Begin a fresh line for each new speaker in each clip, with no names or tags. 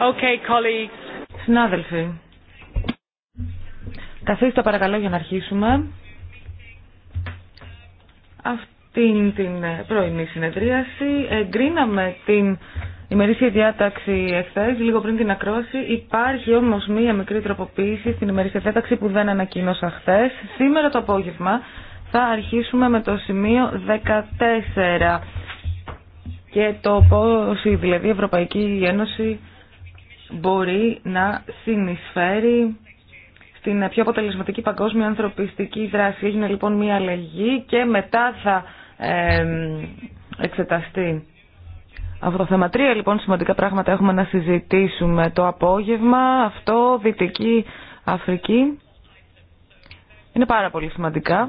Okay,
colleagues.
Συνάδελφοι, καθίστε παρακαλώ για να αρχίσουμε αυτήν την πρωινή συνεδρίαση. Εγκρίναμε την ημερήσια διάταξη εχθές, λίγο πριν την ακρόαση. Υπάρχει όμως μία μικρή τροποποίηση στην ημερήσια διάταξη που δεν ανακοίνωσα χθες. Σήμερα το απόγευμα θα αρχίσουμε με το σημείο 14 και το πώς η δηλαδή, Ευρωπαϊκή Ένωση μπορεί να συνεισφέρει στην πιο αποτελεσματική παγκόσμια ανθρωπιστική δράση. Έγινε λοιπόν μία αλλαγή και μετά θα εξεταστεί αυτό το θέμα. Τρία λοιπόν σημαντικά πράγματα έχουμε να συζητήσουμε το απόγευμα. Αυτό, Δυτική Αφρική. Είναι πάρα πολύ σημαντικά.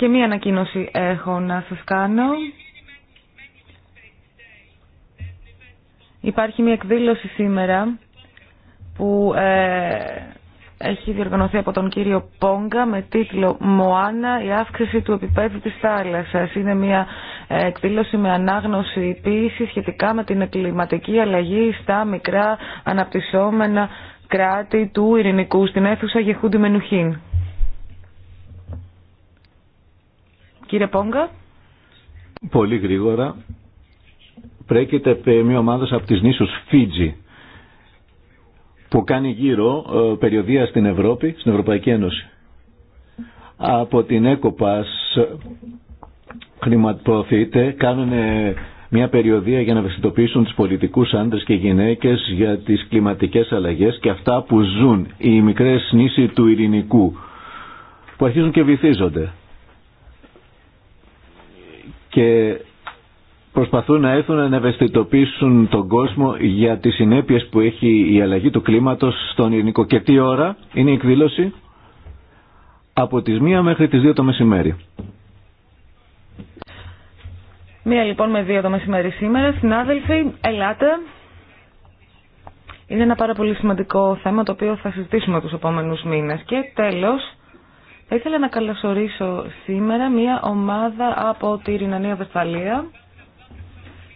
Και μία ανακοίνωση έχω να σας κάνω. Υπάρχει μία εκδήλωση σήμερα που ε, έχει διοργανωθεί από τον κύριο Πόγκα με τίτλο «Μοάνα, η αύξηση του επίπεδου της θάλασσας». Είναι μια ε, εκδήλωση με τιτλο «Μωάνα. η αυξηση του ποιήση σχετικά με την κλιματική αλλαγή στα μικρά αναπτυσσόμενα κράτη του Ειρηνικού στην αίθουσα Γεχούντι Μενουχίν.
Κύριε Πόγκα. Πολύ γρήγορα. πρέκειται μια ομάδα από τις νήσους Φίτζι που κάνει γύρω ε, περιοδία στην Ευρώπη, στην Ευρωπαϊκή Ένωση. Από την ΕΚΟΠΑΣ ε, χρηματοποιείται, κάνουν μια περιοδία για να ευαισθητοποιήσουν τους πολιτικούς άντρες και γυναίκες για τις κλιματικές αλλαγές και αυτά που ζουν οι μικρές νήσοι του ειρηνικού που αρχίζουν και βυθίζονται και προσπαθούν να έρθουν να ευαισθητοποιήσουν τον κόσμο για τις συνέπειες που έχει η αλλαγή του κλίματος στον ελληνικό. Και τι ώρα είναι η εκδήλωση από τις 1 μέχρι τις 2 το μεσημέρι.
Μία λοιπόν με δύο το μεσημέρι σήμερα. Συνάδελφοι, ελάτε. Είναι ένα πάρα πολύ σημαντικό θέμα το οποίο θα συζητήσουμε τους επόμενους μήνες. Και τέλος, θα ήθελα να καλωσορίσω σήμερα μία ομάδα από τη Ρινανία Βεσφαλία.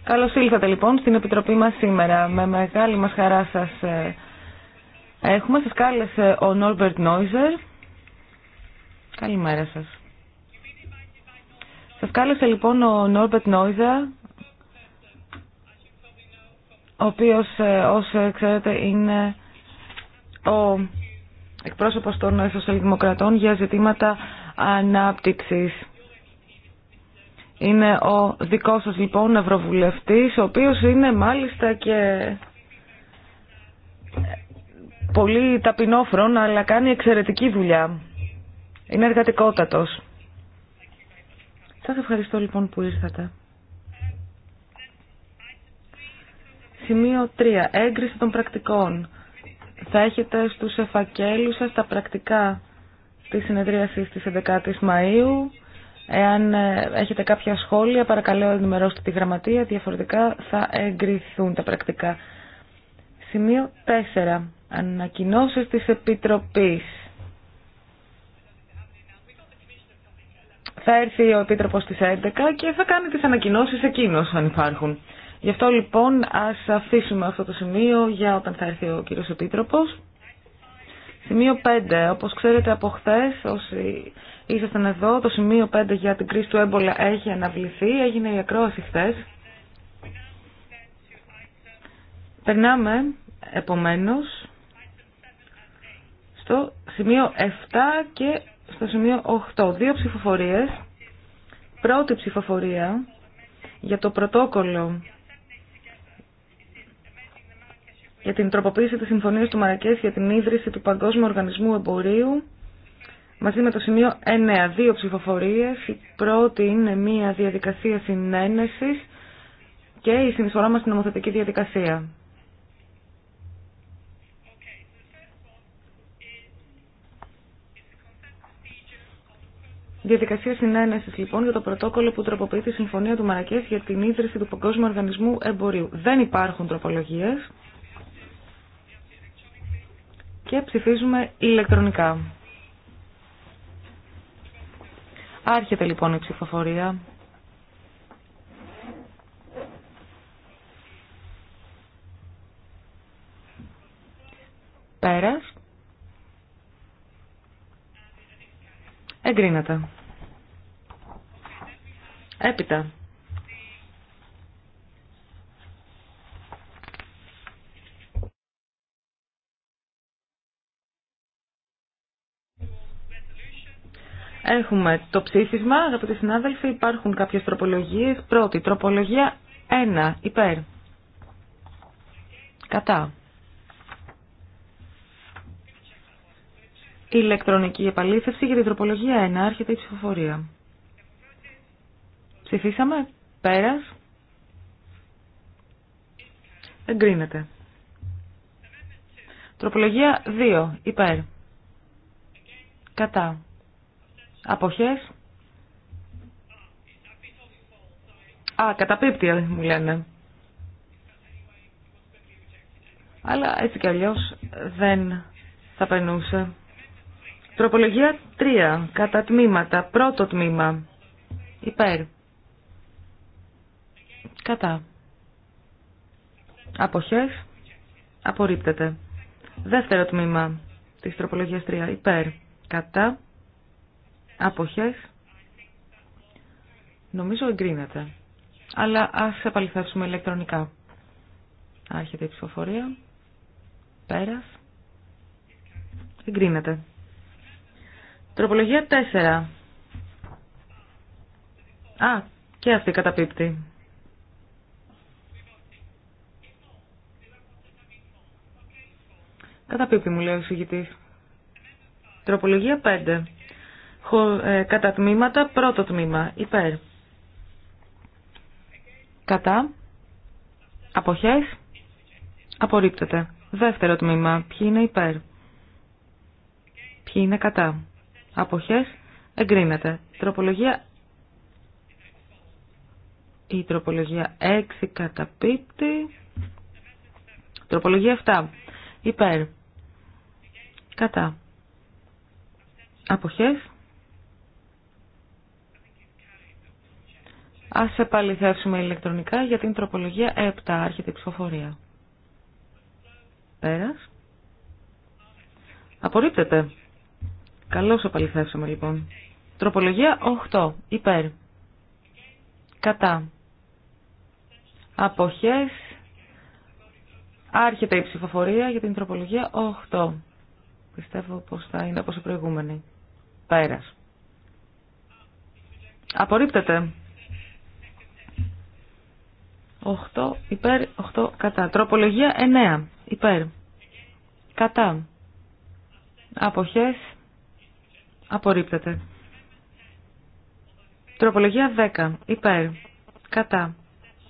Καλώς ήλθατε λοιπόν στην Επιτροπή μας σήμερα. Με μεγάλη μας χαρά σας ε, έχουμε. Σας κάλεσε ο Νόρμπερτ Νόιζερ. Καλημέρα σας. Σας κάλεσε λοιπόν ο Νόρμπερτ Νόιζερ, ο οποίος όσο ε, ε, ξέρετε είναι ο εκπρόσωπος των Σοσιαλδημοκρατών για ζητήματα ανάπτυξης. Είναι ο δικό σας λοιπόν ευρωβουλευτής, ο οποίος είναι μάλιστα και πολύ ταπεινόφρον, αλλά κάνει εξαιρετική δουλειά. Είναι εργατικότατος. Σας ευχαριστώ λοιπόν που ήρθατε. Σημείο 3. Έγκριση των πρακτικών θα έχετε στους εφακέλους σας τα πρακτικά της συνεδρίασης της 11ης Μαΐου. Εάν ε, έχετε κάποια σχόλια, παρακαλώ ενημερώστε τη γραμματεία, διαφορετικά θα εγκριθούν τα πρακτικά. Σημείο 4. Ανακοινώσεις της Επιτροπής. Θα έρθει ο Επίτροπος στις 11 και θα κάνει τις ανακοινώσεις εκείνος αν υπάρχουν. Γι' αυτό λοιπόν ας αφήσουμε αυτό το σημείο για όταν θα έρθει ο κύριος Επίτροπος. Σημείο 5. Όπως ξέρετε από χθε, όσοι ήσασταν εδώ, το σημείο 5 για την κρίση του έμπολα έχει αναβληθεί. Έγινε η ακρόαση χθε. Περνάμε, επομένως, στο σημείο 7 και στο σημείο 8. Δύο ψηφοφορίες. Πρώτη ψηφοφορία για το πρωτόκολλο για την τροποποίηση της Συμφωνίας του Μαρακές για την ίδρυση του Παγκόσμιου Οργανισμού Εμπορίου μαζί με το σημείο 9. Δύο ψηφοφορίες. Η πρώτη είναι μια διαδικασία συνένεσης και η συνεισφορά μας στην νομοθετική διαδικασία. Διαδικασία συνένεση λοιπόν για το πρωτόκολλο που τροποποιεί τη Συμφωνία του Μαρακέ για την ίδρυση του Παγκόσμιου Οργανισμού Εμπορίου. Δεν υπάρχουν τροπολογίε και ψηφίζουμε ηλεκτρονικά. Άρχεται λοιπόν η ψηφοφορία. Πέρας. Εγκρίνεται. Έπειτα. Έχουμε το ψήφισμα, αγαπητοί συνάδελφοι, υπάρχουν κάποιες τροπολογίες. Πρώτη, τροπολογία 1, υπέρ. Κατά. Ηλεκτρονική επαλήθευση για την τροπολογία 1, άρχεται η ψηφοφορία. Ψηφίσαμε, πέρας. Εγκρίνεται. Τροπολογία 2, υπέρ. Κατά. Αποχές. Α, καταπίπτει μου λένε. Αλλά έτσι κι αλλιώς δεν θα περνούσε. Τροπολογία 3. Κατά τμήματα. Πρώτο τμήμα. Υπέρ. Κατά. Αποχές. Απορρίπτεται. Δεύτερο τμήμα της τροπολογίας 3. Υπέρ. Κατά. Αποχές. Νομίζω εγκρίνεται. Αλλά ας επαληθεύσουμε ηλεκτρονικά. Άρχεται η ψηφοφορία. Πέρας. Εγκρίνεται. Τροπολογία 4. Α, και αυτή καταπίπτει. Καταπίπτει μου λέει ο συγητής. Τροπολογία 5. Ε, κατά τμήματα, πρώτο τμήμα, υπέρ. Κατά. Αποχές. Απορρίπτεται. Δεύτερο τμήμα, ποιοι είναι υπέρ. Ποιοι είναι κατά. Αποχές. Εγκρίνεται. Τροπολογία. Η τροπολογία 6 καταπίπτει. Τροπολογία 7. Υπέρ. Κατά. Αποχές. Ας επαληθεύσουμε ηλεκτρονικά για την τροπολογία 7, άρχεται η ψηφοφορία. Πέρας. Απορρίπτεται. Καλώς επαληθεύσαμε λοιπόν. Τροπολογία 8, υπέρ. Κατά. Αποχές. Άρχεται η ψηφοφορία για την τροπολογία 8. Πιστεύω πως θα είναι όπως η προηγούμενη. Πέρας. Απορρίπτεται. 8 υπέρ, 8 κατά. Τροπολογία 9 υπέρ, κατά. Αποχές απορρίπτεται. Τροπολογία 10 υπέρ, κατά.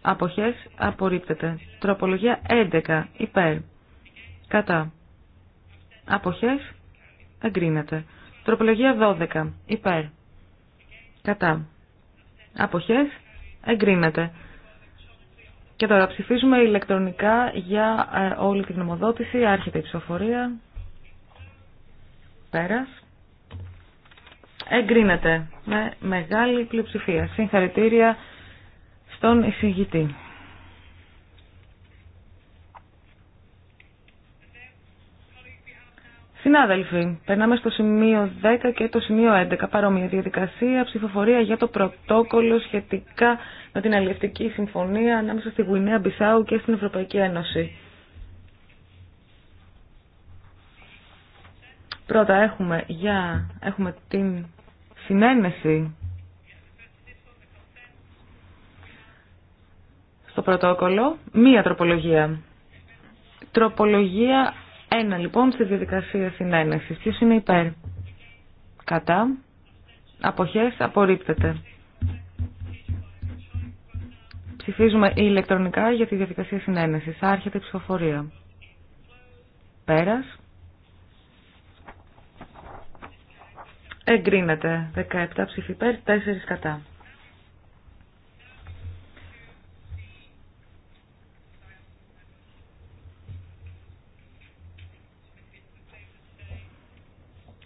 Αποχές απορρίπτεται. Τροπολογία 11 υπέρ, κατά. Αποχές εγκρίνεται. Τροπολογία 12 υπέρ, κατά. Αποχές εγκρίνεται. Και τώρα ψηφίζουμε ηλεκτρονικά για ε, όλη την γνωμοδότηση. Άρχεται η ψηφοφορία. Πέρας. Εγκρίνεται με μεγάλη πλειοψηφία. Συγχαρητήρια στον εισηγητή. Συνάδελφοι, περνάμε στο σημείο 10 και το σημείο 11. Παρόμοια διαδικασία, ψηφοφορία για το πρωτόκολλο σχετικά με την αλληλευτική συμφωνία ανάμεσα στη Γουινέα Μπισάου και στην Ευρωπαϊκή Ένωση. Πρώτα έχουμε, για, έχουμε την συνένεση στο πρωτόκολλο, μία τροπολογία. Τροπολογία ένα, λοιπόν στη διαδικασία συνένεση. Ποιο είναι υπέρ. Κατά. Αποχές απορρίπτεται. Ψηφίζουμε ηλεκτρονικά για τη διαδικασία συνένεση. Άρχεται η ψηφοφορία. Πέρας. Εγκρίνεται 17 ψηφί υπέρ, 4 κατά.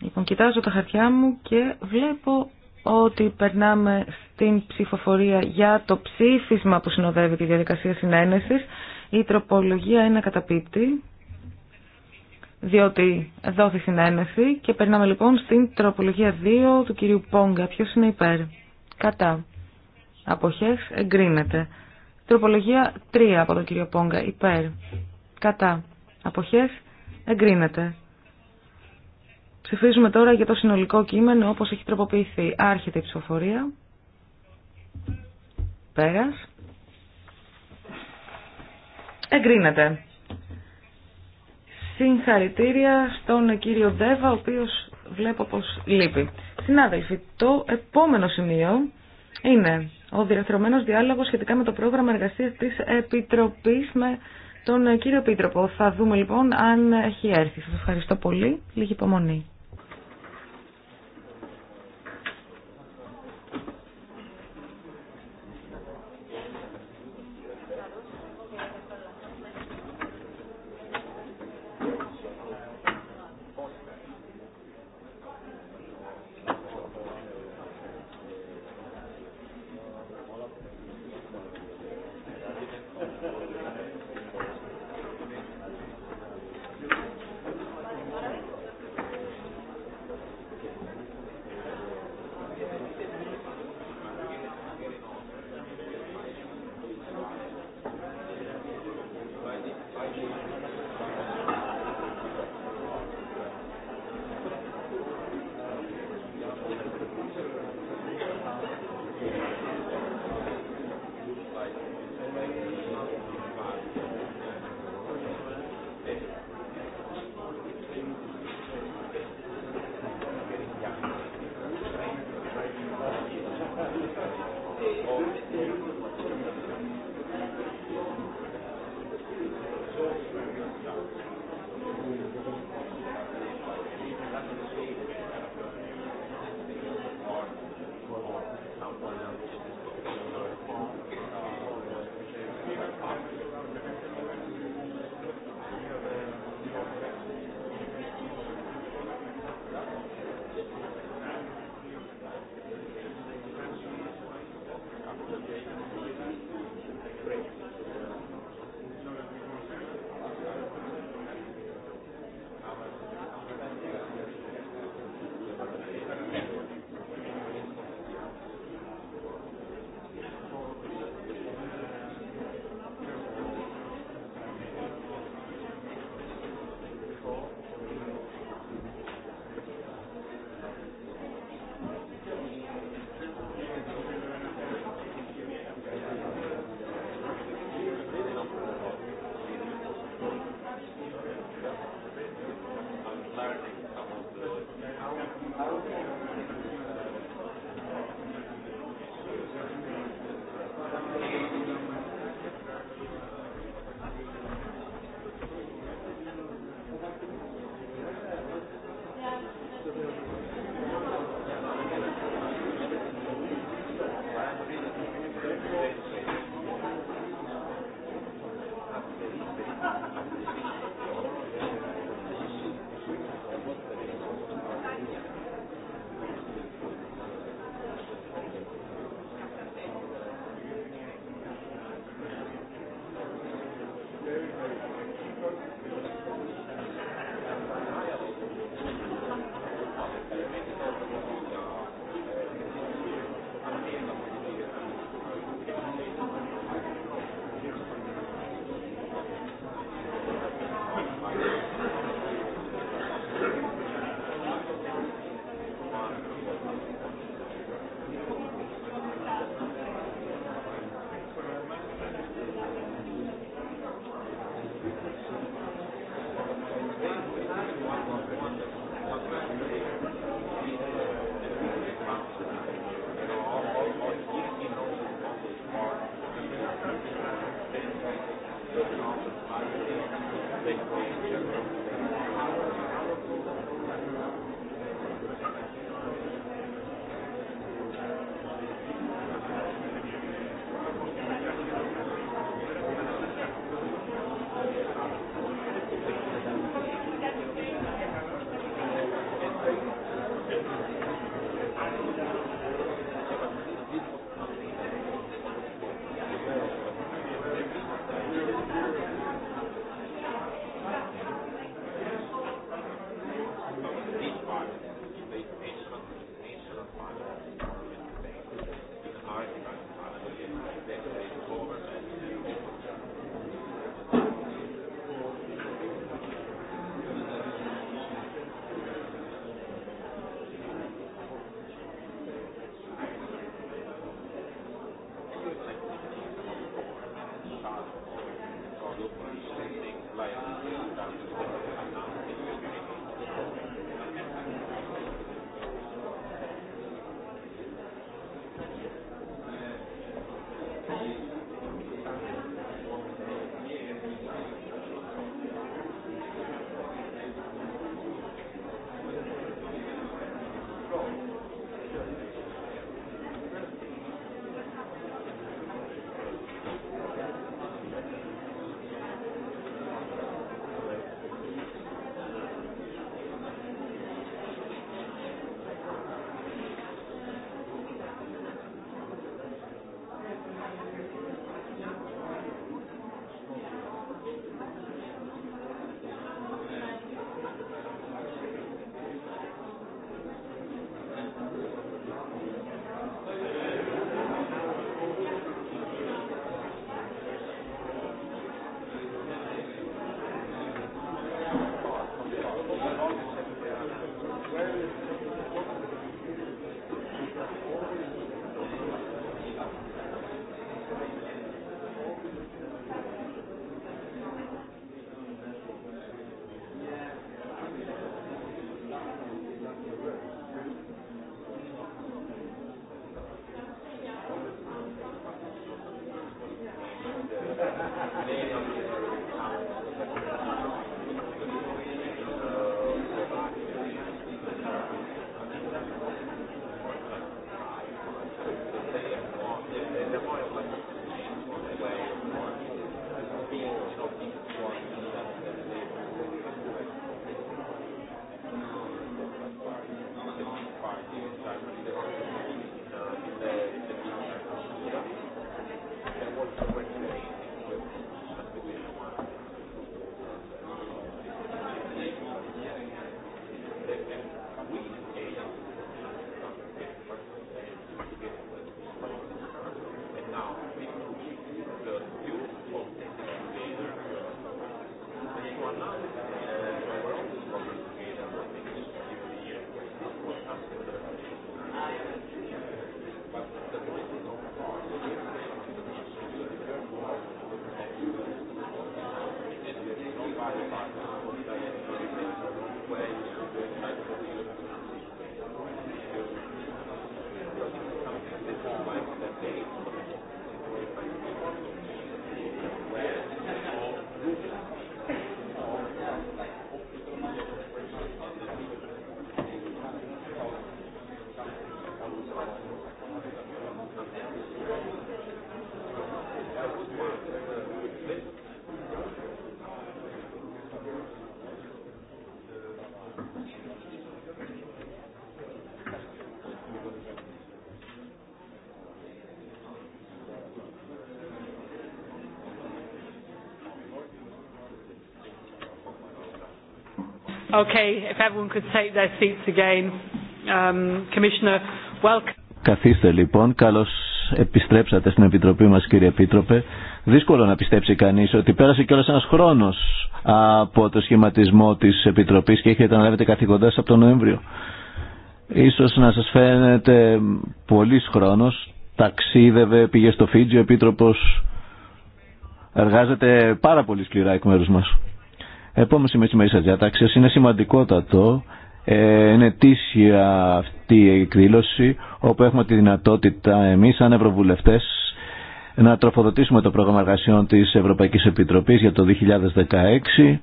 Λοιπόν, κοιτάζω τα χαρτιά μου και βλέπω ότι περνάμε στην ψηφοφορία για το ψήφισμα που συνοδεύει τη διαδικασία συνένεσης. Η τροπολογία είναι καταπίπτη, διότι δόθη συνένεση και περνάμε λοιπόν στην τροπολογία 2 του κυρίου Πόγκα. Ποιο είναι υπέρ. Κατά. Αποχές εγκρίνεται. Τροπολογία 3 από τον κύριο Πόγκα. Υπέρ. Κατά. Αποχές εγκρίνεται. Ψηφίζουμε τώρα για το συνολικό κείμενο όπως έχει τροποποιηθεί. Άρχεται η ψηφοφορία. Πέρας. Εγκρίνεται. Συγχαρητήρια στον κύριο Δέβα, ο οποίος βλέπω πως λείπει. Συνάδελφοι, το επόμενο σημείο είναι ο διαρθρωμένος διάλογος σχετικά με το πρόγραμμα εργασίας της Επιτροπής με τον κύριο Πίτροπο. Θα δούμε λοιπόν αν έχει έρθει. Σας ευχαριστώ πολύ. Λίγη υπομονή.
Okay, if everyone could take their seats again. Um, Commissioner,
Καθίστε λοιπόν, καλώς επιστρέψατε στην Επιτροπή μας κύριε Επίτροπε. Δύσκολο να πιστέψει κανείς ότι πέρασε κιόλας ένας χρόνος από το σχηματισμό της Επιτροπής και έχετε αναλάβετε καθηγοντάς από τον Νοέμβριο. Ίσως να σας φαίνεται πολλής χρόνος, ταξίδευε, πήγε στο Φίτζι, ο Επίτροπος εργάζεται πάρα πολύ σκληρά εκ μέρους μας. Επόμενο σημείο τη ημερήσια διάταξη είναι σημαντικότατο. Ε, είναι τίσια αυτή η εκδήλωση όπου έχουμε τη δυνατότητα εμείς, σαν Ευρωβουλευτές, να τροφοδοτήσουμε το πρόγραμμα εργασιών της Ευρωπαϊκής Επιτροπής για το 2016.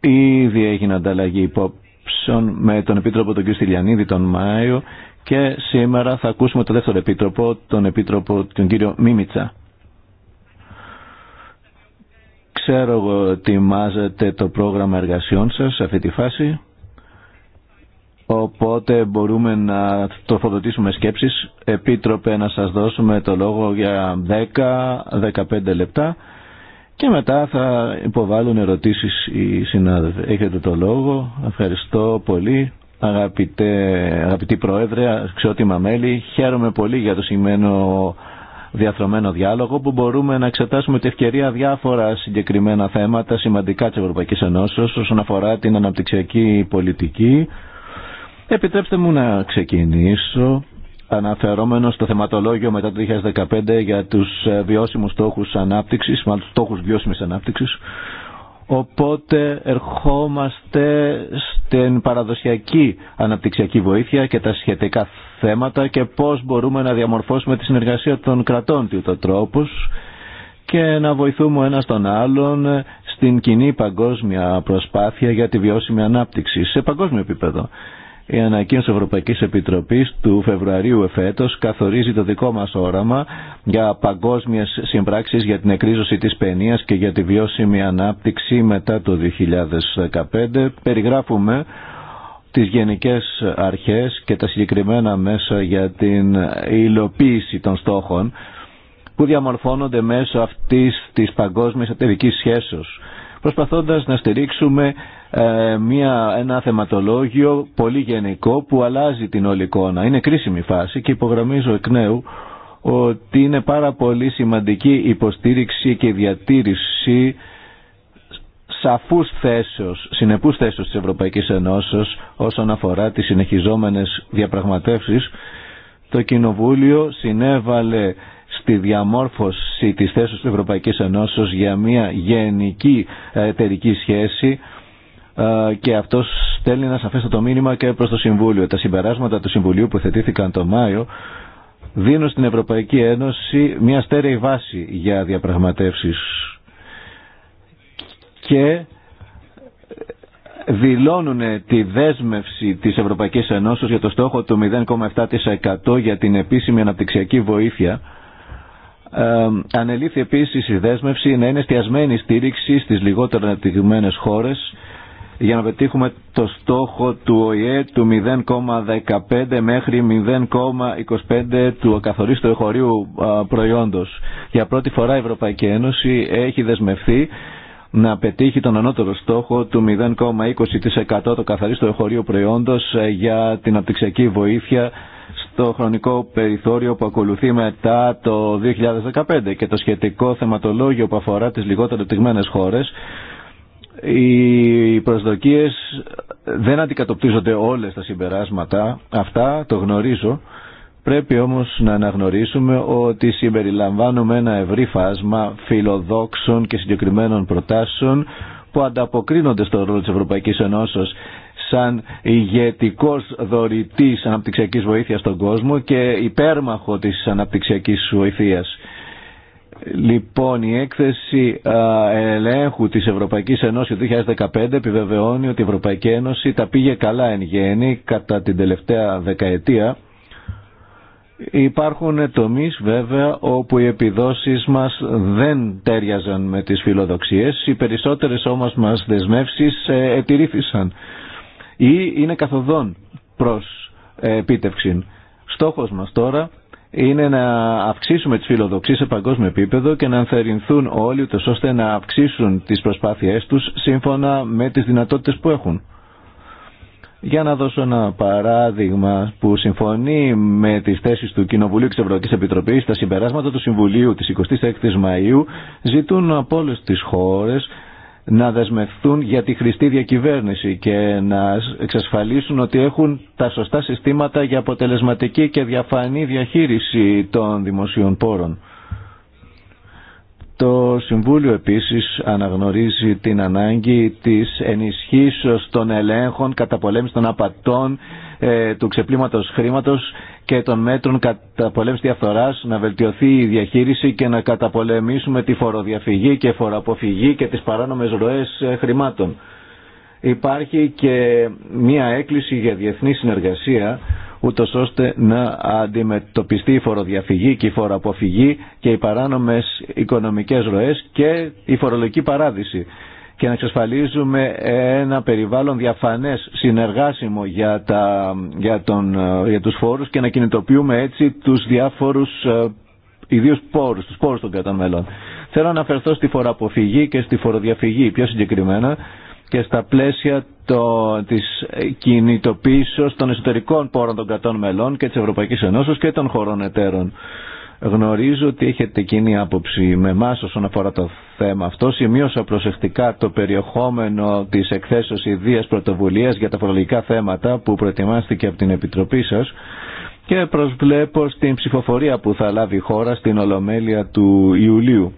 Ήδη έγινε ανταλλαγή υπόψεων με τον Επίτροπο τον κ. Στυλιανίδη τον Μάιο και σήμερα θα ακούσουμε τον δεύτερο Επίτροπο, τον Επίτροπο τον κ. Μίμητσα. Ξέρω εγώ ότι μάζετε το πρόγραμμα εργασιών σας σε αυτή τη φάση. Οπότε μπορούμε να το τροφοδοτήσουμε σκέψεις. Επίτροπε να σας δώσουμε το λόγο για 10-15 λεπτά και μετά θα υποβάλουν ερωτήσεις οι συνάδελφοι. Έχετε το λόγο. Ευχαριστώ πολύ. Αγαπητέ, αγαπητή Πρόεδρε, αξιότιμα μέλη, χαίρομαι πολύ για το σημαίνω διαθρωμένο διάλογο που μπορούμε να εξετάσουμε τη ευκαιρία διάφορα συγκεκριμένα θέματα σημαντικά της Ευρωπαϊκής Ενώσεως όσον αφορά την αναπτυξιακή πολιτική. Επιτρέψτε μου να ξεκινήσω αναφερόμενο στο θεματολόγιο μετά το 2015 για τους ε, βιώσιμους στόχους ανάπτυξης, μάλλον τους στόχους βιώσιμης ανάπτυξης. Οπότε ερχόμαστε στην παραδοσιακή αναπτυξιακή βοήθεια και τα σχετικά θέματα και πώς μπορούμε να διαμορφώσουμε τη συνεργασία των κρατών του τρόπου και να βοηθούμε ένα τον άλλον στην κοινή παγκόσμια προσπάθεια για τη βιώσιμη ανάπτυξη σε παγκόσμιο επίπεδο. Η ανακοίνωση Ευρωπαϊκής Επιτροπής του Φεβρουαρίου εφέτος καθορίζει το δικό μας όραμα για παγκόσμιες συμπράξεις για την εκρίζωση της παινίας και για τη βιώσιμη ανάπτυξη μετά το 2015. Περιγράφουμε τις γενικές αρχές και τα συγκεκριμένα μέσα για την υλοποίηση των στόχων που διαμορφώνονται μέσω αυτής της παγκόσμιας εταιρικής σχέσεως προσπαθώντας να στηρίξουμε ε, μια, ένα θεματολόγιο πολύ γενικό που αλλάζει την όλη εικόνα. Είναι κρίσιμη φάση και υπογραμμίζω εκ νέου ότι είναι πάρα πολύ σημαντική υποστήριξη και διατήρηση σαφούς θέσεως, συνεπούς θέσεως της Ευρωπαϊκής Ενώσεως όσον αφορά τις συνεχιζόμενες διαπραγματεύσεις, το Κοινοβούλιο συνέβαλε στη διαμόρφωση της θέσης της Ευρωπαϊκής Ενώσεως για μια γενική εταιρική σχέση ε, και αυτό στέλνει ένα σαφέστατο μήνυμα και προς το Συμβούλιο. Τα συμπεράσματα του Συμβουλίου που θετήθηκαν το Μάιο δίνουν στην Ευρωπαϊκή Ένωση μια στέρεη βάση για διαπραγματεύσεις και δηλώνουν τη δέσμευση της Ευρωπαϊκής Ενώσεως για το στόχο του 0,7% για την επίσημη αναπτυξιακή βοήθεια. Ε, ανελήφθη επίσης η δέσμευση να είναι εστιασμένη στήριξη στις λιγότερο αναπτυγμένες χώρες για να πετύχουμε το στόχο του ΟΗΕ του 0,15 μέχρι 0,25 του καθορίστου εχωρίου προϊόντος. Για πρώτη φορά η Ευρωπαϊκή Ένωση έχει δεσμευθεί να πετύχει τον ανώτερο στόχο του 0,20% το καθαρίστο εγχωρίο προϊόντος ε, για την απτυξιακή βοήθεια στο χρονικό περιθώριο που ακολουθεί μετά το 2015 και το σχετικό θεματολόγιο που αφορά τις λιγότερο επιτυγμένες χώρες οι προσδοκίες δεν αντικατοπτρίζονται όλες τα συμπεράσματα αυτά, το γνωρίζω Πρέπει όμως να αναγνωρίσουμε ότι συμπεριλαμβάνουμε ένα ευρύ φάσμα φιλοδόξων και συγκεκριμένων προτάσεων που ανταποκρίνονται στο ρόλο της Ευρωπαϊκής Ενώσεως σαν ηγετικός δωρητής αναπτυξιακής βοήθειας στον κόσμο και υπέρμαχο της αναπτυξιακής βοηθείας. Λοιπόν, η έκθεση ελέγχου της Ευρωπαϊκής Ενώσης 2015 επιβεβαιώνει ότι η Ευρωπαϊκή Ένωση τα πήγε καλά εν γέννη κατά την τελευταία δεκαετία Υπάρχουν τομείς βέβαια όπου οι επιδόσεις μας δεν τέριαζαν με τις φιλοδοξίες, οι περισσότερες όμως μας δεσμεύσεις ετηρήθησαν ή είναι καθοδόν προς ε, επίτευξη. Στόχος μας τώρα είναι να αυξήσουμε τις φιλοδοξίες σε παγκόσμιο επίπεδο και να ενθαρρυνθούν όλοι ώστε να αυξήσουν τις προσπάθειές τους σύμφωνα με τις δυνατότητες που έχουν. Για να δώσω ένα παράδειγμα που συμφωνεί με τις θέσει του Κοινοβουλίου τη Ευρωπαϊκή Επιτροπή, τα συμπεράσματα του Συμβουλίου τη 26 η Μαΐου ζητούν από όλες τις χώρες να δεσμευθούν για τη χρηστή διακυβέρνηση και να εξασφαλίσουν ότι έχουν τα σωστά συστήματα για αποτελεσματική και διαφανή διαχείριση των δημοσίων πόρων. Το Συμβούλιο επίσης αναγνωρίζει την ανάγκη της ενισχύσεως των ελέγχων πολέμηση των απατών ε, του ξεπλήματος χρήματος και των μέτρων πολέμηση διαφθοράς να βελτιωθεί η διαχείριση και να καταπολεμήσουμε τη φοροδιαφυγή και φοροαποφυγή και τις παράνομες ροές ε, χρημάτων. Υπάρχει και μία έκκληση για διεθνή συνεργασία ούτως ώστε να αντιμετωπιστεί η φοροδιαφυγή και η φοροαποφυγή και οι παράνομες οικονομικές ροές και η φορολογική παράδειση και να εξασφαλίζουμε ένα περιβάλλον διαφανές συνεργάσιμο για, τα, για, τον, για τους φόρους και να κινητοποιούμε έτσι τους διάφορους ε, ιδίους πόρους, τους πόρους των καταμέλων. Θέλω να αναφερθώ στη φοροαποφυγή και στη φοροδιαφυγή πιο συγκεκριμένα και στα πλαίσια το, της κινητοποίησης των εσωτερικών πόρων των κρατών μελών και της Ευρωπαϊκής Ενώσεως και των χωρών εταίρων. Γνωρίζω ότι έχετε κοινή άποψη με εμά όσον αφορά το θέμα αυτό. Σημείωσα προσεκτικά το περιεχόμενο τη εκθέσεως ιδίας πρωτοβουλία για τα φορολογικά θέματα που προετοιμάστηκε από την Επιτροπή σα. και προσβλέπω στην ψηφοφορία που θα λάβει η χώρα στην Ολομέλεια του Ιουλίου.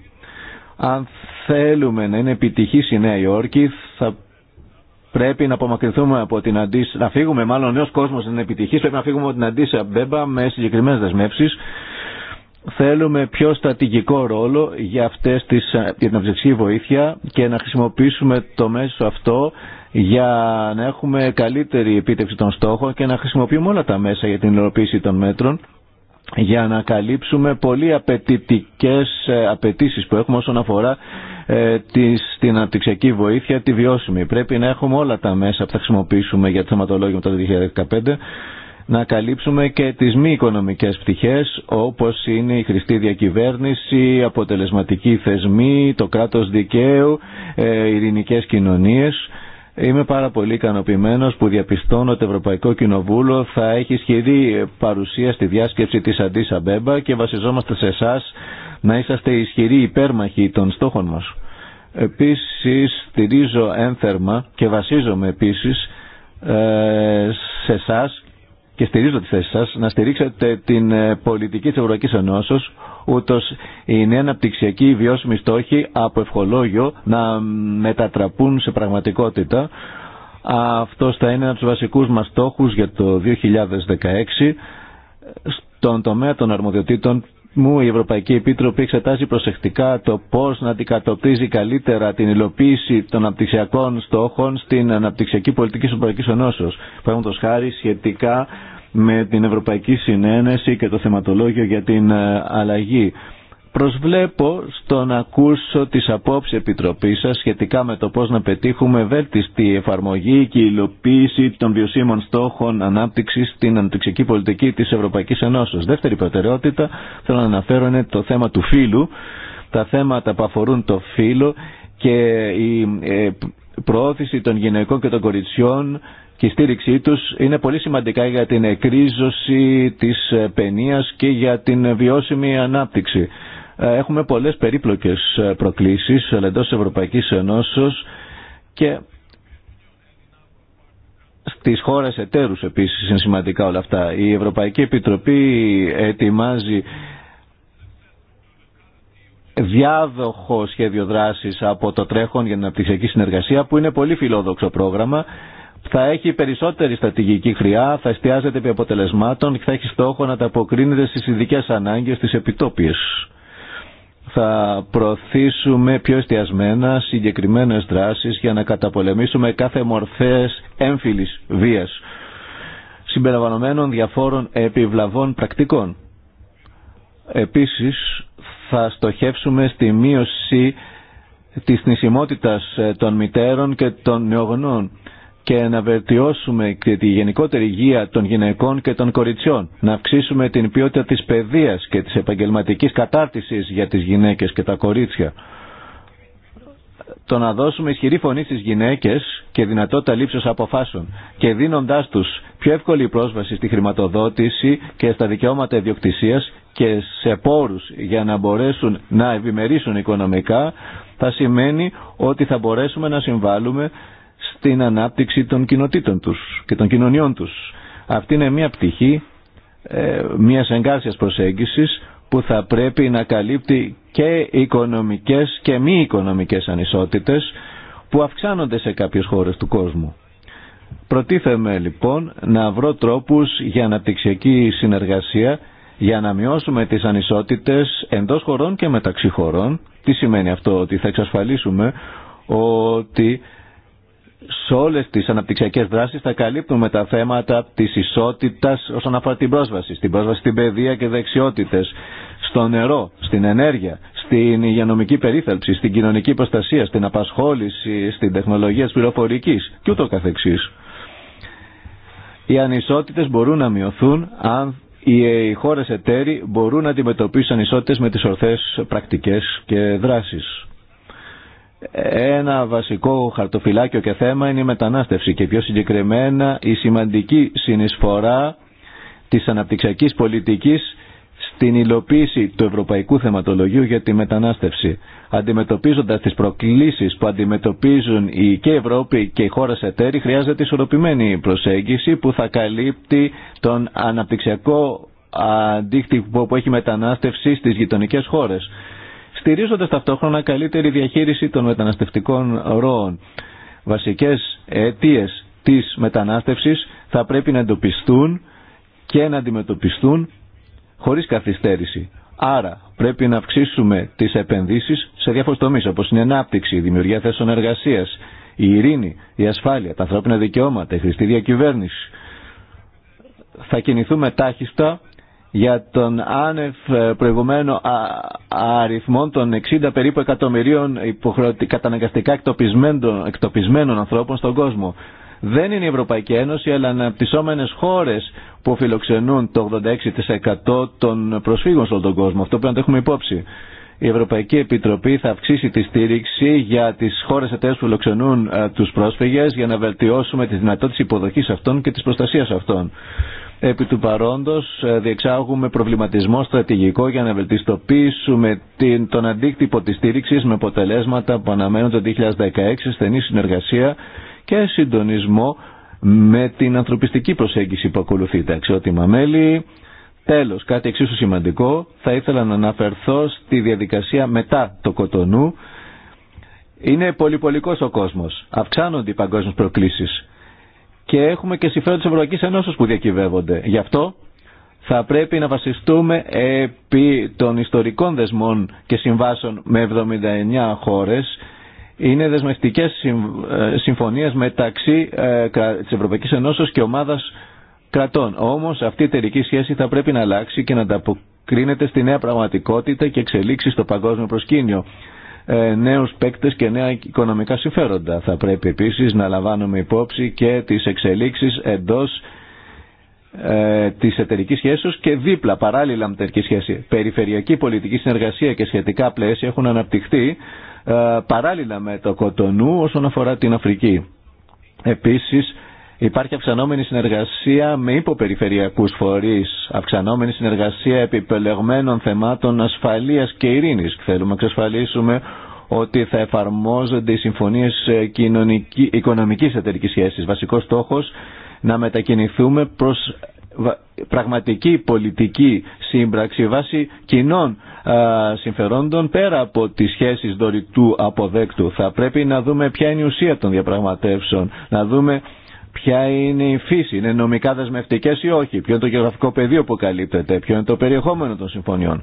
Αν θέλουμε να είναι επιτυχη η Νέα Υόρκη θα Πρέπει να απομακρυνθούμε από την αντίσταση να φύγουμε μάλλον ο νέος κόσμος είναι επιτυχής, πρέπει να φύγουμε από την αντίσταση Αμπέμπα με συγκεκριμένες δεσμεύσεις. Θέλουμε πιο στατηγικό ρόλο για, αυτές τις, ε, για την αυξητική βοήθεια και να χρησιμοποιήσουμε το μέσο αυτό για να έχουμε καλύτερη επίτευξη των στόχων και να χρησιμοποιούμε όλα τα μέσα για την υλοποίηση των μέτρων για να καλύψουμε πολύ απαιτητικέ ε, απαιτήσει που έχουμε όσον αφορά ε, την αναπτυξιακή βοήθεια, τη βιώσιμη. Πρέπει να έχουμε όλα τα μέσα που θα χρησιμοποιήσουμε για το θεματολόγιο μετά το 2015 να καλύψουμε και τις μη οικονομικές πτυχές όπως είναι η χρηστή διακυβέρνηση, αποτελεσματική θεσμή, το κράτος δικαίου, ε, ειρηνικές κοινωνίες. Είμαι πάρα πολύ ικανοποιημένο που διαπιστώνω ότι το Ευρωπαϊκό Κοινοβούλιο θα έχει σχεδί παρουσία στη διάσκεψη της Αντίσα Μπέμπα και βασιζόμαστε σε εσά να είσαστε ισχυροί υπέρμαχοι των στόχων μας. Επίσης στηρίζω ένθερμα και βασίζομαι επίσης ε, σε εσά και στηρίζω τη θέση σας να στηρίξετε την ε, πολιτική της Ευρωπαϊκής Ενώσεως ούτως η νέα αναπτυξιακή βιώσιμη στόχη από ευχολόγιο να μετατραπούν σε πραγματικότητα. Αυτό θα είναι ένα από τους βασικούς μας στόχους για το 2016 στον τομέα των αρμοδιοτήτων μου η Ευρωπαϊκή Επίτροπη εξετάζει προσεκτικά το πώς να αντικατοπτρίζει καλύτερα την υλοποίηση των αναπτυξιακών στόχων στην αναπτυξιακή πολιτική Ευρωπαϊκή Ευρωπαϊκής Ενώσεως. το χάρη σχετικά με την Ευρωπαϊκή Συνένεση και το θεματολόγιο για την ε, αλλαγή. Προσβλέπω στο να ακούσω τις απόψεις Επιτροπής σας σχετικά με το πώς να πετύχουμε βέλτιστη εφαρμογή και υλοποίηση των βιωσίμων στόχων ανάπτυξης στην αναπτυξιακή πολιτική της Ευρωπαϊκής Ενώσεως. Δεύτερη προτεραιότητα θέλω να αναφέρω είναι το θέμα του φύλου. Τα θέματα που αφορούν το φύλο και η ε, προώθηση των γυναικών και των κοριτσιών και η στήριξή τους είναι πολύ σημαντικά για την εκρίζωση της ε, παινίας και για την βιώσιμη ανάπτυξη. Ε, έχουμε πολλές περίπλοκες ε, προκλήσεις εντός Ευρωπαϊκής Ενώσεως και στις χώρες εταίρους επίσης είναι σημαντικά όλα αυτά. Η Ευρωπαϊκή Επιτροπή ετοιμάζει διάδοχο σχέδιο δράσης από το τρέχον για την αναπτυξιακή συνεργασία που είναι πολύ φιλόδοξο πρόγραμμα θα έχει περισσότερη στρατηγική χρειά, θα εστιάζεται επί αποτελεσμάτων και θα έχει στόχο να τα αποκρίνεται στις ειδικές ανάγκες, στις επιτόπιες θα προωθήσουμε πιο εστιασμένα συγκεκριμένες δράσεις για να καταπολεμήσουμε κάθε μορφές έμφυλης βίας συμπεριλαμβανομένων διαφόρων επιβλαβών πρακτικών. Επίσης θα στοχεύσουμε στη μείωση της νησιμότητας των μητέρων και των νεογνών και να βελτιώσουμε και τη γενικότερη υγεία των γυναικών και των κοριτσιών, να αυξήσουμε την ποιότητα της παιδείας και της επαγγελματικής κατάρτισης για τις γυναίκες και τα κορίτσια. Το να δώσουμε ισχυρή φωνή στις γυναίκες και δυνατότητα λήψης αποφάσεων και δίνοντάς τους πιο εύκολη πρόσβαση στη χρηματοδότηση και στα δικαιώματα ιδιοκτησίας και σε πόρους για να μπορέσουν να ευημερήσουν οικονομικά θα σημαίνει ότι θα μπορέσουμε να συμβάλλουμε στην ανάπτυξη των κοινοτήτων τους και των κοινωνιών τους. Αυτή είναι μια πτυχή μια ε, μιας εγκάρσιας προσέγγισης που θα πρέπει να καλύπτει και οικονομικές και μη οικονομικές ανισότητες που αυξάνονται σε κάποιες χώρες του κόσμου. Προτίθεμαι λοιπόν να βρω τρόπους για αναπτυξιακή συνεργασία για να μειώσουμε τις ανισότητες εντός χωρών και μεταξύ χωρών. Τι σημαίνει αυτό, ότι θα εξασφαλίσουμε ότι σε όλε τι αναπτυξιακέ δράσει θα καλύπτουμε τα θέματα τη ισότητα όσον αφορά την πρόσβαση, στην πρόσβαση στην παιδεία και δεξιότητες, στο νερό, στην ενέργεια, στην υγειονομική περίθαλψη, στην κοινωνική προστασία, στην απασχόληση, στην τεχνολογία τη πληροφορική και Οι ανισότητε μπορούν να μειωθούν αν οι χώρε εταίροι μπορούν να αντιμετωπίσουν ανισότητε με τι ορθές πρακτικές και δράσεις. Ένα βασικό χαρτοφυλάκιο και θέμα είναι η μετανάστευση και πιο συγκεκριμένα η σημαντική συνεισφορά της αναπτυξιακής πολιτικής στην υλοποίηση του ευρωπαϊκού θεματολογίου για τη μετανάστευση. Αντιμετωπίζοντας τις προκλήσεις που αντιμετωπίζουν και η Ευρώπη και οι χώρες εταίροι χρειάζεται ισορροπημένη προσέγγιση που θα καλύπτει τον αναπτυξιακό αντίκτυπο που έχει μετανάστευση στις γειτονικές χώρες στηρίζοντας ταυτόχρονα καλύτερη διαχείριση των μεταναστευτικών ροών. Βασικές αιτίες της μετανάστευσης θα πρέπει να εντοπιστούν και να αντιμετωπιστούν χωρίς καθυστέρηση. Άρα πρέπει να αυξήσουμε τις επενδύσεις σε διάφορους τομείς όπως είναι η ανάπτυξη, η δημιουργία θέσεων εργασίας, η ειρήνη, η ασφάλεια, τα ανθρώπινα δικαιώματα, η χρηστή διακυβέρνηση. Θα κινηθούμε τάχιστα για τον άνευ ε, προηγουμένου αριθμό των 60 περίπου εκατομμυρίων καταναγκαστικά εκτοπισμένων ανθρώπων στον κόσμο. Δεν είναι η Ευρωπαϊκή Ένωση, αλλά αναπτυσσόμενες χώρες που φιλοξενούν το 86% των προσφύγων στον κόσμο. Αυτό πρέπει να το έχουμε υπόψη. Η Ευρωπαϊκή Επιτροπή θα αυξήσει τη στήριξη για τις χώρες εταίρες που φιλοξενούν ε, τους πρόσφυγες για να βελτιώσουμε τη δυνατότητα υποδοχής αυτών και της προστασίας αυτών. Επί του παρόντος ε, διεξάγουμε προβληματισμό στρατηγικό για να βελτιστοποιήσουμε την, τον αντίκτυπο της στήριξης με αποτελέσματα που αναμένουν το 2016 στενή συνεργασία και συντονισμό με την ανθρωπιστική προσέγγιση που ακολουθείται. Αξιότιμα μέλη, τέλος κάτι εξίσου σημαντικό, θα ήθελα να αναφερθώ στη διαδικασία μετά το κοτονού. Είναι πολυπολικός ο κόσμος, αυξάνονται οι παγκόσμιες προκλήσεις και έχουμε και συμφέροντα τη Ευρωπαϊκή Ένωση που διακυβεύονται. Γι' αυτό θα πρέπει να βασιστούμε επί των ιστορικών δεσμών και συμβάσεων με 79 χώρες. Είναι δεσμευτικές ε, συμφωνίες μεταξύ ε, τη Ευρωπαϊκής Ένωση και ομάδας κρατών. Όμως αυτή η εταιρική σχέση θα πρέπει να αλλάξει και να ανταποκρίνεται στη νέα πραγματικότητα και εξελίξει στο παγκόσμιο προσκήνιο. Ε, νέους παίκτες και νέα οικονομικά συμφέροντα. Θα πρέπει επίσης να λαμβάνουμε υπόψη και τις εξελίξεις εντός ε, τη εταιρική σχέση και δίπλα παράλληλα με την εταιρική σχέση. Περιφερειακή πολιτική συνεργασία και σχετικά πλαίσια έχουν αναπτυχθεί ε, παράλληλα με το κοτονού όσον αφορά την Αφρική. Επίσης Υπάρχει αυξανόμενη συνεργασία με υποπεριφερειακούς φορείς, αυξανόμενη συνεργασία επιπελεγμένων θεμάτων ασφαλείας και ειρήνης. Θέλουμε να εξασφαλίσουμε ότι θα εφαρμόζονται οι συμφωνίες ε, κοινωνική, οικονομικής εταιρικής σχέσης. Βασικός στόχος να μετακινηθούμε προς πραγματική πολιτική σύμπραξη βάσει κοινών α, ε, συμφερόντων πέρα από τις σχέσεις δωρητού αποδέκτου. Θα πρέπει να δούμε ποια είναι η ουσία των διαπραγματεύσεων, να δούμε ποια είναι η φύση, είναι νομικά δεσμευτικέ ή όχι, ποιο είναι το γεωγραφικό πεδίο που καλύπτεται, ποιο είναι το περιεχόμενο των συμφωνιών.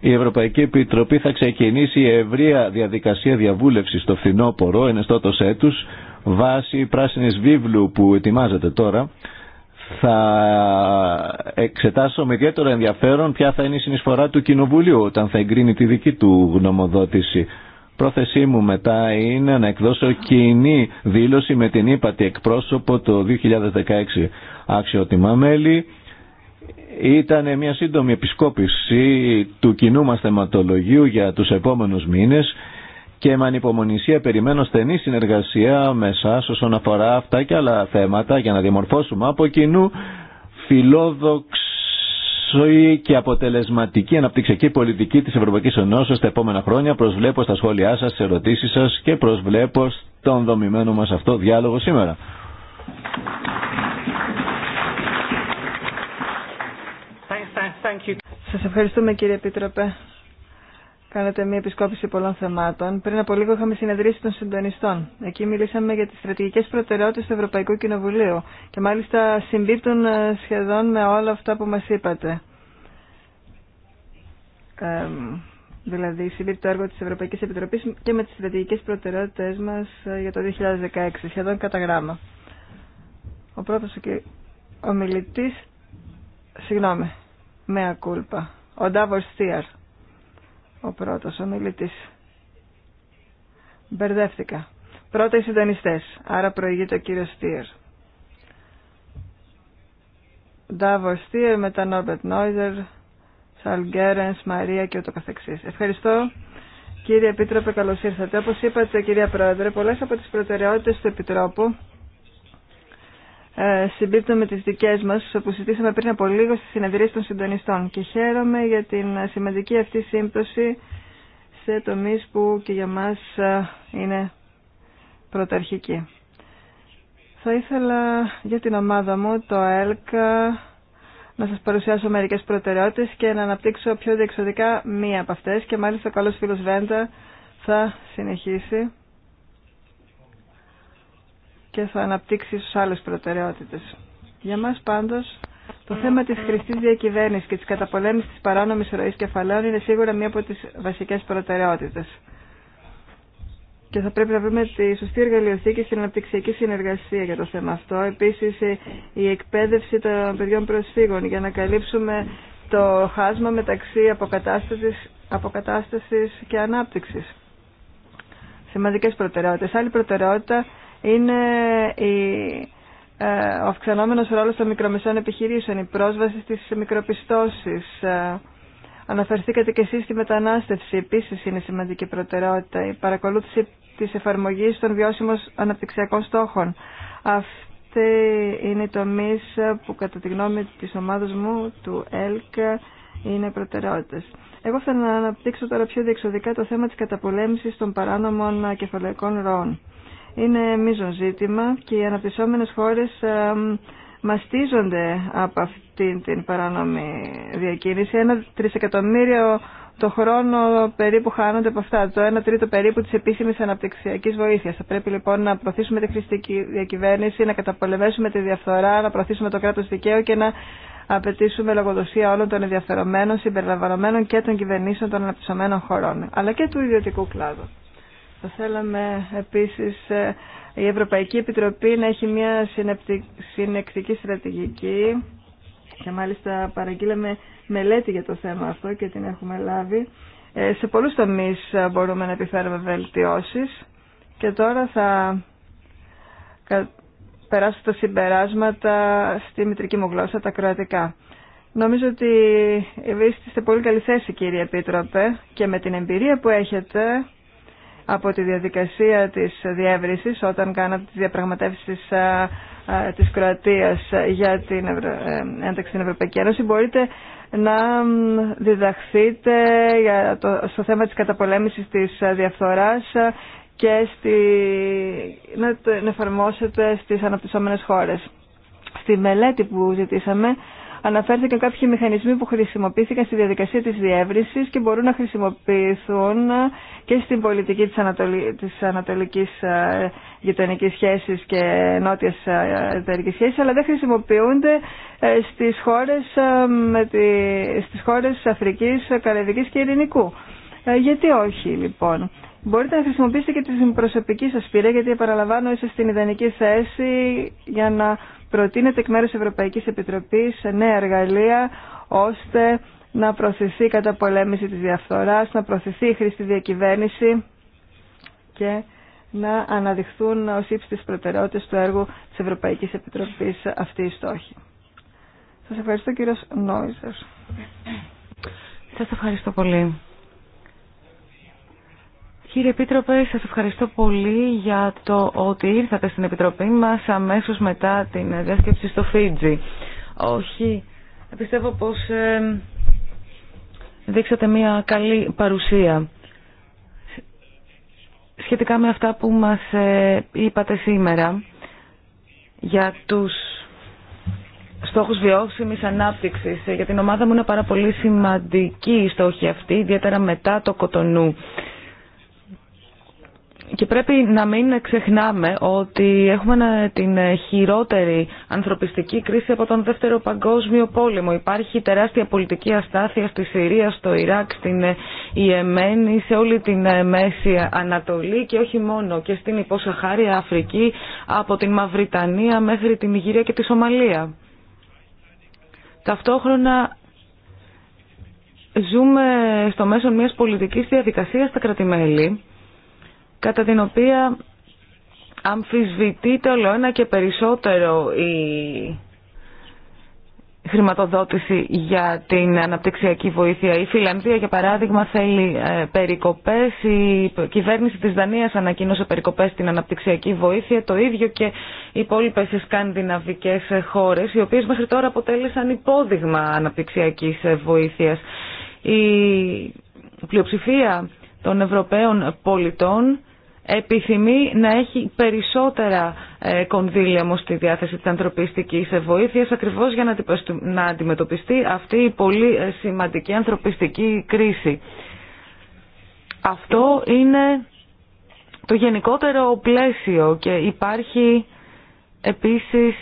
Η Ευρωπαϊκή Επιτροπή θα ξεκινήσει η ευρεία διαδικασία διαβούλευση στο φθινόπωρο, εν εστώτο έτου, βάσει πράσινη βίβλου που ετοιμάζεται τώρα. Θα εξετάσω με ιδιαίτερο ενδιαφέρον ποια θα είναι η συνεισφορά του Κοινοβουλίου όταν θα εγκρίνει τη δική του γνωμοδότηση Πρόθεσή μου μετά είναι να εκδώσω κοινή δήλωση με την ύπατη εκπρόσωπο το 2016. Αξιότιμα μέλη, ήταν μια σύντομη επισκόπηση του κοινού μας θεματολογίου για τους επόμενους μήνες και με ανυπομονησία περιμένω στενή συνεργασία με εσάς όσον αφορά αυτά και άλλα θέματα για να διαμορφώσουμε από κοινού φιλόδοξη ζωή και αποτελεσματική αναπτυξιακή πολιτική της Ευρωπαϊκής Ενώσεως τα επόμενα χρόνια. Προσβλέπω στα σχόλιά σας, σε ερωτήσεις σας και προσβλέπω στον δομημένο μας αυτό διάλογο σήμερα.
Σας ευχαριστούμε κύριε Επίτροπε κάνατε μια επισκόπηση πολλών θεμάτων. Πριν από λίγο είχαμε συνεδρίσει των συντονιστών. Εκεί μιλήσαμε για τι στρατηγικέ προτεραιότητε του Ευρωπαϊκού Κοινοβουλίου και μάλιστα συμπίπτουν ε, σχεδόν με όλα αυτά που μα είπατε. Ε, δηλαδή συμπίπτει το έργο τη Ευρωπαϊκής Επιτροπής και με τι στρατηγικέ προτεραιότητες μα ε, για το 2016, σχεδόν κατά γράμμα. Ο ο μιλητή. συγγνώμη, με κούλπα. ο Ντάβορ Στίαρ ο πρώτος ομιλητής. Μπερδεύτηκα. Πρώτα οι συντονιστέ, άρα προηγείται ο κύριος Στίερ. Ντάβο Στίερ, μετά Νόρμπετ Νόιζερ, Σαλγκέρενς, Μαρία και ούτω καθεξής. Ευχαριστώ. Κύριε Επίτροπε, καλώς ήρθατε. Όπως είπατε, κυρία Πρόεδρε, πολλές από τις προτεραιότητες του Επιτρόπου ε, συμπίπτω με τι δικέ μα, που συζητήσαμε πριν από λίγο στι συνεδρίες των συντονιστών και χαίρομαι για την σημαντική αυτή σύμπτωση σε τομεί που και για μα ε, είναι πρωταρχική. Θα ήθελα για την ομάδα μου, το ΕΛΚ, να σας παρουσιάσω μερικές προτεραιότητες και να αναπτύξω πιο διεξοδικά μία από αυτές και μάλιστα ο καλός φίλος Βέντα θα συνεχίσει και θα αναπτύξει ίσως άλλες προτεραιότητες. Για μας πάντως το θέμα της χρηστής διακυβέρνησης και της καταπολέμησης της παράνομης ροής κεφαλαίων είναι σίγουρα μία από τις βασικές προτεραιότητες. Και θα πρέπει να βρούμε τη σωστή εργαλειοθήκη στην αναπτυξιακή συνεργασία για το θέμα αυτό. Επίσης η εκπαίδευση των παιδιών προσφύγων για να καλύψουμε το χάσμα μεταξύ αποκατάστασης, αποκατάστασης και ανάπτυξης. Σημαντικές προτεραιότητες. Άλλη προτεραιότητα είναι η, ε, ο αυξανόμενος ρόλος των μικρομεσών επιχειρήσεων, η πρόσβαση στις μικροπιστώσεις. Ε, αναφερθήκατε και εσείς στη μετανάστευση, επίσης είναι σημαντική προτεραιότητα, η παρακολούθηση της εφαρμογής των βιώσιμων αναπτυξιακών στόχων. Αυτή είναι η τομή που κατά τη γνώμη της ομάδας μου, του ΕΛΚ, είναι προτεραιότητες. Εγώ να αναπτύξω τώρα πιο διεξοδικά το θέμα της καταπολέμησης των παράνομων κεφαλαϊκών ροών είναι μείζον ζήτημα και οι αναπτυσσόμενες χώρες μαστίζονται από αυτήν την παράνομη διακίνηση. Ένα τρισεκατομμύριο το χρόνο περίπου χάνονται από αυτά, το ένα τρίτο περίπου της επίσημης αναπτυξιακής βοήθειας. Θα πρέπει λοιπόν να προωθήσουμε τη χρηστική διακυβέρνηση, να καταπολεμήσουμε τη διαφθορά, να προωθήσουμε το κράτος δικαίου και να απαιτήσουμε λογοδοσία όλων των ενδιαφερομένων, συμπεριλαμβανομένων και των κυβερνήσεων των αναπτυσσομένων χωρών, αλλά και του ιδιωτικού κλάδου. Θα θέλαμε επίσης ε, η Ευρωπαϊκή Επιτροπή να έχει μια συνεκτική στρατηγική και μάλιστα παραγγείλαμε μελέτη για το θέμα αυτό και την έχουμε λάβει. Ε, σε πολλούς τομείς μπορούμε να επιφέρουμε βελτιώσεις και τώρα θα περάσω τα συμπεράσματα στη μητρική μου γλώσσα, τα κροατικά. Νομίζω ότι είστε πολύ καλή θέση κύριε Επίτροπε και με την εμπειρία που έχετε από τη διαδικασία της διεύρυνσης όταν κάνατε τις διαπραγματεύσεις της Κροατίας για την ε, ένταξη στην Ευρωπαϊκή Ένωση μπορείτε να διδαχθείτε για το, στο θέμα της καταπολέμησης της διαφθοράς και στη, να το εφαρμόσετε στις αναπτυσσόμενες χώρες. Στη μελέτη που ζητήσαμε αναφέρθηκαν κάποιοι μηχανισμοί που χρησιμοποιήθηκαν στη διαδικασία της διεύρυνσης και μπορούν να χρησιμοποιηθούν και στην πολιτική της, ανατολική της ανατολικής ε, γειτονικής σχέσης και νότιας ε, εταιρικής σχέσης, αλλά δεν χρησιμοποιούνται ε, στις χώρες, με τη, στις χώρες Αφρικής, Καραϊβικής και Ειρηνικού. Γιατί όχι λοιπόν. Μπορείτε να χρησιμοποιήσετε και την προσωπική σας πείρα, γιατί παραλαμβάνω είστε στην ιδανική θέση για να προτείνετε εκ μέρους Ευρωπαϊκής Επιτροπής σε νέα εργαλεία, ώστε να προωθηθεί η καταπολέμηση της διαφθοράς, να προωθηθεί η χρήστη διακυβέρνηση και να αναδειχθούν ως τις προτεραιότητες του έργου της Ευρωπαϊκής Επιτροπής αυτή η στόχη. Σας ευχαριστώ κύριος Νόιζερ. Σας ευχαριστώ
πολύ. Κύριε Επίτροπε, σας ευχαριστώ πολύ για το ότι ήρθατε στην Επιτροπή μας αμέσως μετά την διάσκεψη στο Φίτζι. Όχι, πιστεύω πως ε, δείξατε μια καλή παρουσία σχετικά με αυτά που μας ε, είπατε σήμερα για τους στόχους βιώσιμης ανάπτυξης. Ε, για την ομάδα μου είναι πάρα πολύ σημαντική η στόχη αυτή, ιδιαίτερα μετά το κοτονού. Και πρέπει να μην ξεχνάμε ότι έχουμε την χειρότερη ανθρωπιστική κρίση από τον Δεύτερο Παγκόσμιο Πόλεμο. Υπάρχει τεράστια πολιτική αστάθεια στη Συρία, στο Ιράκ, στην Ιεμένη, σε όλη την Μέση Ανατολή και όχι μόνο και στην υποσαχάρια Αφρική, από την Μαυριτανία μέχρι την Ιγυρία και τη Σομαλία. Ταυτόχρονα ζούμε στο μέσο μιας πολιτικής διαδικασίας στα κρατημέλη κατά την οποία αμφισβητείται όλο ένα και περισσότερο η χρηματοδότηση για την αναπτυξιακή βοήθεια. Η Φιλανδία, για παράδειγμα, θέλει ε, περικοπές. Η κυβέρνηση της Δανίας ανακοίνωσε περικοπές στην αναπτυξιακή βοήθεια. Το ίδιο και οι υπόλοιπε σκανδιναβικές χώρες, οι οποίες μέχρι τώρα αποτέλεσαν υπόδειγμα αναπτυξιακής βοήθειας. Η πλειοψηφία των Ευρωπαίων πολιτών επιθυμεί να έχει περισσότερα ε, κονδύλια όμως στη διάθεση της ανθρωπιστικής βοήθειας ακριβώς για να αντιμετωπιστεί αυτή η πολύ ε, σημαντική ανθρωπιστική κρίση. Αυτό είναι το γενικότερο πλαίσιο και υπάρχει επίσης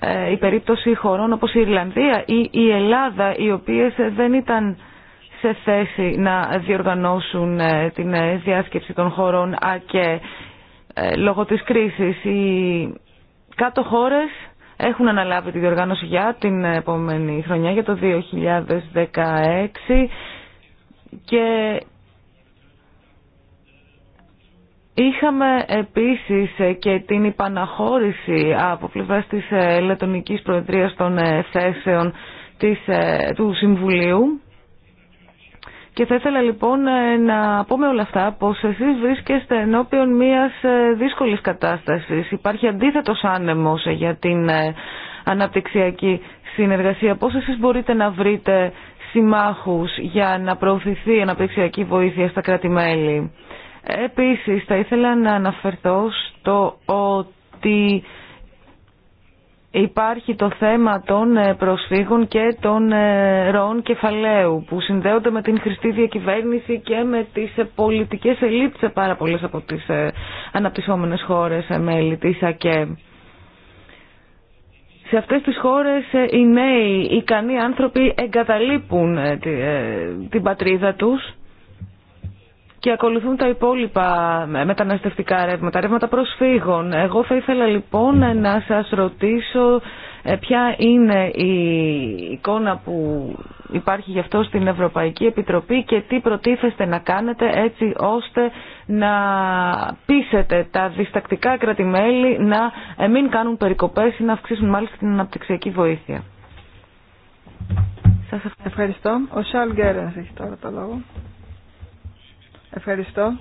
ε, η περίπτωση χωρών όπως η Ιρλανδία ή η Ελλάδα οι οποίες δεν ήταν σε θέση να διοργανώσουν ε, την ε, διάσκεψη των χωρών Α και ε, λόγω της κρίσης οι κάτω χώρες έχουν αναλάβει τη διοργάνωση για την επόμενη χρονιά, για το 2016 και είχαμε επίσης και την υπαναχώρηση από πλευράς της Λετωνικής Προεδρίας των θέσεων του Συμβουλίου και θα ήθελα λοιπόν ε, να πούμε όλα αυτά πως εσείς βρίσκεστε ενώπιον μιας ε, δύσκολης κατάστασης. Υπάρχει αντίθετος άνεμος για την ε, αναπτυξιακή συνεργασία. Πώς εσείς μπορείτε να βρείτε συμμάχους για να προωθηθεί η αναπτυξιακή βοήθεια στα κράτη-μέλη. Επίσης θα ήθελα να αναφερθώ στο ότι υπάρχει το θέμα των ε, προσφύγων και των ε, ροών κεφαλαίου που συνδέονται με την χρηστή διακυβέρνηση και με τις ε, πολιτικές ελίτ σε πάρα πολλές από τις αναπτυσσόμενες χώρες μέλη της ΑΚΕ. Σε αυτές τις χώρες οι νέοι, ικανοί άνθρωποι εγκαταλείπουν την πατρίδα τους και ακολουθούν τα υπόλοιπα μεταναστευτικά ρεύματα, ρεύματα προσφύγων. Εγώ θα ήθελα λοιπόν να σας ρωτήσω ε, ποια είναι η εικόνα που υπάρχει γι' αυτό στην Ευρωπαϊκή Επιτροπή και τι προτίθεστε να κάνετε έτσι ώστε να πείσετε τα διστακτικά κρατημέλη να ε, μην κάνουν περικοπές ή να αυξήσουν μάλιστα την αναπτυξιακή βοήθεια.
Σας ευχαριστώ. Ο Σαλ Γκέρενς έχει τώρα το λόγο. Ευχαριστώ.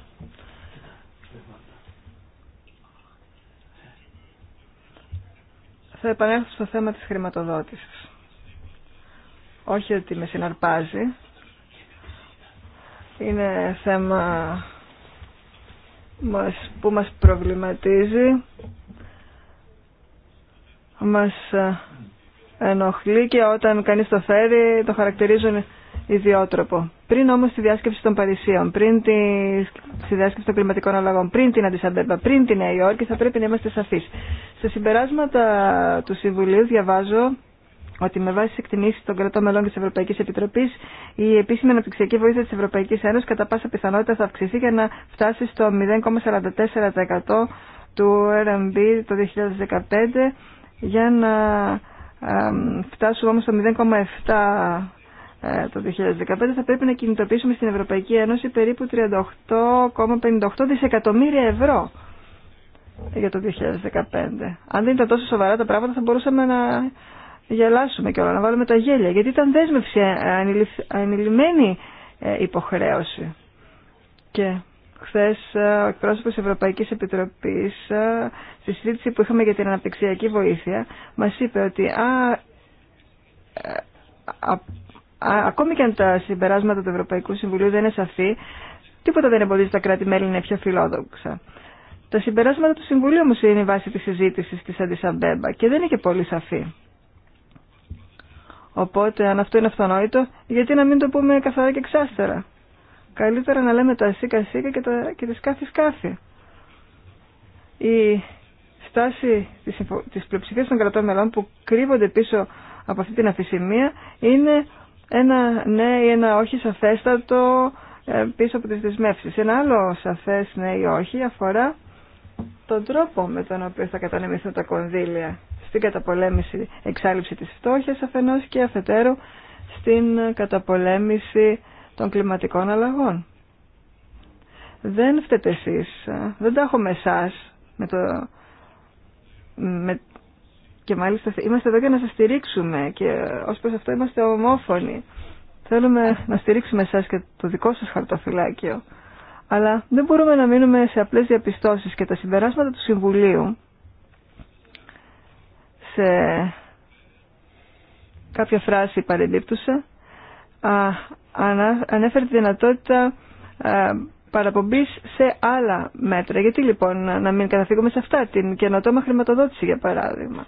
Θα επανέλθω στο θέμα της χρηματοδότησης. Όχι ότι με συναρπάζει. Είναι θέμα που μας προβληματίζει. Μας ε, ενοχλεί και όταν κανείς το φέρει το χαρακτηρίζουν ιδιότροπο. Πριν όμω τη διάσκεψη των Παρισίων, πριν τη, τη διάσκεψη των κλιματικών αλλαγών, πριν την Αντισαμπέμπα, πριν τη Νέα Υόρκη, θα πρέπει να είμαστε σαφεί. Σε συμπεράσματα του Συμβουλίου διαβάζω ότι με βάση τι εκτιμήσει των κρατών μελών τη Ευρωπαϊκή Επιτροπή, η επίσημη αναπτυξιακή βοήθεια τη Ευρωπαϊκή Ένωση κατά πάσα πιθανότητα θα αυξηθεί για να φτάσει στο 0,44% του RMB το 2015 για να φτάσουμε όμως στο 0,7% ε, το 2015 θα πρέπει να κινητοποιήσουμε στην Ευρωπαϊκή Ένωση περίπου 38,58 δισεκατομμύρια ευρώ για το 2015. Αν δεν ήταν τόσο σοβαρά τα πράγματα θα μπορούσαμε να γελάσουμε και όλα, να βάλουμε τα γέλια, γιατί ήταν δέσμευση ε, ανηλυμένη ε, υποχρέωση. Και χθε ο εκπρόσωπο Ευρωπαϊκή Επιτροπή, στη συζήτηση που είχαμε για την αναπτυξιακή βοήθεια, μα είπε ότι α, ακόμη και αν τα συμπεράσματα του Ευρωπαϊκού Συμβουλίου δεν είναι σαφή, τίποτα δεν εμποδίζει τα κράτη-μέλη να είναι πιο φιλόδοξα. Τα συμπεράσματα του Συμβουλίου όμω είναι η βάση τη συζήτηση τη Αντισαμπέμπα και δεν είναι και πολύ σαφή. Οπότε αν αυτό είναι αυτονόητο, γιατί να μην το πούμε καθαρά και ξάστερα. Καλύτερα να λέμε τα σίκα σίκα και, τα, και τη σκάφη σκάφη. Η στάση της, της πλειοψηφίας των κρατών μελών που κρύβονται πίσω από αυτή την αφησιμία είναι ένα ναι ή ένα όχι σαφέστατο ε, πίσω από τις δεσμεύσεις. Ένα άλλο σαφές ναι ή όχι αφορά τον τρόπο με τον οποίο θα κατανεμηθούν τα κονδύλια στην καταπολέμηση, εξάλληψη της φτώχειας αφενός και αφετέρου στην καταπολέμηση των κλιματικών αλλαγών. Δεν φταίτε εσείς, ε, δεν τα έχω με εσάς, με, το, με και μάλιστα είμαστε εδώ για να σας στηρίξουμε και ως προς αυτό είμαστε ομόφωνοι. Θέλουμε να στηρίξουμε εσά και το δικό σας χαρτοφυλάκιο. Αλλά δεν μπορούμε να μείνουμε σε απλές διαπιστώσεις και τα συμπεράσματα του Συμβουλίου σε κάποια φράση παρεμπίπτουσα ανέφερε τη δυνατότητα παραπομπής σε άλλα μέτρα. Γιατί λοιπόν να μην καταφύγουμε σε αυτά, την καινοτόμα χρηματοδότηση για παράδειγμα.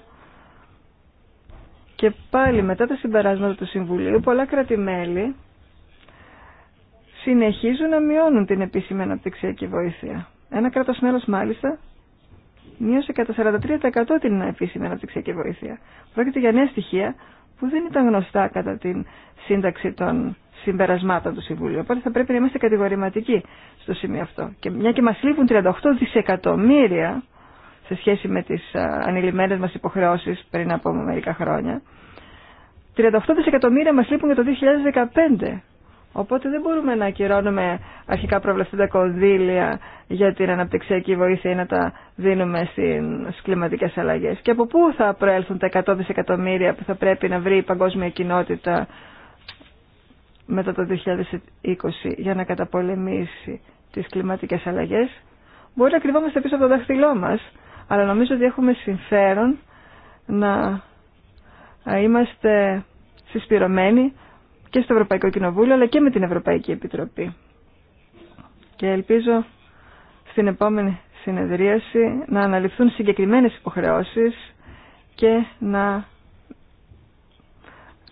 Και πάλι μετά τα συμπεράσματα του Συμβουλίου, πολλά κρατημέλη συνεχίζουν να μειώνουν την επίσημη αναπτυξιακή βοήθεια. Ένα κράτο μέλο μάλιστα μείωσε κατά 43% την επίσημη αναπτυξιακή βοήθεια. Πρόκειται για νέα στοιχεία που δεν ήταν γνωστά κατά την σύνταξη των συμπερασμάτων του Συμβουλίου. Οπότε θα πρέπει να είμαστε κατηγορηματικοί στο σημείο αυτό. Και μια και μα λείπουν 38 δισεκατομμύρια σε σχέση με τις ανηλυμένες μας υποχρεώσεις πριν από μερικά χρόνια. 38 δισεκατομμύρια μας λείπουν για το 2015. Οπότε δεν μπορούμε να ακυρώνουμε αρχικά προβλεφθέντα κονδύλια για την αναπτυξιακή βοήθεια ή να τα δίνουμε στις κλιματικές αλλαγές. Και από πού θα προέλθουν τα 100 δισεκατομμύρια που θα πρέπει να βρει η παγκόσμια κοινότητα μετά το 2020 για να καταπολεμήσει τις κλιματικές αλλαγές. Μπορεί να κρυβόμαστε πίσω από το δάχτυλό μας, αλλά νομίζω ότι έχουμε συμφέρον να ε, είμαστε συσπηρωμένοι και στο Ευρωπαϊκό Κοινοβούλιο αλλά και με την Ευρωπαϊκή Επιτροπή. Και ελπίζω στην επόμενη συνεδρίαση να αναλυθούν συγκεκριμένες υποχρεώσεις και να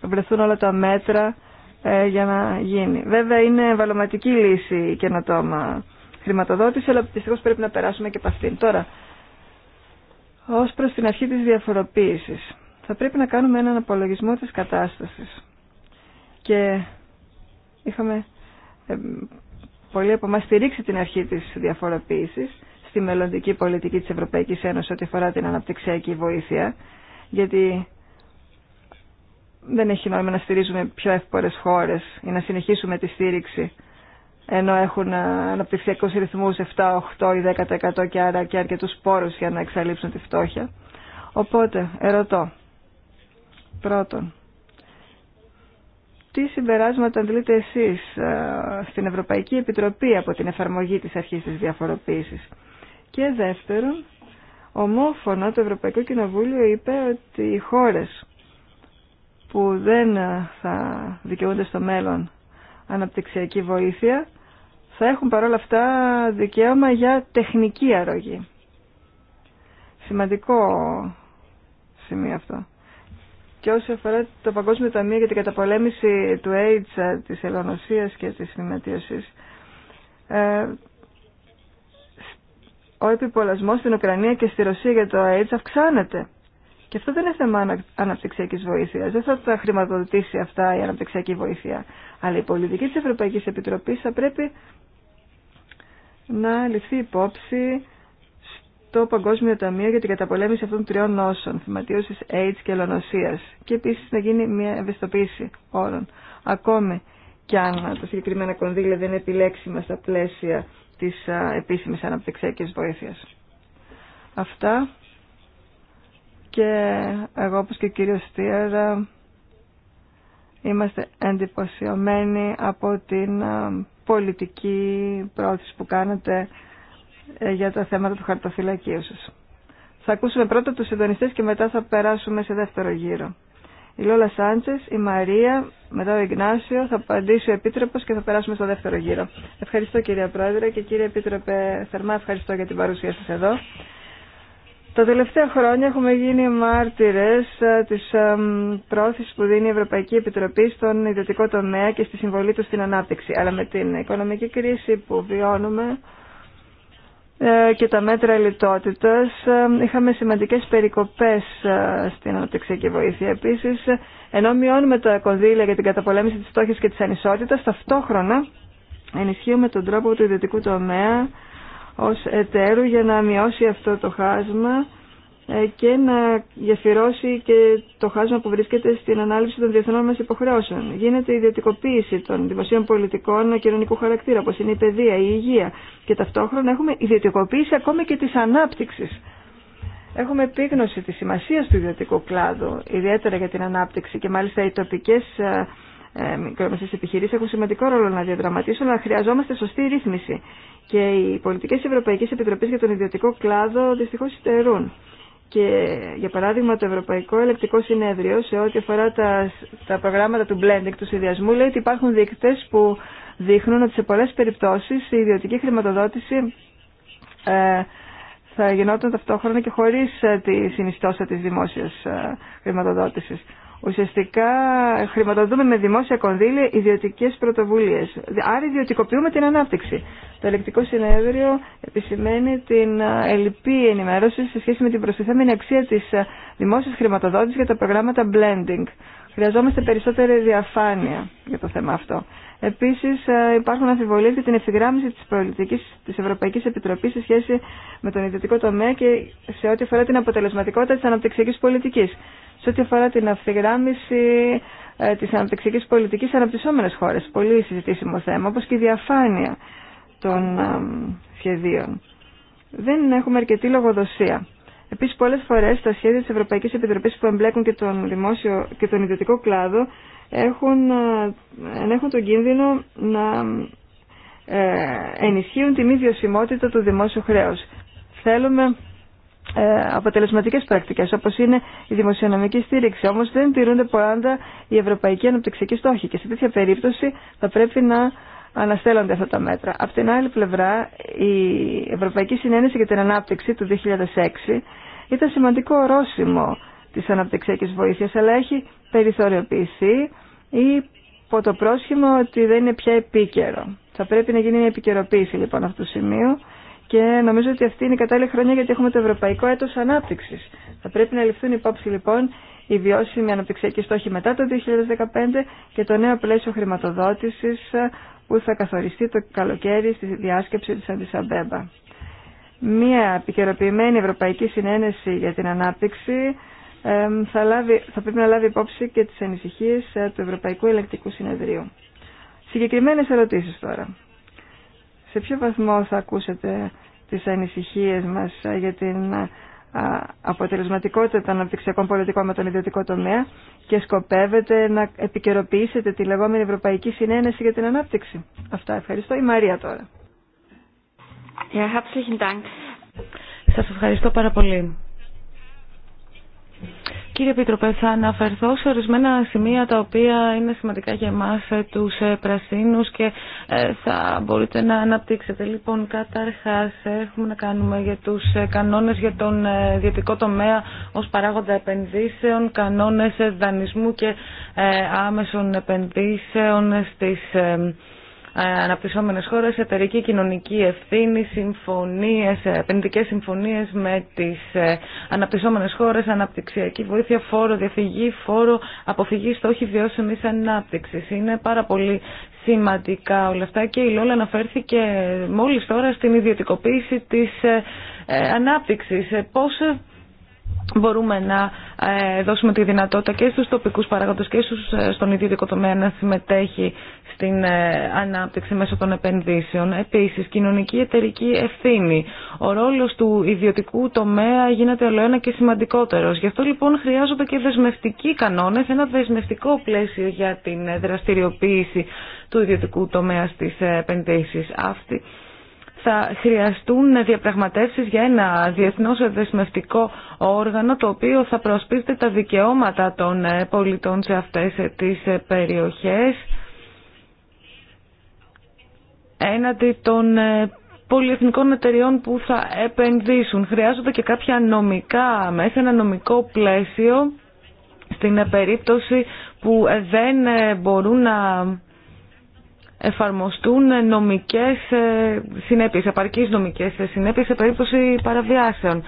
βρεθούν όλα τα μέτρα ε, για να γίνει. Βέβαια είναι βαλωματική λύση η καινοτόμα χρηματοδότηση, αλλά δυστυχώ πρέπει να περάσουμε και από αυτήν. Τώρα, ως προς την αρχή της διαφοροποίησης. Θα πρέπει να κάνουμε έναν απολογισμό της κατάστασης. Και είχαμε ε, πολλοί από εμάς στηρίξει την αρχή της διαφοροποίησης στη μελλοντική πολιτική της Ευρωπαϊκής Ένωσης ό,τι αφορά την αναπτυξιακή βοήθεια, γιατί δεν έχει νόημα να στηρίζουμε πιο εύπορες χώρες ή να συνεχίσουμε τη στήριξη ενώ έχουν ε, αναπτυξιακούς ρυθμούς 7, 8 ή 10% και άρα και αρκετούς πόρους για να εξαλείψουν τη φτώχεια. Οπότε, ερωτώ. Πρώτον, τι συμπεράσματα αντλείτε εσείς ε, στην Ευρωπαϊκή Επιτροπή από την εφαρμογή της αρχής της διαφοροποίησης. Και δεύτερον, ομόφωνα το Ευρωπαϊκό Κοινοβούλιο είπε ότι οι χώρες που δεν ε, θα δικαιούνται στο μέλλον αναπτυξιακή βοήθεια θα έχουν παρόλα αυτά δικαίωμα για τεχνική αρρωγή. Σημαντικό σημείο αυτό. Και όσο αφορά το Παγκόσμιο Ταμείο για την καταπολέμηση του AIDS, της ελονοσίας και της φυματίωσης, ε, ο επιπολασμός στην Ουκρανία και στη Ρωσία για το AIDS αυξάνεται. Και αυτό δεν είναι θέμα αναπτυξιακή βοήθεια. Δεν θα τα χρηματοδοτήσει αυτά η αναπτυξιακή βοήθεια. Αλλά η πολιτική τη Ευρωπαϊκή Επιτροπή θα πρέπει να ληφθεί υπόψη στο Παγκόσμιο Ταμείο για την καταπολέμηση αυτών των τριών νόσων, θυματίωση AIDS και ελονοσίας. Και επίση να γίνει μια ευαισθητοποίηση όλων. Ακόμη και αν τα συγκεκριμένα κονδύλια δεν είναι επιλέξιμα στα πλαίσια τη επίσημη αναπτυξιακή βοήθεια. Αυτά και εγώ όπως και ο κύριος Στίερ ε, είμαστε εντυπωσιωμένοι από την ε, πολιτική πρόθεση που κάνετε ε, για τα θέματα του χαρτοφυλακίου σας. Θα ακούσουμε πρώτα τους συντονιστές και μετά θα περάσουμε σε δεύτερο γύρο. Η Λόλα Σάντσες, η Μαρία, μετά ο Ιγνάσιο, θα απαντήσει ο Επίτροπος και θα περάσουμε στο δεύτερο γύρο. Ευχαριστώ κύριε Πρόεδρε και κύριε Επίτροπε, θερμά ευχαριστώ για την παρουσία σας εδώ. Τα τελευταία χρόνια έχουμε γίνει μάρτυρες ε, της ε, πρόθεσης που δίνει η Ευρωπαϊκή Επιτροπή στον ιδιωτικό τομέα και στη συμβολή του στην ανάπτυξη. Αλλά με την οικονομική κρίση που βιώνουμε ε, και τα μέτρα λιτότητας είχαμε σημαντικές περικοπές στην αναπτυξιακή βοήθεια. Επίσης, ενώ μειώνουμε τα κονδύλια για την καταπολέμηση της φτώχειας και της ανισότητας, ταυτόχρονα ενισχύουμε τον τρόπο του ιδιωτικού τομέα ως εταίρου για να μειώσει αυτό το χάσμα ε, και να γεφυρώσει και το χάσμα που βρίσκεται στην ανάλυση των διεθνών μας υποχρεώσεων. Γίνεται η ιδιωτικοποίηση των δημοσίων πολιτικών κοινωνικού χαρακτήρα, όπως είναι η παιδεία, η υγεία και ταυτόχρονα έχουμε ιδιωτικοποίηση ακόμα και της ανάπτυξης. Έχουμε επίγνωση της σημασίας του ιδιωτικού κλάδου, ιδιαίτερα για την ανάπτυξη και μάλιστα οι τοπικές ε, ε, μικρομεσαίες επιχειρήσεις έχουν σημαντικό ρόλο να διαδραματίσουν, αλλά χρειαζόμαστε σωστή ρύθμιση. Και οι πολιτικές Ευρωπαϊκή Επιτροπή για τον ιδιωτικό κλάδο δυστυχώς στερούν. Και για παράδειγμα το Ευρωπαϊκό Ελεκτικό Συνέδριο σε ό,τι αφορά τα, προγράμματα του blending, του συνδυασμού, λέει ότι υπάρχουν δείκτες που δείχνουν ότι σε πολλές περιπτώσεις η ιδιωτική χρηματοδότηση ε, θα γινόταν ταυτόχρονα και χωρίς ε, τη συνιστόσα της δημόσιας ε, χρηματοδότησης. Ουσιαστικά χρηματοδοτούμε με δημόσια κονδύλια ιδιωτικές πρωτοβουλίες. Άρα ιδιωτικοποιούμε την ανάπτυξη. Το ελεκτικό συνέδριο επισημαίνει την ε, ελλειπή ενημέρωση σε σχέση με την προστιθέμενη αξία της ε, δημόσιας χρηματοδότησης για τα προγράμματα blending. Χρειαζόμαστε περισσότερη διαφάνεια για το θέμα αυτό. Επίση, ε, υπάρχουν αμφιβολίε για την ευθυγράμμιση τη πολιτική τη Ευρωπαϊκή Επιτροπή σε σχέση με τον ιδιωτικό τομέα και σε ό,τι αφορά την αποτελεσματικότητα τη αναπτυξιακή πολιτική σε ό,τι αφορά την αυθυγράμμιση ε, της αναπτυξιακής πολιτικής σε αναπτυσσόμενες χώρες. Πολύ συζητήσιμο θέμα, όπως και η διαφάνεια των σχεδίων. Δεν έχουμε αρκετή λογοδοσία. Επίσης, πολλές φορές τα σχέδια της Ευρωπαϊκής Επιτροπής που εμπλέκουν και τον δημόσιο και τον ιδιωτικό κλάδο έχουν, ε, έχουν τον κίνδυνο να ε, ενισχύουν τη μη βιωσιμότητα του δημόσιου χρέους. Θέλουμε ε, αποτελεσματικές πρακτικές, όπως είναι η δημοσιονομική στήριξη. Όμως δεν τηρούνται πάντα οι ευρωπαϊκοί αναπτυξιακοί στόχοι και σε τέτοια περίπτωση θα πρέπει να αναστέλλονται αυτά τα μέτρα. Από την άλλη πλευρά, η Ευρωπαϊκή Συνένεση για την Ανάπτυξη του 2006 ήταν σημαντικό ορόσημο της αναπτυξιακής βοήθειας, αλλά έχει περιθωριοποιηθεί υπό το πρόσχημα ότι δεν είναι πια επίκαιρο. Θα πρέπει να γίνει μια επικαιροποίηση λοιπόν αυτού του σημείου και νομίζω ότι αυτή είναι η κατάλληλη χρονιά γιατί έχουμε το Ευρωπαϊκό Έτος Ανάπτυξης. Θα πρέπει να ληφθούν υπόψη λοιπόν οι βιώσιμοι αναπτυξιακοί στόχοι μετά το 2015 και το νέο πλαίσιο χρηματοδότησης ε, που θα καθοριστεί το καλοκαίρι στη διάσκεψη της Αντισαμπέμπα. Μία επικαιροποιημένη Ευρωπαϊκή Συνένεση για την Ανάπτυξη ε, θα, λάβει, θα πρέπει να λάβει υπόψη και τις ανησυχίες ε, του Ευρωπαϊκού Ελεκτικού Συνεδρίου. Συγκεκριμένες ερωτήσεις τώρα σε ποιο βαθμό θα ακούσετε τις ανησυχίες μας ε, για την ε, αποτελεσματικότητα των αναπτυξιακών πολιτικών με τον ιδιωτικό τομέα και σκοπεύετε να επικαιροποιήσετε τη λεγόμενη Ευρωπαϊκή Συνένεση για την Ανάπτυξη. Αυτά ευχαριστώ. Η Μαρία τώρα. Σας ευχαριστώ
πάρα πολύ. Κύριε Επίτροπε, θα αναφερθώ σε ορισμένα σημεία τα οποία είναι σημαντικά για εμάς ε, τους ε, πρασίνους και ε, θα μπορείτε να αναπτύξετε. Λοιπόν, καταρχάς έχουμε να κάνουμε για τους κανόνες για τον ιδιωτικό τομέα ως παράγοντα επενδύσεων, κανόνες δανεισμού και άμεσων επενδύσεων στις αναπτυσσόμενες χώρες, εταιρική κοινωνική ευθύνη, συμφωνίες, ε, επενδυτικές συμφωνίες με τις ε, αναπτυσσόμενες χώρε, αναπτυξιακή βοήθεια, φόρο διαφυγή, φόρο αποφυγή, στόχοι βιώσιμη ανάπτυξη. Είναι πάρα πολύ σημαντικά όλα αυτά και η Λόλα αναφέρθηκε μόλις τώρα στην ιδιωτικοποίηση της ε, ανάπτυξη μπορούμε να ε, δώσουμε τη δυνατότητα και στους τοπικούς παράγοντες και στους, ε, στον ιδιωτικό τομέα να συμμετέχει στην ε, ανάπτυξη μέσω των επενδύσεων. Επίσης, κοινωνική εταιρική ευθύνη. Ο ρόλος του ιδιωτικού τομέα γίνεται ολοένα και σημαντικότερος. Γι' αυτό λοιπόν χρειάζονται και δεσμευτικοί κανόνες, ένα δεσμευτικό πλαίσιο για την δραστηριοποίηση του ιδιωτικού τομέα στις επενδύσεις. Αυτή θα χρειαστούν διαπραγματεύσεις για ένα διεθνώς δεσμευτικό όργανο το οποίο θα προσπίζεται τα δικαιώματα των ε, πολιτών σε αυτές ε, τις ε, περιοχές έναντι των πολυεθνικών εταιριών που θα επενδύσουν. Χρειάζονται και κάποια νομικά μέσα, ένα νομικό πλαίσιο στην περίπτωση που δεν μπορούν να εφαρμοστούν νομικές ε, συνέπειες, απαρκείς νομικές συνέπειες σε περίπτωση παραβιάσεων.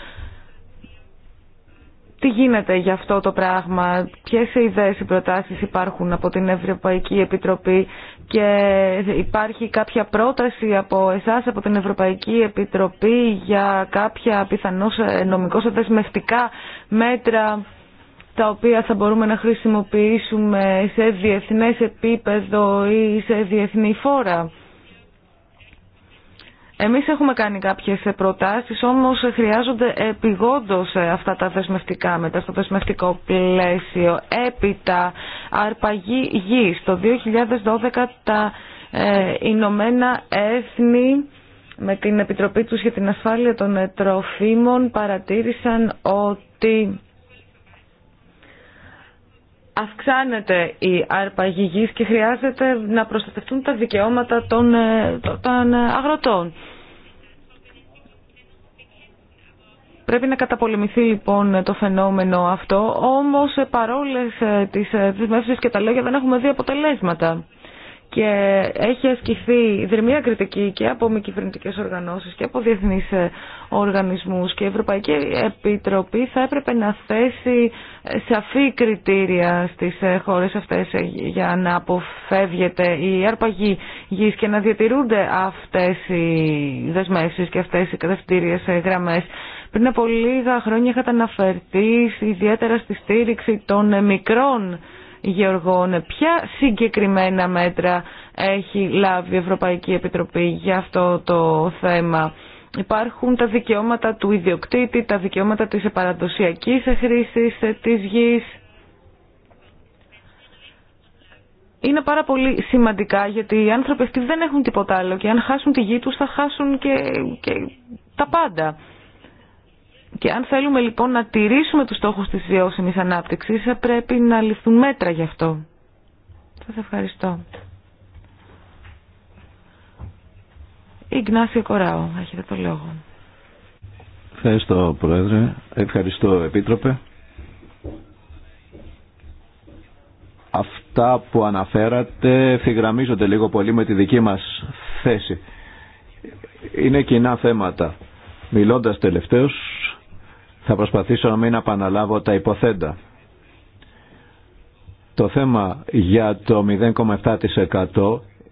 Τι γίνεται για αυτό το πράγμα, ποιες ιδέες ή προτάσεις υπάρχουν από την Ευρωπαϊκή Επιτροπή και υπάρχει κάποια πρόταση από εσάς, από την Ευρωπαϊκή Επιτροπή για κάποια πιθανώς ε, νομικώς δεσμευτικά μέτρα τα οποία θα μπορούμε να χρησιμοποιήσουμε σε διεθνές επίπεδο ή σε διεθνή φόρα. Εμείς έχουμε κάνει κάποιες προτάσεις, όμως χρειάζονται επιγόντως αυτά τα δεσμευτικά μετά στο δεσμευτικό πλαίσιο. Έπειτα, αρπαγή γη. Το 2012 τα ε, Ηνωμένα Έθνη με την Επιτροπή τους για την Ασφάλεια των Τροφίμων παρατήρησαν ότι αυξάνεται η άρπαγη γης και χρειάζεται να προστατευτούν τα δικαιώματα των, ε, των ε, αγροτών. Πρέπει να καταπολεμηθεί λοιπόν το φαινόμενο αυτό, όμως παρόλες ε, τις δεσμεύσεις και τα λόγια δεν έχουμε δει αποτελέσματα και έχει ασκηθεί δερμία κριτική και από μη κυβερνητικέ οργανώσεις και από διεθνείς ε, οργανισμούς και η Ευρωπαϊκή Επιτροπή θα έπρεπε να θέσει ε, σαφή κριτήρια στις ε, χώρες αυτές για να αποφεύγεται η αρπαγή γης και να διατηρούνται αυτές οι δεσμεύσει και αυτές οι κατευθύντριες γραμμές. Πριν από λίγα χρόνια είχατε αναφερθεί ιδιαίτερα στη στήριξη των μικρών γεωργών. Ποια συγκεκριμένα μέτρα έχει λάβει η Ευρωπαϊκή Επιτροπή για αυτό το θέμα. Υπάρχουν τα δικαιώματα του ιδιοκτήτη, τα δικαιώματα της παραδοσιακής χρήσης της γης. Είναι πάρα πολύ σημαντικά γιατί οι άνθρωποι αυτοί δεν έχουν τίποτα άλλο και αν χάσουν τη γη τους θα χάσουν και, και τα πάντα. Και αν θέλουμε λοιπόν να τηρήσουμε τους στόχους της βιώσιμης ανάπτυξης θα πρέπει να ληφθούν μέτρα γι' αυτό. Σας ευχαριστώ. Η Γνάσιο Κοράου, έχετε το λόγο.
Ευχαριστώ Πρόεδρε, ευχαριστώ Επίτροπε. Αυτά που αναφέρατε φυγραμμίζονται λίγο πολύ με τη δική μας θέση. Είναι κοινά θέματα. Μιλώντας τελευταίως θα προσπαθήσω να μην επαναλάβω τα υποθέντα. Το θέμα για το 0,7%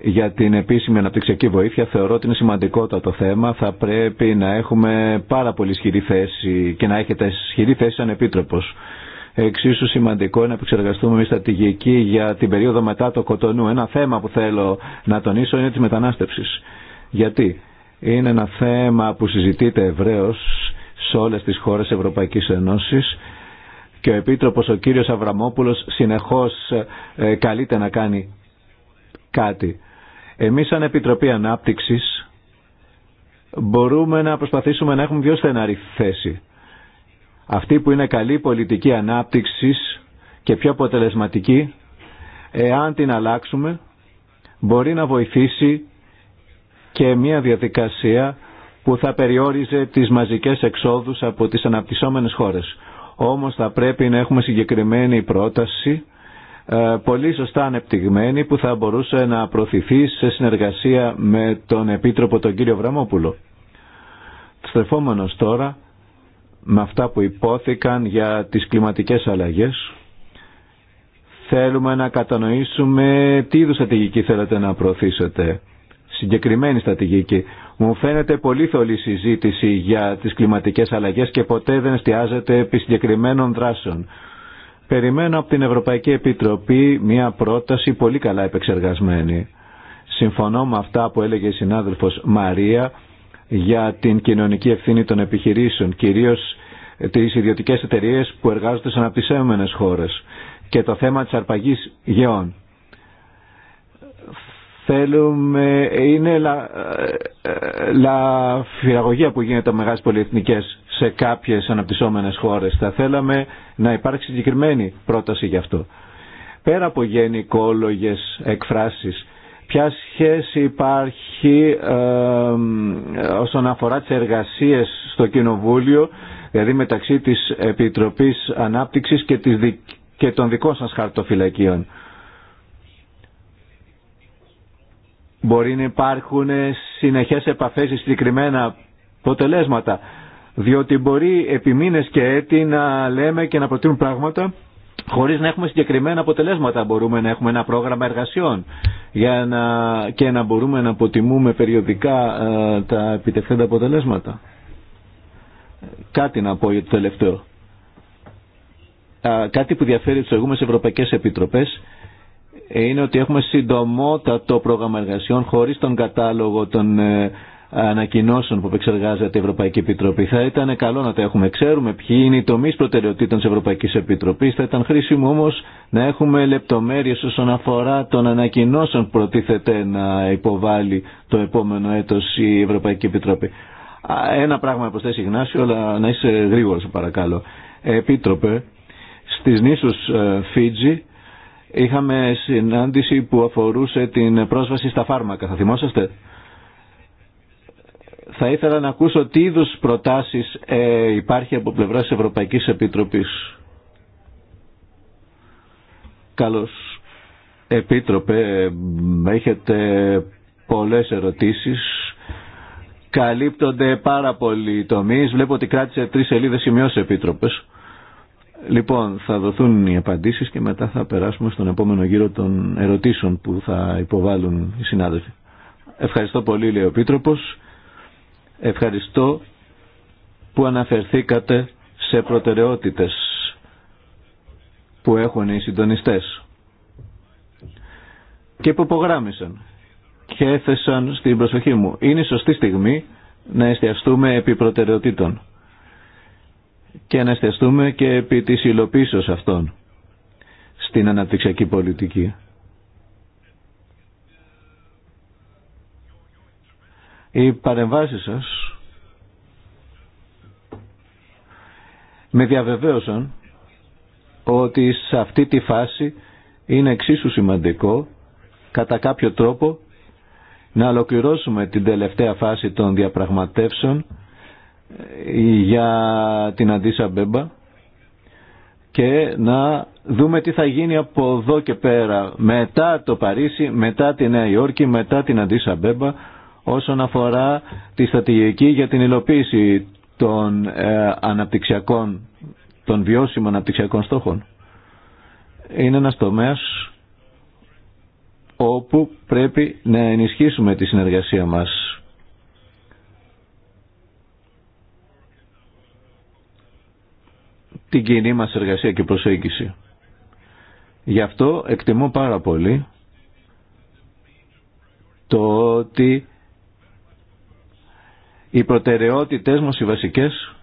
για την επίσημη αναπτυξιακή βοήθεια θεωρώ ότι είναι σημαντικότατο θέμα. Θα πρέπει να έχουμε πάρα πολύ ισχυρή θέση και να έχετε ισχυρή θέση σαν επίτροπος. Εξίσου σημαντικό είναι να επεξεργαστούμε μια στρατηγική για την περίοδο μετά το Κοτονού. Ένα θέμα που θέλω να τονίσω είναι τη μετανάστευση. Γιατί είναι ένα θέμα που συζητείται ευρέω σε όλες τις χώρες Ευρωπαϊκής Ενώσης και ο Επίτροπος ο κύριος Αβραμόπουλος συνεχώς ε, καλείται να κάνει κάτι. Εμείς σαν Επιτροπή Ανάπτυξης μπορούμε να προσπαθήσουμε να έχουμε πιο στεναρή θέση. Αυτή που είναι καλή πολιτική ανάπτυξης και πιο αποτελεσματική, εάν την αλλάξουμε, μπορεί να βοηθήσει και μια διαδικασία που θα περιόριζε τις μαζικές εξόδους από τις αναπτυσσόμενες χώρες. Όμως θα πρέπει να έχουμε συγκεκριμένη πρόταση, ε, πολύ σωστά ανεπτυγμένη, που θα μπορούσε να προωθηθεί σε συνεργασία με τον Επίτροπο τον κύριο Βραμόπουλο. Στρεφόμενος τώρα με αυτά που υπόθηκαν για τις κλιματικές αλλαγές, θέλουμε να κατανοήσουμε τι είδους στρατηγική θέλετε να προωθήσετε. Συγκεκριμένη στρατηγική. Μου φαίνεται πολύ θολή συζήτηση για τις κλιματικές αλλαγές και ποτέ δεν εστιάζεται επί συγκεκριμένων δράσεων. Περιμένω από την Ευρωπαϊκή Επιτροπή μια πρόταση πολύ καλά επεξεργασμένη. Συμφωνώ με αυτά που έλεγε η συνάδελφος Μαρία για την κοινωνική ευθύνη των επιχειρήσεων, κυρίως τις ιδιωτικές εταιρείες που εργάζονται σε αναπτυσσόμενες χώρες και το θέμα της αρπαγής γεών. Θέλουμε, είναι λα, ε, ε, λαφυραγωγία που γίνεται από μεγάλες πολυεθνικές σε κάποιες αναπτυσσόμενες χώρες. Θα θέλαμε να υπάρξει συγκεκριμένη πρόταση γι' αυτό. Πέρα από γενικόλογες εκφράσεις, ποια σχέση υπάρχει ε, όσον αφορά τις εργασίες στο Κοινοβούλιο, δηλαδή μεταξύ της Επιτροπής Ανάπτυξης και, της, και των δικών σας χαρτοφυλακίων. Μπορεί να υπάρχουν συνεχές επαφές ή συγκεκριμένα αποτελέσματα. Διότι μπορεί επί μήνες και έτη να λέμε και να προτείνουμε πράγματα χωρίς να έχουμε συγκεκριμένα αποτελέσματα. Μπορούμε να έχουμε ένα πρόγραμμα εργασιών για να... και να μπορούμε να αποτιμούμε περιοδικά ε, τα επιτευχθέντα αποτελέσματα. Κάτι να πω για το τελευταίο. κάτι που διαφέρει τις Ευρωπαϊκές Επιτροπές είναι ότι έχουμε συντομότατο πρόγραμμα εργασιών χωρίς τον κατάλογο των ε, ανακοινώσεων που επεξεργάζεται η Ευρωπαϊκή Επιτροπή. Θα ήταν καλό να τα έχουμε. Ξέρουμε ποιοι είναι οι τομεί προτεραιοτήτων τη Ευρωπαϊκή Επιτροπή. Θα ήταν χρήσιμο όμω να έχουμε λεπτομέρειε όσον αφορά των ανακοινώσεων που προτίθεται να υποβάλει το επόμενο έτο η Ευρωπαϊκή Επιτροπή. Ένα πράγμα να προσθέσει, Γνάσιο, αλλά να είσαι γρήγορο, παρακαλώ. Επίτροπε, στι νήσου ε, Φίτζη είχαμε συνάντηση που αφορούσε την πρόσβαση στα φάρμακα. Θα θυμόσαστε. Θα ήθελα να ακούσω τι είδους προτάσεις ε, υπάρχει από πλευράς της Ευρωπαϊκής Επιτροπής. Καλώς. Επίτροπε, έχετε πολλές ερωτήσεις. Καλύπτονται πάρα πολλοί τομείς. Βλέπω ότι κράτησε τρεις σελίδες σημειώσεις επίτροπες. Λοιπόν, θα δοθούν οι απαντήσεις και μετά θα περάσουμε στον επόμενο γύρο των ερωτήσεων που θα υποβάλουν οι συνάδελφοι. Ευχαριστώ πολύ, λέει ο Πίτροπος. Ευχαριστώ που αναφερθήκατε σε προτεραιότητες που έχουν οι συντονιστές και που υπογράμμισαν και έθεσαν στην προσοχή μου. Είναι σωστή στιγμή να εστιαστούμε επί προτεραιοτήτων και να και επί της υλοποίησης αυτών στην αναπτυξιακή πολιτική. Οι παρεμβάσεις σας με διαβεβαίωσαν ότι σε αυτή τη φάση είναι εξίσου σημαντικό κατά κάποιο τρόπο να ολοκληρώσουμε την τελευταία φάση των διαπραγματεύσεων για την Αντίσα Μπέμπα και να δούμε τι θα γίνει από εδώ και πέρα μετά το Παρίσι, μετά τη Νέα Υόρκη, μετά την Αντίσα Μπέμπα όσον αφορά τη στρατηγική για την υλοποίηση των ε, αναπτυξιακών, των βιώσιμων αναπτυξιακών στόχων. Είναι ένας τομέας όπου πρέπει να ενισχύσουμε τη συνεργασία μας την κοινή μας εργασία και προσέγγιση. Γι' αυτό εκτιμώ πάρα πολύ το ότι οι προτεραιότητες μας οι βασικές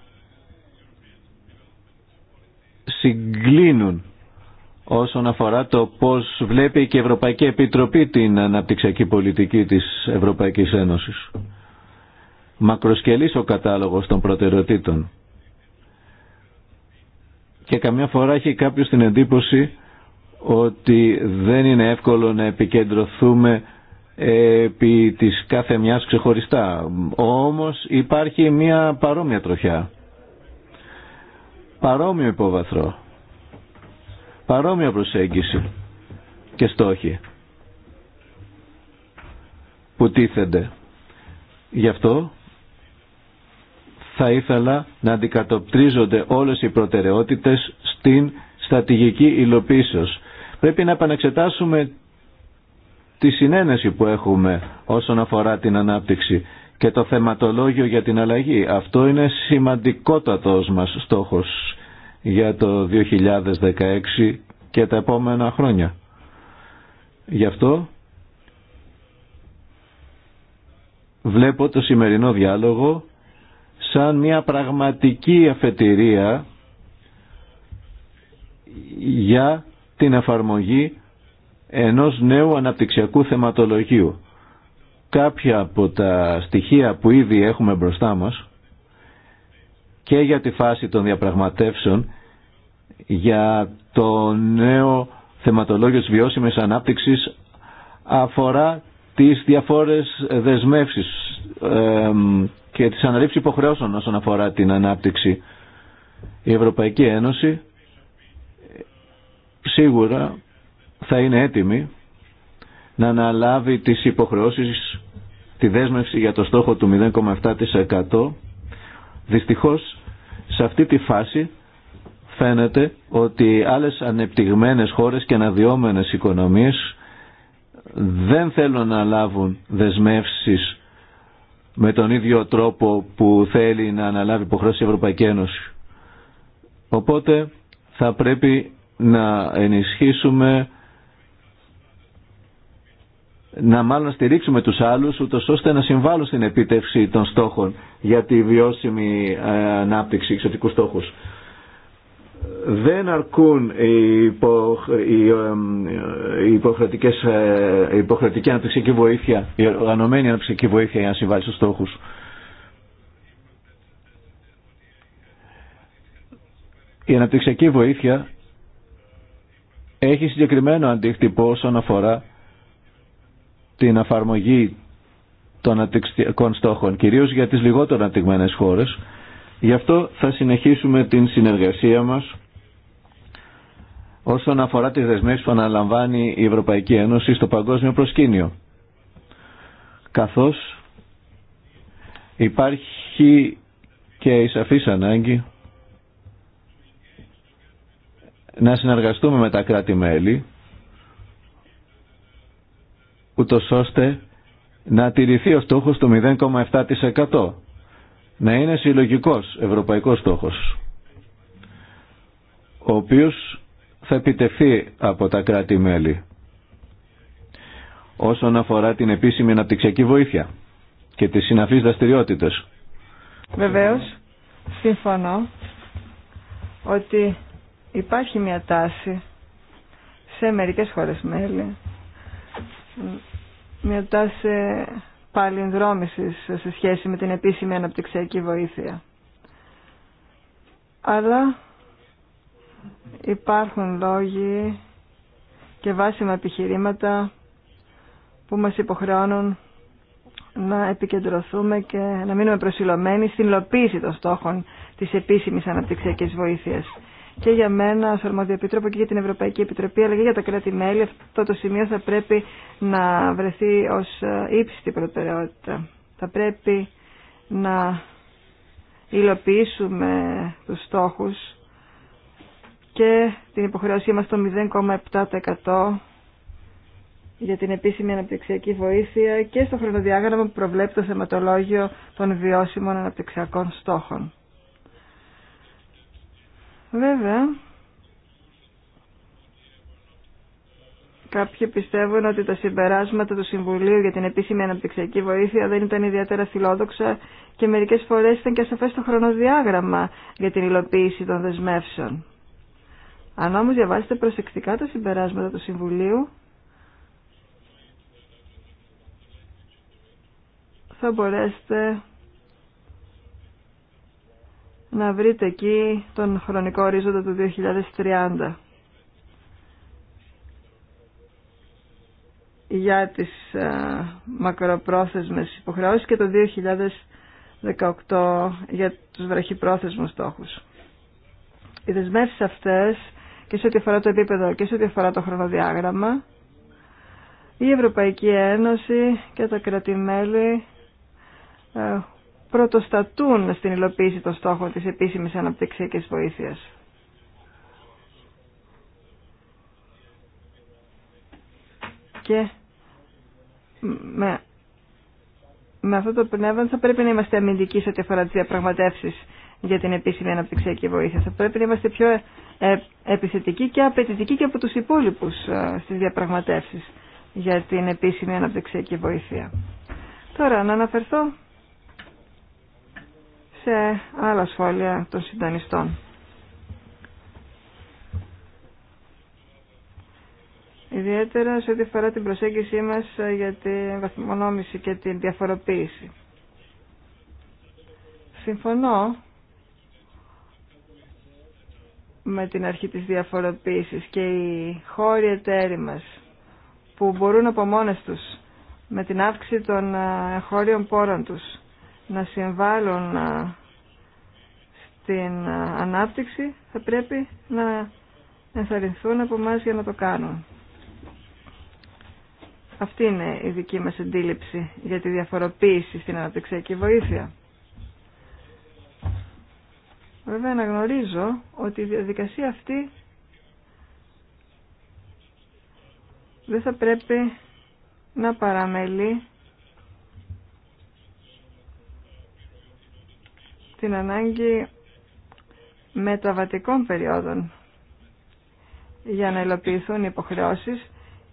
συγκλίνουν όσον αφορά το πώς βλέπει και η Ευρωπαϊκή Επιτροπή την αναπτυξιακή πολιτική της Ευρωπαϊκής Ένωσης. Μακροσκελής ο κατάλογος των προτεραιοτήτων και καμιά φορά έχει κάποιος την εντύπωση ότι δεν είναι εύκολο να επικεντρωθούμε επί της κάθε μιας ξεχωριστά. Όμως υπάρχει μια παρόμοια τροχιά, παρόμοιο υπόβαθρο, παρόμοια προσέγγιση και στόχοι που τίθενται. Γι' αυτό θα ήθελα να αντικατοπτρίζονται όλες οι προτεραιότητες στην στατηγική υλοποίησεως. Πρέπει να επανεξετάσουμε τη συνένεση που έχουμε όσον αφορά την ανάπτυξη και το θεματολόγιο για την αλλαγή. Αυτό είναι σημαντικότατος μας στόχος για το 2016 και τα επόμενα χρόνια. Γι' αυτό βλέπω το σημερινό διάλογο σαν μια πραγματική αφετηρία για την εφαρμογή ενός νέου αναπτυξιακού θεματολογίου. Κάποια από τα στοιχεία που ήδη έχουμε μπροστά μας και για τη φάση των διαπραγματεύσεων για το νέο θεματολόγιο της βιώσιμης ανάπτυξης αφορά τις διαφόρες δεσμεύσεις και τις αναλήψεις υποχρεώσεων όσον αφορά την ανάπτυξη. Η Ευρωπαϊκή Ένωση σίγουρα θα είναι έτοιμη να αναλάβει τις υποχρεώσεις, τη δέσμευση για το στόχο του 0,7%. Δυστυχώς, σε αυτή τη φάση φαίνεται ότι άλλες ανεπτυγμένες χώρες και αναδυόμενες οικονομίες δεν θέλουν να λάβουν δεσμεύσεις με τον ίδιο τρόπο που θέλει να αναλάβει υποχρέωση η Ευρωπαϊκή Ένωση. Οπότε θα πρέπει να ενισχύσουμε να μάλλον στηρίξουμε τους άλλους ούτως ώστε να συμβάλλουν στην επίτευξη των στόχων για τη βιώσιμη ε, ανάπτυξη εξωτικού στόχους δεν αρκούν οι, υπο, οι, ε, βοήθεια, η οργανωμένη αναπτυξιακή βοήθεια για να συμβάλλει στους στόχους. Η αναπτυξιακή βοήθεια έχει συγκεκριμένο αντίκτυπο όσον αφορά την αφαρμογή των αναπτυξιακών στόχων, κυρίως για τις λιγότερο αναπτυγμένες χώρες. Γι' αυτό θα συνεχίσουμε την συνεργασία μας όσον αφορά τις δεσμεύσεις που αναλαμβάνει η Ευρωπαϊκή Ένωση στο παγκόσμιο προσκήνιο. Καθώς υπάρχει και η σαφής ανάγκη να συνεργαστούμε με τα κράτη-μέλη ούτω ώστε να τηρηθεί ο στόχος του 0,7% να είναι συλλογικός ευρωπαϊκός στόχος ο οποίος θα επιτεθεί από τα κράτη-μέλη όσον αφορά την επίσημη αναπτυξιακή βοήθεια και τις συναφείς δραστηριότητε.
Βεβαίως, συμφωνώ ότι υπάρχει μια τάση σε μερικές χώρες μέλη μια τάση παλινδρόμησης σε σχέση με την επίσημη αναπτυξιακή βοήθεια. Αλλά υπάρχουν λόγοι και βάσιμα επιχειρήματα που μας υποχρεώνουν να επικεντρωθούμε και να μείνουμε προσιλωμένοι στην υλοποίηση των στόχων της επίσημης αναπτυξιακής βοήθειας. Και για μένα, ως αρμόδιο και για την Ευρωπαϊκή Επιτροπή, αλλά και για τα κράτη-μέλη, αυτό το σημείο θα πρέπει να βρεθεί ως ε, ύψιστη προτεραιότητα. Θα πρέπει να υλοποιήσουμε τους στόχους και την υποχρεώσή μας το 0,7% για την επίσημη αναπτυξιακή βοήθεια και στο χρονοδιάγραμμα που προβλέπει το θεματολόγιο των βιώσιμων αναπτυξιακών στόχων. Βέβαια, κάποιοι πιστεύουν ότι τα συμπεράσματα του Συμβουλίου για την επίσημη αναπτυξιακή βοήθεια δεν ήταν ιδιαίτερα φιλόδοξα και μερικές φορές ήταν και ασαφές το χρονοδιάγραμμα για την υλοποίηση των δεσμεύσεων. Αν όμως διαβάσετε προσεκτικά τα συμπεράσματα του Συμβουλίου, θα μπορέσετε να βρείτε εκεί τον χρονικό ορίζοντα του 2030 για τις α, ε, μακροπρόθεσμες υποχρεώσεις και το 2018 για τους βραχυπρόθεσμους στόχους. Οι δεσμεύσεις αυτές και σε ό,τι αφορά το επίπεδο και σε ό,τι αφορά το χρονοδιάγραμμα, η Ευρωπαϊκή Ένωση και τα κρατημέλη ε, πρωτοστατούν στην υλοποίηση των στόχων της επίσημης αναπτυξιακής βοήθειας. Και με, με αυτό το πνεύμα θα πρέπει να είμαστε αμυντικοί σε ό,τι αφορά τις διαπραγματεύσεις για την επίσημη αναπτυξιακή βοήθεια. Θα πρέπει να είμαστε πιο ε, ε, επιθετικοί και απαιτητικοί και από τους υπόλοιπους ε, στις διαπραγματεύσεις για την επίσημη αναπτυξιακή βοήθεια. Τώρα να αναφερθώ σε άλλα σχόλια των συντανιστών. Ιδιαίτερα σε ό,τι αφορά την προσέγγιση μας για την βαθμονόμηση και την διαφοροποίηση. Συμφωνώ με την αρχή της διαφοροποίησης και οι χώροι εταίροι μας που μπορούν από μόνες τους με την αύξηση των ε, χώριων πόρων τους να συμβάλλουν ε, στην ε, ανάπτυξη θα πρέπει να ενθαρρυνθούν από εμά για να το κάνουν. Αυτή είναι η δική μας αντίληψη για τη διαφοροποίηση στην αναπτυξιακή βοήθεια. Βέβαια αναγνωρίζω ότι η διαδικασία αυτή δεν θα πρέπει να παραμελεί την ανάγκη μεταβατικών περιόδων για να υλοποιηθούν οι υποχρεώσεις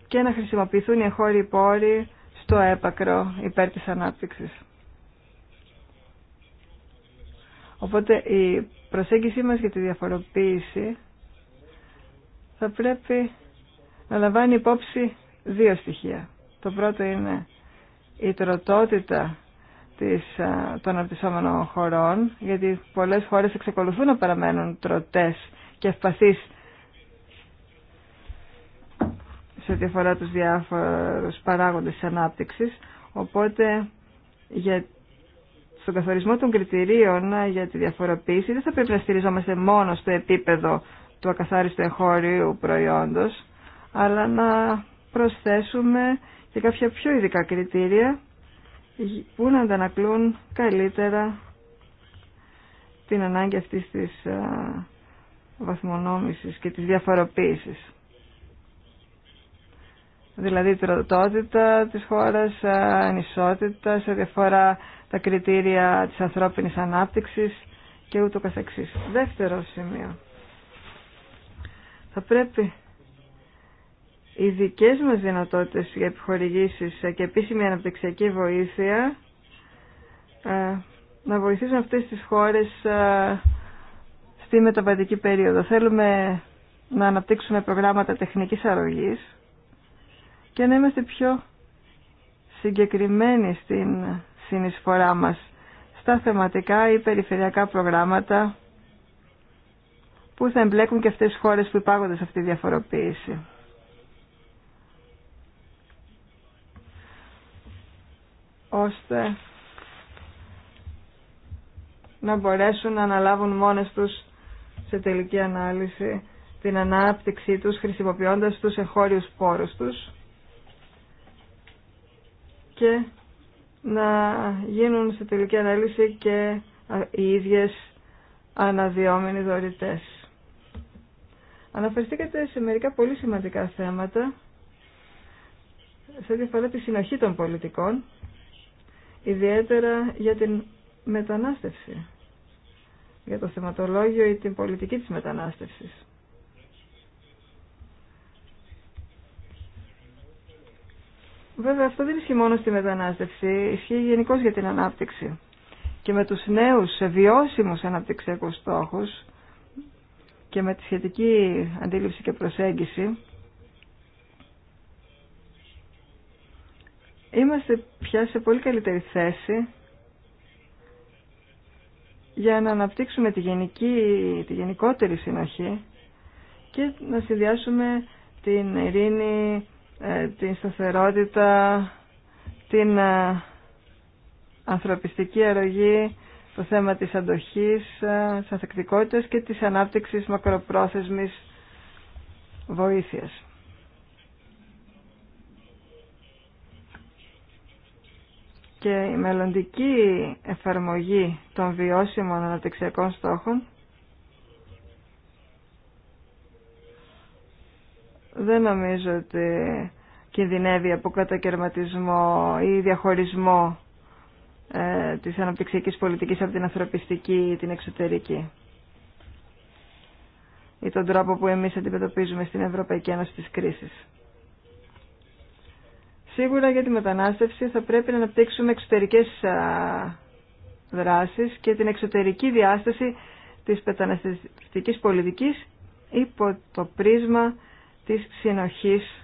και να χρησιμοποιηθούν οι εγχώροι πόροι στο έπακρο υπέρ της ανάπτυξης. Οπότε η προσέγγιση μας για τη διαφοροποίηση θα πρέπει να λαμβάνει υπόψη δύο στοιχεία. Το πρώτο είναι η τροτότητα της, των αναπτυσσόμενων χωρών, γιατί πολλές χώρες εξακολουθούν να παραμένουν τροτές και ευπαθείς σε ό,τι αφορά τους διάφορους παράγοντες της ανάπτυξης. Οπότε για στον καθορισμό των κριτηρίων ε, για τη διαφοροποίηση δεν θα πρέπει να στηριζόμαστε μόνο στο επίπεδο του ακαθάριστου εγχώριου προϊόντος, αλλά να προσθέσουμε και κάποια πιο ειδικά κριτήρια που να αντανακλούν καλύτερα την ανάγκη αυτής της ε, βαθμονόμησης και της διαφοροποίησης δηλαδή τη ροδοτότητα της χώρας, ε, ανισότητα σε διαφορά τα κριτήρια της ανθρώπινης ανάπτυξης και ούτω καθεξής. Δεύτερο σημείο. Θα πρέπει οι δικές μας δυνατότητες για επιχορηγήσεις και επίσημη αναπτυξιακή βοήθεια ε, να βοηθήσουν αυτές τις χώρες ε, στη μεταβατική περίοδο. Θέλουμε να αναπτύξουμε προγράμματα τεχνικής αρρωγής και να είμαστε πιο συγκεκριμένοι στην συνεισφορά μας στα θεματικά ή περιφερειακά προγράμματα που θα εμπλέκουν και αυτές τις χώρες που υπάγονται σε αυτή τη διαφοροποίηση. ώστε να μπορέσουν να αναλάβουν μόνες τους σε τελική ανάλυση την ανάπτυξή τους χρησιμοποιώντας τους εχώριους πόρους τους και να γίνουν σε τελική ανάλυση και οι ίδιες αναδυόμενοι δωρητές. Αναφερθήκατε σε μερικά πολύ σημαντικά θέματα σε ό,τι τη συνοχή των πολιτικών, ιδιαίτερα για την μετανάστευση, για το θεματολόγιο ή την πολιτική της μετανάστευσης. Βέβαια αυτό δεν ισχύει μόνο στη μετανάστευση, ισχύει γενικώ για την ανάπτυξη. Και με τους νέους βιώσιμους αναπτυξιακούς στόχους και με τη σχετική αντίληψη και προσέγγιση είμαστε πια σε πολύ καλύτερη θέση για να αναπτύξουμε τη, γενική, τη γενικότερη συνοχή και να συνδυάσουμε την ειρήνη, ε, την σταθερότητα, την ε, ανθρωπιστική αρρωγή, το θέμα της αντοχής, ε, της ανθεκτικότητας και της ανάπτυξης μακροπρόθεσμης βοήθειας. Και η μελλοντική εφαρμογή των βιώσιμων αναπτυξιακών στόχων δεν νομίζω ότι κινδυνεύει από κατακαιρματισμό ή διαχωρισμό ε, της αναπτυξιακής πολιτικής από την ανθρωπιστική ή την εξωτερική ή τον τρόπο που εμείς αντιμετωπίζουμε στην Ευρωπαϊκή Ένωση της κρίσης. Σίγουρα για τη μετανάστευση θα πρέπει να αναπτύξουμε εξωτερικές δράσεις και την εξωτερική διάσταση της μεταναστευτικής πολιτικής υπό το πρίσμα της συνοχής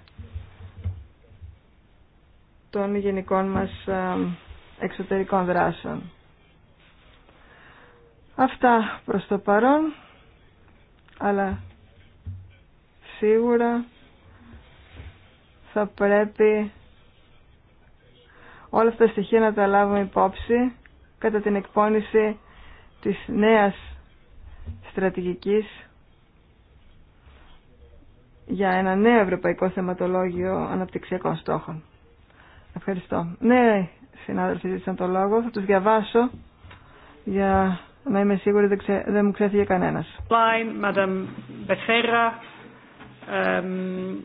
των γενικών μας εξωτερικών δράσεων. Αυτά προς το παρόν, αλλά σίγουρα θα πρέπει όλα αυτά τα στοιχεία να τα λάβουμε υπόψη κατά την εκπόνηση της νέας στρατηγικής για ένα νέο ευρωπαϊκό θεματολόγιο αναπτυξιακών στόχων. Ευχαριστώ. Ναι, συνάδελφοι ζήτησαν το λόγο. Θα τους διαβάσω για να είμαι σίγουρη δεν, ξε... δεν μου ξέφυγε κανένας. Line, Madam Becerra, um,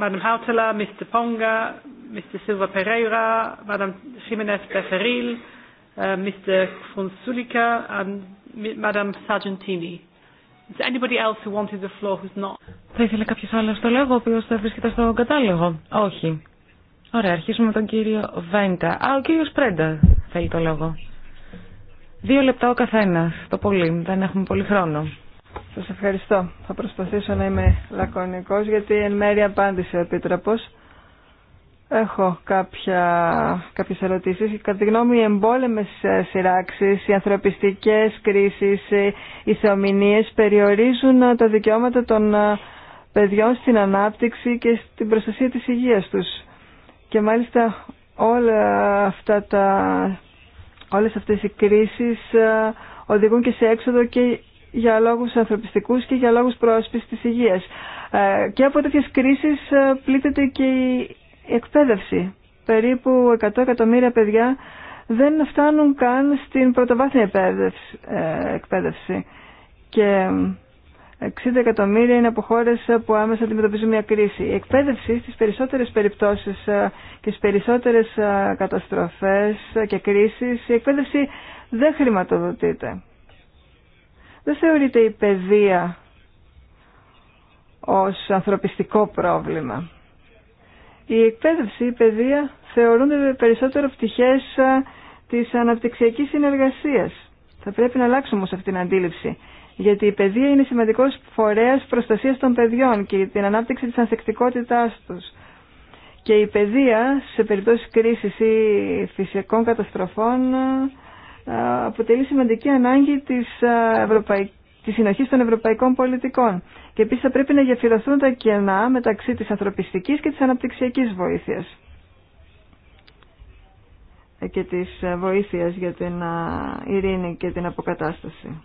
Madam Hautala, Mr. Ponga, Mr. Silva Pereira, Madam Jiménez Becerril, uh, Mr. Fonsulica and Madam Sargentini.
Θα ήθελε κάποιο άλλο το λόγο, ο οποίο θα βρίσκεται στο κατάλογο. Όχι. Ωραία, αρχίσουμε με τον κύριο Βέντα. Α, ο κύριο Πρέντα θέλει το λόγο. Δύο λεπτά ο καθένα, το πολύ. Δεν έχουμε πολύ χρόνο.
Σα ευχαριστώ. Θα προσπαθήσω να είμαι λακωνικό, γιατί εν μέρει απάντησε ο Επίτροπο. Έχω κάποια, κάποιες ερωτήσεις. Κατά τη γνώμη οι εμπόλεμες ε, σειράξεις, οι ανθρωπιστικές κρίσεις, ε, οι θεομηνίες περιορίζουν ε, τα δικαιώματα των παιδιών στην ανάπτυξη και στην προστασία της υγείας τους. Και μάλιστα όλα αυτά όλες αυτές οι κρίσεις οδηγούν και σε έξοδο και για λόγους ανθρωπιστικούς και για λόγους πρόσπισης της υγείας. Και από τέτοιες κρίσεις πλήττεται και η η εκπαίδευση. Περίπου 100 εκατομμύρια παιδιά δεν φτάνουν καν στην πρωτοβάθμια εκπαίδευση. Ε, και 60 εκατομμύρια είναι από χώρε που άμεσα αντιμετωπίζουν μια κρίση. Η εκπαίδευση στι περισσότερε περιπτώσει ε, και στι περισσότερε ε, καταστροφέ και κρίσει, η εκπαίδευση δεν χρηματοδοτείται. Δεν θεωρείται η παιδεία ως ανθρωπιστικό πρόβλημα. Η εκπαίδευση, η παιδεία θεωρούνται περισσότερο πτυχές της αναπτυξιακής συνεργασίας. Θα πρέπει να αλλάξουμε όμως αυτήν την αντίληψη. Γιατί η παιδεία είναι σημαντικός φορέας προστασίας των παιδιών και την ανάπτυξη της ανθεκτικότητάς τους. Και η παιδεία σε περιπτώσει κρίσης ή φυσικών καταστροφών αποτελεί σημαντική ανάγκη της ευρωπαϊκής τη συνοχή των ευρωπαϊκών πολιτικών. Και επίση θα πρέπει να γεφυρωθούν τα κενά μεταξύ της ανθρωπιστικής και της αναπτυξιακής βοήθειας ε, και της ε, βοήθειας για την ειρήνη και την αποκατάσταση.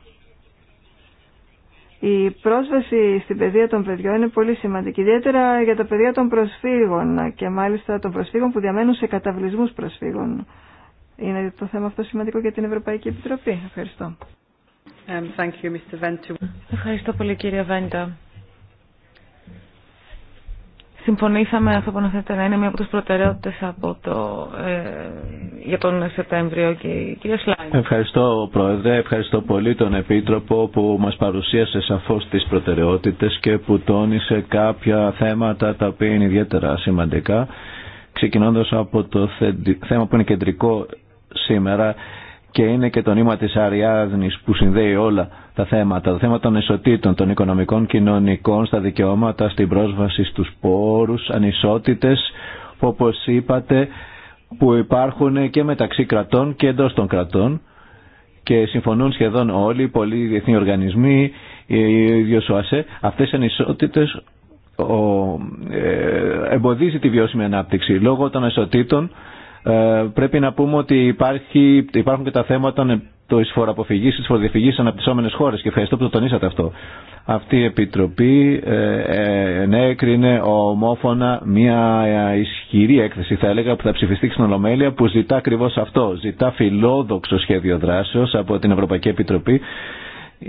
Η πρόσβαση στην παιδεία των παιδιών είναι πολύ σημαντική, ιδιαίτερα για τα παιδιά των προσφύγων και μάλιστα των προσφύγων που διαμένουν σε καταβλισμούς προσφύγων. Είναι το θέμα αυτό σημαντικό για την Ευρωπαϊκή Επιτροπή. Ευχαριστώ.
Ευχαριστώ πολύ κύριε Βέντα.
Συμφωνήσαμε
αυτό που αναφέρετε να είναι μία από τις προτεραιότητες από το, ε, για τον Σεπτέμβριο και κύριε Σλάιν.
Ευχαριστώ Πρόεδρε, ευχαριστώ πολύ τον Επίτροπο που μας παρουσίασε σαφώς τις προτεραιότητες και που τόνισε κάποια θέματα τα οποία είναι ιδιαίτερα σημαντικά ξεκινώντας από το θέμα που είναι κεντρικό σήμερα και είναι και το νήμα της Αριάδνης που συνδέει όλα τα θέματα, το θέμα των εσωτήτων, των οικονομικών, κοινωνικών, στα δικαιώματα, στην πρόσβαση στους πόρους, ανισότητες, όπως είπατε, που υπάρχουν και μεταξύ κρατών και εντός των κρατών και συμφωνούν σχεδόν όλοι οι πολλοί διεθνεί οργανισμοί, οι ίδιος ο ΑΣΕ, αυτές οι ανισότητες ο, ε, εμποδίζει τη βιώσιμη ανάπτυξη λόγω των εσωτήτων ε, πρέπει να πούμε ότι υπάρχει, υπάρχουν και τα θέματα το εισφοροαποφυγή, τη φοροδιαφυγή σε αναπτυσσόμενε χώρε και ευχαριστώ που το τονίσατε αυτό. Αυτή η επιτροπή ε, ε, ενέκρινε ομόφωνα μια ισχυρή έκθεση, θα έλεγα, που θα ψηφιστεί στην Ολομέλεια, που ζητά ακριβώ αυτό. Ζητά φιλόδοξο σχέδιο δράσεω από την Ευρωπαϊκή Επιτροπή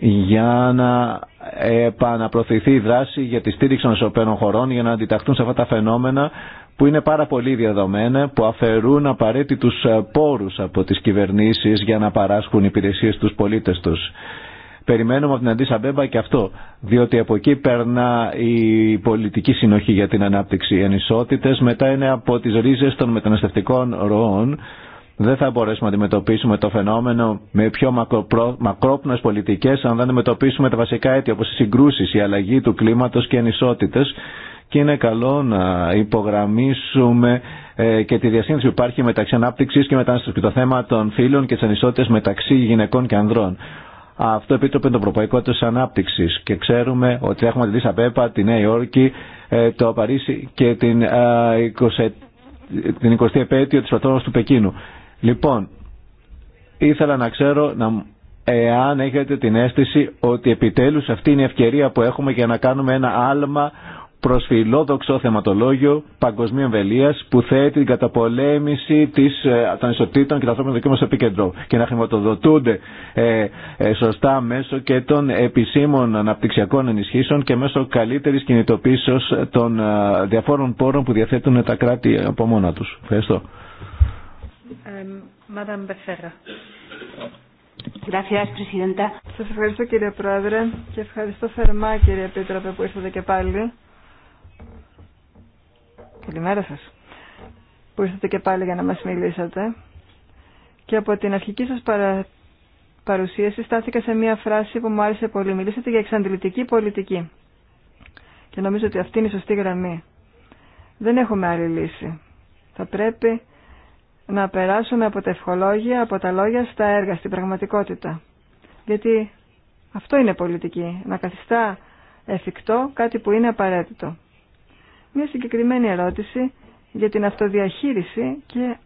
για να επαναπροθεθεί η δράση για τη στήριξη των ισοπαίων χωρών για να αντιταχθούν σε αυτά τα φαινόμενα που είναι πάρα πολύ διαδομένα, που αφαιρούν απαραίτητους ε, πόρους από τις κυβερνήσεις για να παράσχουν υπηρεσίες στους πολίτες τους. Περιμένουμε από την Αντίσα Μπέμπα και αυτό, διότι από εκεί περνά η πολιτική συνοχή για την ανάπτυξη. Οι ενισότητες μετά είναι από τις ρίζες των μεταναστευτικών ροών δεν θα μπορέσουμε να αντιμετωπίσουμε το φαινόμενο με πιο μακροπρο... μακρόπνοες πολιτικές αν δεν αντιμετωπίσουμε τα βασικά αίτια όπως οι συγκρούσεις, η αλλαγή του κλίματος και οι ανισότητες και είναι καλό να υπογραμμίσουμε ε, και τη διασύνδεση που υπάρχει μεταξύ ανάπτυξη και μετανάστευση και το θέμα των φίλων και τι ανισότητε μεταξύ γυναικών και ανδρών. Αυτό επίτροπε το προπαϊκό τη Ανάπτυξη και ξέρουμε ότι έχουμε τη Λίσα Πέπα, τη Νέα Υόρκη, ε, το Παρίσι και την, ε, 20, την 20η επέτειο του Πεκίνου. Λοιπόν, ήθελα να ξέρω να, εάν έχετε την αίσθηση ότι επιτέλους αυτή είναι η ευκαιρία που έχουμε για να κάνουμε ένα άλμα προς φιλόδοξο θεματολόγιο παγκοσμίου εμβελίας που θέτει την καταπολέμηση της, ε, των ισοτήτων και των ανθρώπινων δικαιωμάτων στο επίκεντρο και να χρηματοδοτούνται ε, ε, σωστά μέσω και των επισήμων αναπτυξιακών ενισχύσεων και μέσω καλύτερης κινητοποίησης των ε, διαφόρων πόρων που διαθέτουν τα κράτη από μόνα τους. Ευχαριστώ.
Σα ευχαριστώ κύριε Πρόεδρε και ευχαριστώ θερμά κύριε Επίτροπε που ήρθατε και πάλι. Καλημέρα σα Που ήρθατε και πάλι για να μα μιλήσατε. Και από την αρχική σα παρουσίαση στάθηκα σε μία φράση που μου άρεσε πολύ. Μιλήσατε για εξαντλητική πολιτική. Και νομίζω ότι αυτή είναι η σωστή γραμμή. Δεν έχουμε άλλη λύση. Θα πρέπει να περάσουμε από τα ευχολόγια, από τα λόγια στα έργα, στην πραγματικότητα. Γιατί αυτό είναι πολιτική, να καθιστά εφικτό κάτι που είναι απαραίτητο. Μια συγκεκριμένη ερώτηση για την αυτοδιαχείριση και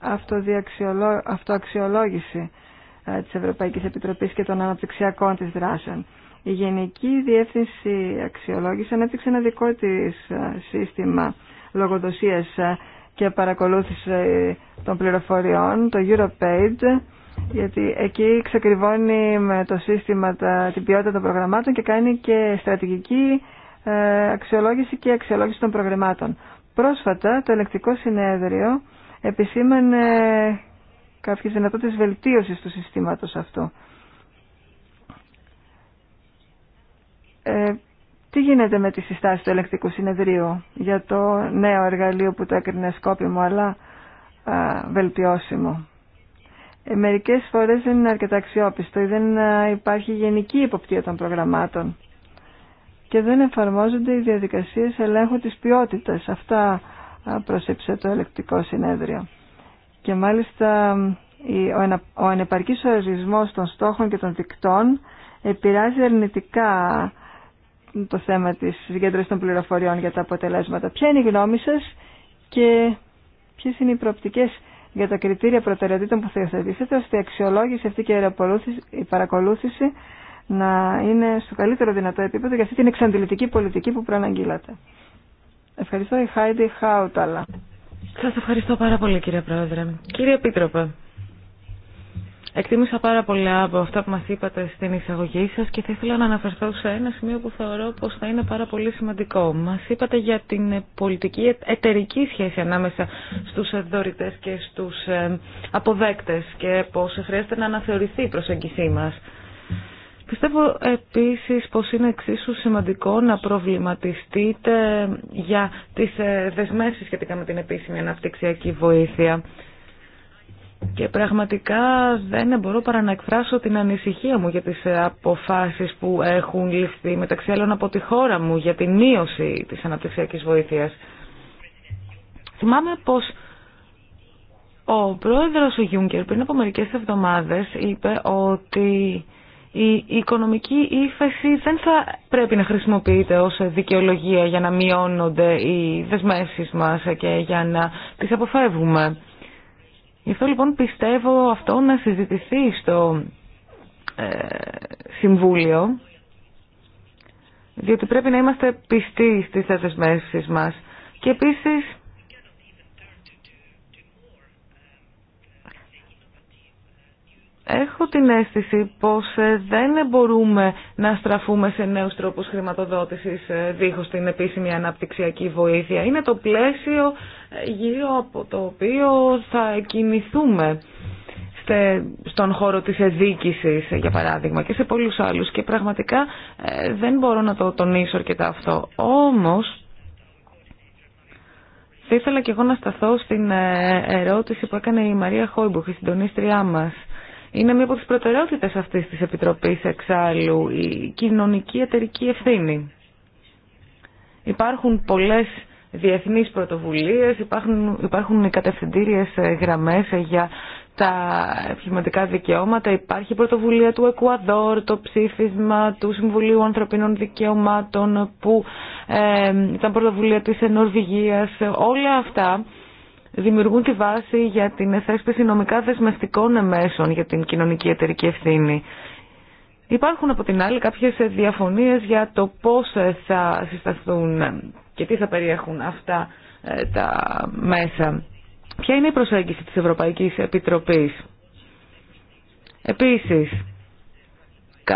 αυτοαξιολόγηση ε, της Ευρωπαϊκής Επιτροπής και των αναπτυξιακών της δράσεων. Η Γενική Διεύθυνση Αξιολόγηση ανέπτυξε ένα δικό της ε, σύστημα λογοδοσίας ε, και παρακολούθηση των πληροφοριών, το Europage, γιατί εκεί ξεκριβώνει με το σύστημα τα, την ποιότητα των προγραμμάτων και κάνει και στρατηγική ε, αξιολόγηση και αξιολόγηση των προγραμμάτων. Πρόσφατα το ελεκτικό συνέδριο επισήμανε κάποιες δυνατότητες βελτίωσης του συστήματος αυτού. Ε, τι γίνεται με τη συστάση του ελεκτικού συνεδρίου για το νέο εργαλείο που το έκρινε σκόπιμο αλλά βελτιώσιμο. Ε, μερικές φορές δεν είναι αρκετά αξιόπιστο ή δεν υπάρχει γενική υποπτία των προγραμμάτων και δεν εφαρμόζονται οι διαδικασίες ελέγχου της ποιότητας. Αυτά προσέψε το ελεκτικό συνέδριο. Και μάλιστα ο ανεπαρκής ορισμός των στόχων και των δικτών επηρεάζει αρνητικά το θέμα της συγκέντρωσης των πληροφοριών για τα αποτελέσματα. Ποια είναι η γνώμη σας και ποιες είναι οι προοπτικές για τα κριτήρια προτεραιοτήτων που θα υιοθετήσετε, ώστε η αξιολόγηση αυτή και η παρακολούθηση να είναι στο καλύτερο δυνατό επίπεδο για αυτή την εξαντλητική πολιτική που προαναγγείλατε. Ευχαριστώ η Χάιντι Χάουταλα.
Σας ευχαριστώ πάρα πολύ κύριε Πρόεδρε. Κύριε Επίτροπε, Εκτίμησα πάρα πολλά από αυτά που μας είπατε στην εισαγωγή σας και θα ήθελα να αναφερθώ σε ένα σημείο που θεωρώ πως θα είναι πάρα πολύ σημαντικό. Μας είπατε για την πολιτική ε, εταιρική σχέση ανάμεσα στους δωρητές και στους ε, αποδέκτες και πως χρειάζεται να αναθεωρηθεί η προσέγγισή μας. Πιστεύω επίσης πως είναι εξίσου σημαντικό να προβληματιστείτε για τις ε, δεσμεύσεις σχετικά με την επίσημη αναπτυξιακή βοήθεια. Και πραγματικά δεν μπορώ παρά να εκφράσω την ανησυχία μου για τις αποφάσεις που έχουν ληφθεί μεταξύ άλλων από τη χώρα μου για την μείωση της αναπτυξιακής βοήθειας. Θυμάμαι πως ο πρόεδρος ο Γιούγκερ πριν από μερικές εβδομάδες είπε ότι η οικονομική ύφεση δεν θα πρέπει να χρησιμοποιείται ως δικαιολογία για να μειώνονται οι δεσμεύσεις μας και για να τις αποφεύγουμε. Γι' αυτό λοιπόν πιστεύω αυτό να συζητηθεί στο ε, Συμβούλιο, διότι πρέπει να είμαστε πιστοί στις δεσμεύσεις μας. Και επίσης Έχω την αίσθηση πως ε, δεν μπορούμε να στραφούμε σε νέους τρόπους χρηματοδότησης ε, δίχως την επίσημη αναπτυξιακή βοήθεια. Είναι το πλαίσιο ε, γύρω από το οποίο θα κινηθούμε στον χώρο της εδίκησης για παράδειγμα και σε πολλούς άλλους και πραγματικά δεν μπορώ να το τονίσω αρκετά αυτό. Όμως θα ήθελα και εγώ να σταθώ στην ερώτηση που έκανε η Μαρία Χόιμπουχ, η συντονίστριά μας είναι μία από τις προτεραιότητες αυτής της Επιτροπής εξάλλου, η κοινωνική εταιρική ευθύνη. Υπάρχουν πολλές διεθνείς πρωτοβουλίες, υπάρχουν, υπάρχουν κατευθυντήριες ε, γραμμές ε, για τα επιχειρηματικά δικαιώματα. Υπάρχει η πρωτοβουλία του Εκουαδόρ, το ψήφισμα του Συμβουλίου Ανθρωπίνων Δικαιωμάτων που ε, ήταν πρωτοβουλία της Νορβηγίας. Όλα αυτά δημιουργούν τη βάση για την εθέσπιση νομικά δεσμευτικών εμέσων για την κοινωνική εταιρική ευθύνη. Υπάρχουν από την άλλη κάποιες διαφωνίες για το πώς θα συσταθούν και τι θα περιέχουν αυτά ε, τα μέσα. Ποια είναι η προσέγγιση της Ευρωπαϊκής Επιτροπής. Επίσης,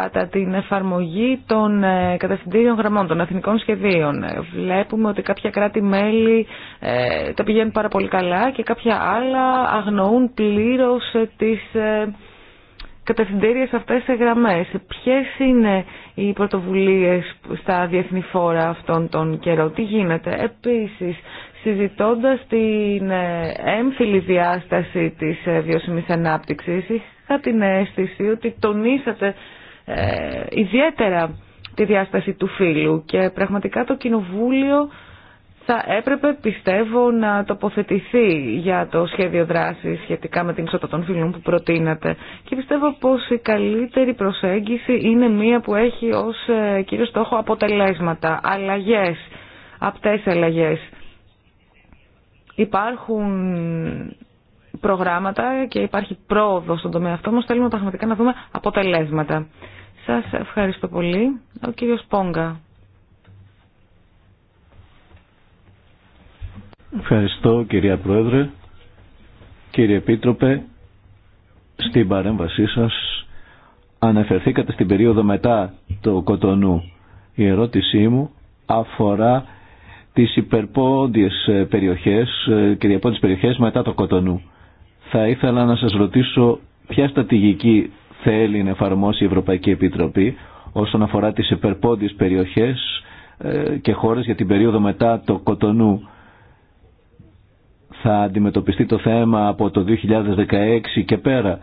κατά την εφαρμογή των ε, κατευθυντήριων γραμμών, των εθνικών σχεδίων. Βλέπουμε ότι κάποια κράτη-μέλη ε, τα πηγαίνουν πάρα πολύ καλά και κάποια άλλα αγνοούν πλήρως ε, τις κατευθυντήριες αυτές σε γραμμές. Ποιες είναι οι πρωτοβουλίες στα διεθνή φόρα αυτών των καιρών, τι γίνεται. Επίσης, συζητώντας την έμφυλη διάσταση της βιώσιμης ανάπτυξης, είχα την αίσθηση ότι τονίσατε ε, ιδιαίτερα τη διάσταση του φίλου και πραγματικά το Κοινοβούλιο θα έπρεπε πιστεύω να τοποθετηθεί για το σχέδιο δράσης σχετικά με την ισότητα των φίλων που προτείνατε και πιστεύω πως η καλύτερη προσέγγιση είναι μία που έχει ως ε, κύριο στόχο αποτελέσματα, αλλαγές, απτές αλλαγές. Υπάρχουν προγράμματα και υπάρχει πρόοδο στον τομέα αυτό, όμως θέλουμε πραγματικά να δούμε αποτελέσματα. Σας ευχαριστώ πολύ. Ο κύριος Πόγκα.
Ευχαριστώ κυρία Πρόεδρε, κύριε Επίτροπε, στην παρέμβασή σας αναφερθήκατε στην περίοδο μετά το Κοτονού. Η ερώτησή μου αφορά τις υπερπόντιες περιοχές, ε, κυρία περιοχές μετά το Κοτονού. Θα ήθελα να σας ρωτήσω ποια στρατηγική θέλει να εφαρμόσει η Ευρωπαϊκή Επιτροπή όσον αφορά τις υπερπόντιες περιοχές ε, και χώρες για την περίοδο μετά το Κοτονού. Θα αντιμετωπιστεί το θέμα από το 2016 και πέρα.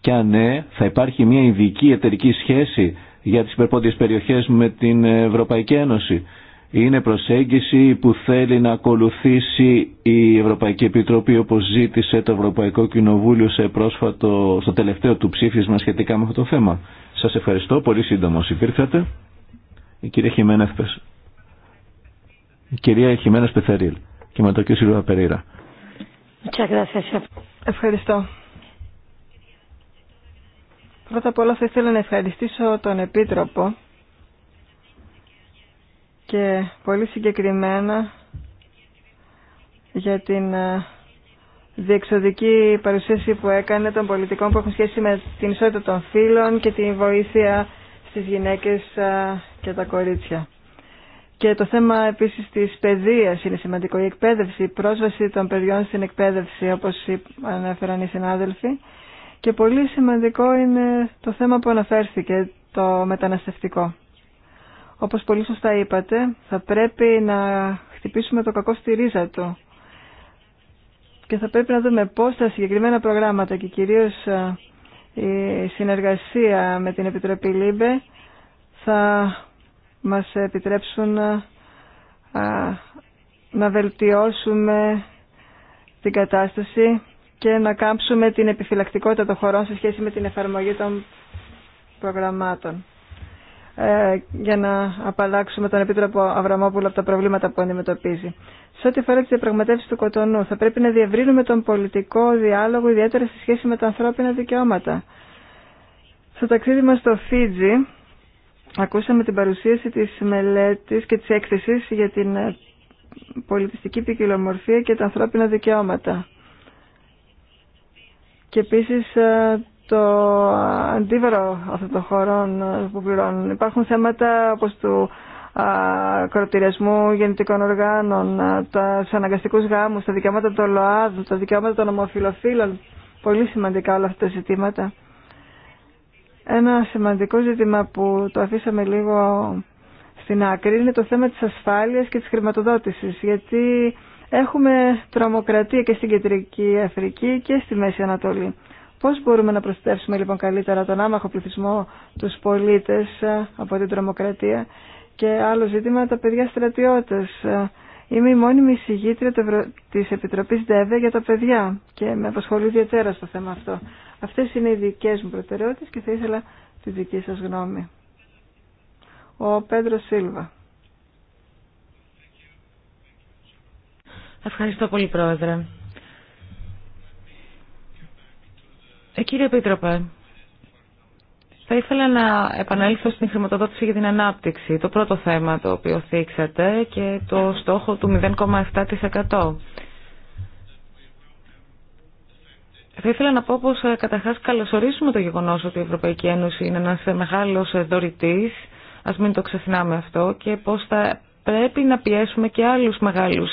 Και αν ναι, θα υπάρχει μια ειδική εταιρική σχέση για τις υπερπόντιες περιοχές με την Ευρωπαϊκή Ένωση είναι προσέγγιση που θέλει να ακολουθήσει η Ευρωπαϊκή Επιτροπή όπως ζήτησε το Ευρωπαϊκό Κοινοβούλιο σε πρόσφατο, στο τελευταίο του ψήφισμα σχετικά με αυτό το θέμα. Σας ευχαριστώ, πολύ σύντομα. υπήρχατε. Η κυρία Χιμένα η κυρία και με το κύριο Σιλούα Περίρα.
Ευχαριστώ. Πρώτα απ' όλα θα ήθελα να ευχαριστήσω τον Επίτροπο και πολύ συγκεκριμένα για την ε, διεξοδική παρουσίαση που έκανε των πολιτικών που έχουν σχέση με την ισότητα των φίλων και τη βοήθεια στις γυναίκες ε, και τα κορίτσια. Και το θέμα επίσης της παιδείας είναι σημαντικό. Η εκπαίδευση, η πρόσβαση των παιδιών στην εκπαίδευση όπως αναφέραν οι συνάδελφοι. Και πολύ σημαντικό είναι το θέμα που αναφέρθηκε, το μεταναστευτικό. Όπως πολύ σωστά είπατε, θα πρέπει να χτυπήσουμε το κακό στη ρίζα του. Και θα πρέπει να δούμε πώς τα συγκεκριμένα προγράμματα και κυρίως ε, η συνεργασία με την Επιτροπή ΛΥΜΠΕ θα μας επιτρέψουν να, ε, να βελτιώσουμε την κατάσταση και να κάμψουμε την επιφυλακτικότητα των χωρών σε σχέση με την εφαρμογή των προγραμμάτων. Ε, για να απαλλάξουμε τον Επίτροπο Αβραμόπουλο από τα προβλήματα που αντιμετωπίζει. Σε ό,τι αφορά τι διαπραγματεύσει του Κοτονού, θα πρέπει να διευρύνουμε τον πολιτικό διάλογο, ιδιαίτερα στη σχέση με τα ανθρώπινα δικαιώματα. Στο ταξίδι μα στο Φίτζι, ακούσαμε την παρουσίαση τη μελέτη και τη έκθεση για την ε, πολιτιστική ποικιλομορφία και τα ανθρώπινα δικαιώματα. Και επίσης ε, το αντίβαρο αυτών των χωρών που πληρώνουν. Υπάρχουν θέματα όπως του κροτηριασμού γεννητικών οργάνων, τα αναγκαστικούς γάμους, τα δικαιώματα των ΛΟΑΔ, τα δικαιώματα των ομοφυλοφύλων. Πολύ σημαντικά όλα αυτά τα ζητήματα. Ένα σημαντικό ζήτημα που το αφήσαμε λίγο στην άκρη είναι το θέμα της ασφάλειας και της χρηματοδότησης, γιατί έχουμε τρομοκρατία και στην Κεντρική Αφρική και στη Μέση Ανατολή. Πώς μπορούμε να προστατεύσουμε λοιπόν καλύτερα τον άμαχο πληθυσμό, τους πολίτες ε, από την τρομοκρατία και άλλο ζήτημα τα παιδιά στρατιώτες. Ε, είμαι η μόνιμη συγγήτρια της Επιτροπής ΔΕΒΕ για τα παιδιά και με απασχολεί ιδιαίτερα στο θέμα αυτό. Αυτές είναι οι δικές μου προτεραιότητες και θα ήθελα τη δική σας γνώμη. Ο Πέντρο Σίλβα.
Ευχαριστώ πολύ Πρόεδρε. Ε, κύριε Επίτροπε, θα ήθελα να επανέλθω στην χρηματοδότηση για την ανάπτυξη, το πρώτο θέμα το οποίο θίξατε και το στόχο του 0,7%. Θα ήθελα να πω πως ε, καταρχάς καλωσορίζουμε το γεγονός ότι η Ευρωπαϊκή Ένωση είναι ένας ε, μεγάλος ε, δωρητής, ας μην το ξεχνάμε αυτό, και πως θα πρέπει να πιέσουμε και άλλους μεγάλους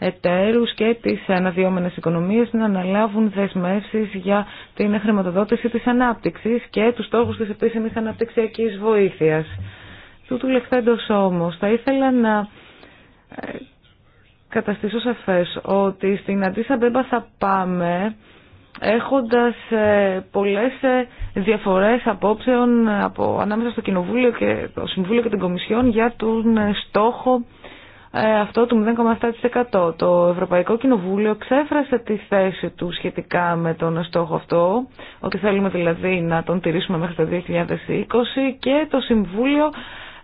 εταίρους και τι αναδυόμενε οικονομίες να αναλάβουν δεσμεύσεις για την χρηματοδότηση της ανάπτυξη και τους στόχου της επίσημης αναπτυξιακή βοήθειας. Του λεχθέντο όμω. θα ήθελα να ε, καταστήσω σαφές ότι στην Αντίσα Μπέμπα θα πάμε έχοντας ε, πολλές ε, διαφορές απόψεων από, ανάμεσα στο Κοινοβούλιο και το Συμβούλιο και την Κομισιόν για τον στόχο ε, αυτό του 0,7%. Το Ευρωπαϊκό Κοινοβούλιο ξέφρασε τη θέση του σχετικά με τον στόχο αυτό, ότι θέλουμε δηλαδή να τον τηρήσουμε μέχρι το 2020 και το Συμβούλιο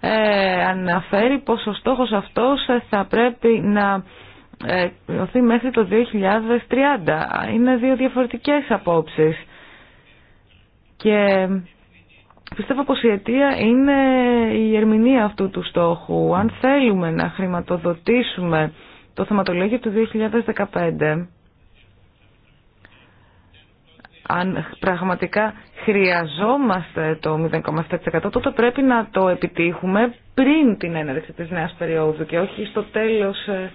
ε, αναφέρει πως ο στόχος αυτός θα πρέπει να εκπληρωθεί μέχρι το 2030. Είναι δύο διαφορετικές απόψεις. Και Πιστεύω πως η αιτία είναι η ερμηνεία αυτού του στόχου. Αν θέλουμε να χρηματοδοτήσουμε το θεματολόγιο του 2015, αν πραγματικά χρειαζόμαστε το 0,7% τότε πρέπει να το επιτύχουμε πριν την έναρξη της νέας περίοδου και όχι στο τέλος ε,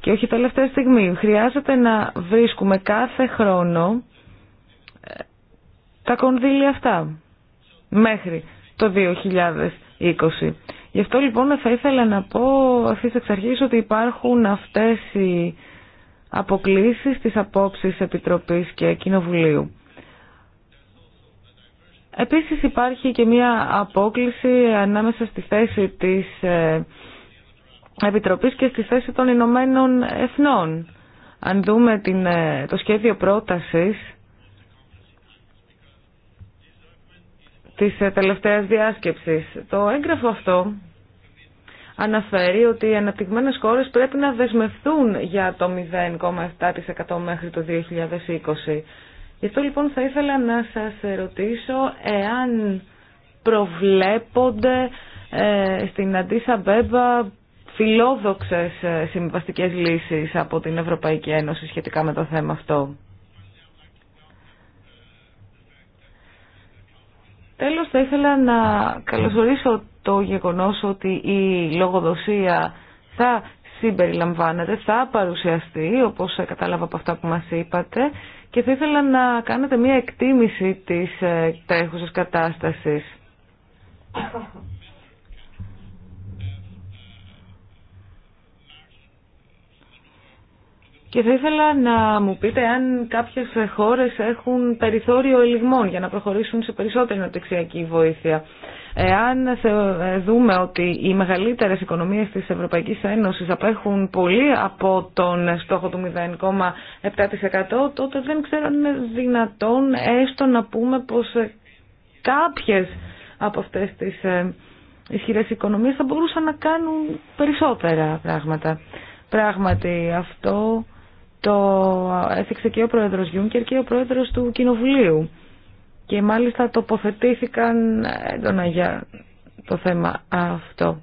και όχι τελευταία στιγμή. Χρειάζεται να βρίσκουμε κάθε χρόνο ε, τα κονδύλια αυτά μέχρι το 2020. Γι' αυτό λοιπόν θα ήθελα να πω αυτή εξ αρχής ότι υπάρχουν αυτές οι αποκλήσεις της απόψης Επιτροπής και Κοινοβουλίου. Επίσης υπάρχει και μία απόκληση ανάμεσα στη θέση της ε, Επιτροπής και στη θέση των Ηνωμένων Εθνών. Αν δούμε την, ε, το σχέδιο πρότασης της ε, τελευταίας διάσκεψης. Το έγγραφο αυτό αναφέρει ότι οι αναπτυγμένες χώρες πρέπει να δεσμευθούν για το 0,7% μέχρι το 2020. Γι' αυτό λοιπόν θα ήθελα να σας ρωτήσω εάν προβλέπονται ε, στην Αντίσα Μπέμπα φιλόδοξες ε, συμβαστικές λύσεις από την Ευρωπαϊκή Ένωση σχετικά με το θέμα αυτό. Τέλος, θα ήθελα να καλωσορίσω το γεγονός ότι η λογοδοσία θα συμπεριλαμβάνεται, θα παρουσιαστεί, όπως κατάλαβα από αυτά που μας είπατε, και θα ήθελα να κάνετε μία εκτίμηση της ε, τρέχουσας κατάστασης. Και θα ήθελα να μου πείτε αν κάποιες χώρες έχουν περιθώριο ελιγμών για να προχωρήσουν σε περισσότερη αναπτυξιακή βοήθεια. Εάν δούμε ότι οι μεγαλύτερες οικονομίες της Ευρωπαϊκής Ένωσης απέχουν πολύ από τον στόχο του 0,7% τότε δεν ξέρω αν είναι δυνατόν έστω να πούμε πως κάποιες από αυτές τις ε, ισχυρές οικονομίες θα μπορούσαν να κάνουν περισσότερα πράγματα. Πράγματι αυτό το έφυξε και ο πρόεδρος Γιούνκερ και ο πρόεδρος του Κοινοβουλίου. Και μάλιστα τοποθετήθηκαν έντονα για το θέμα αυτό.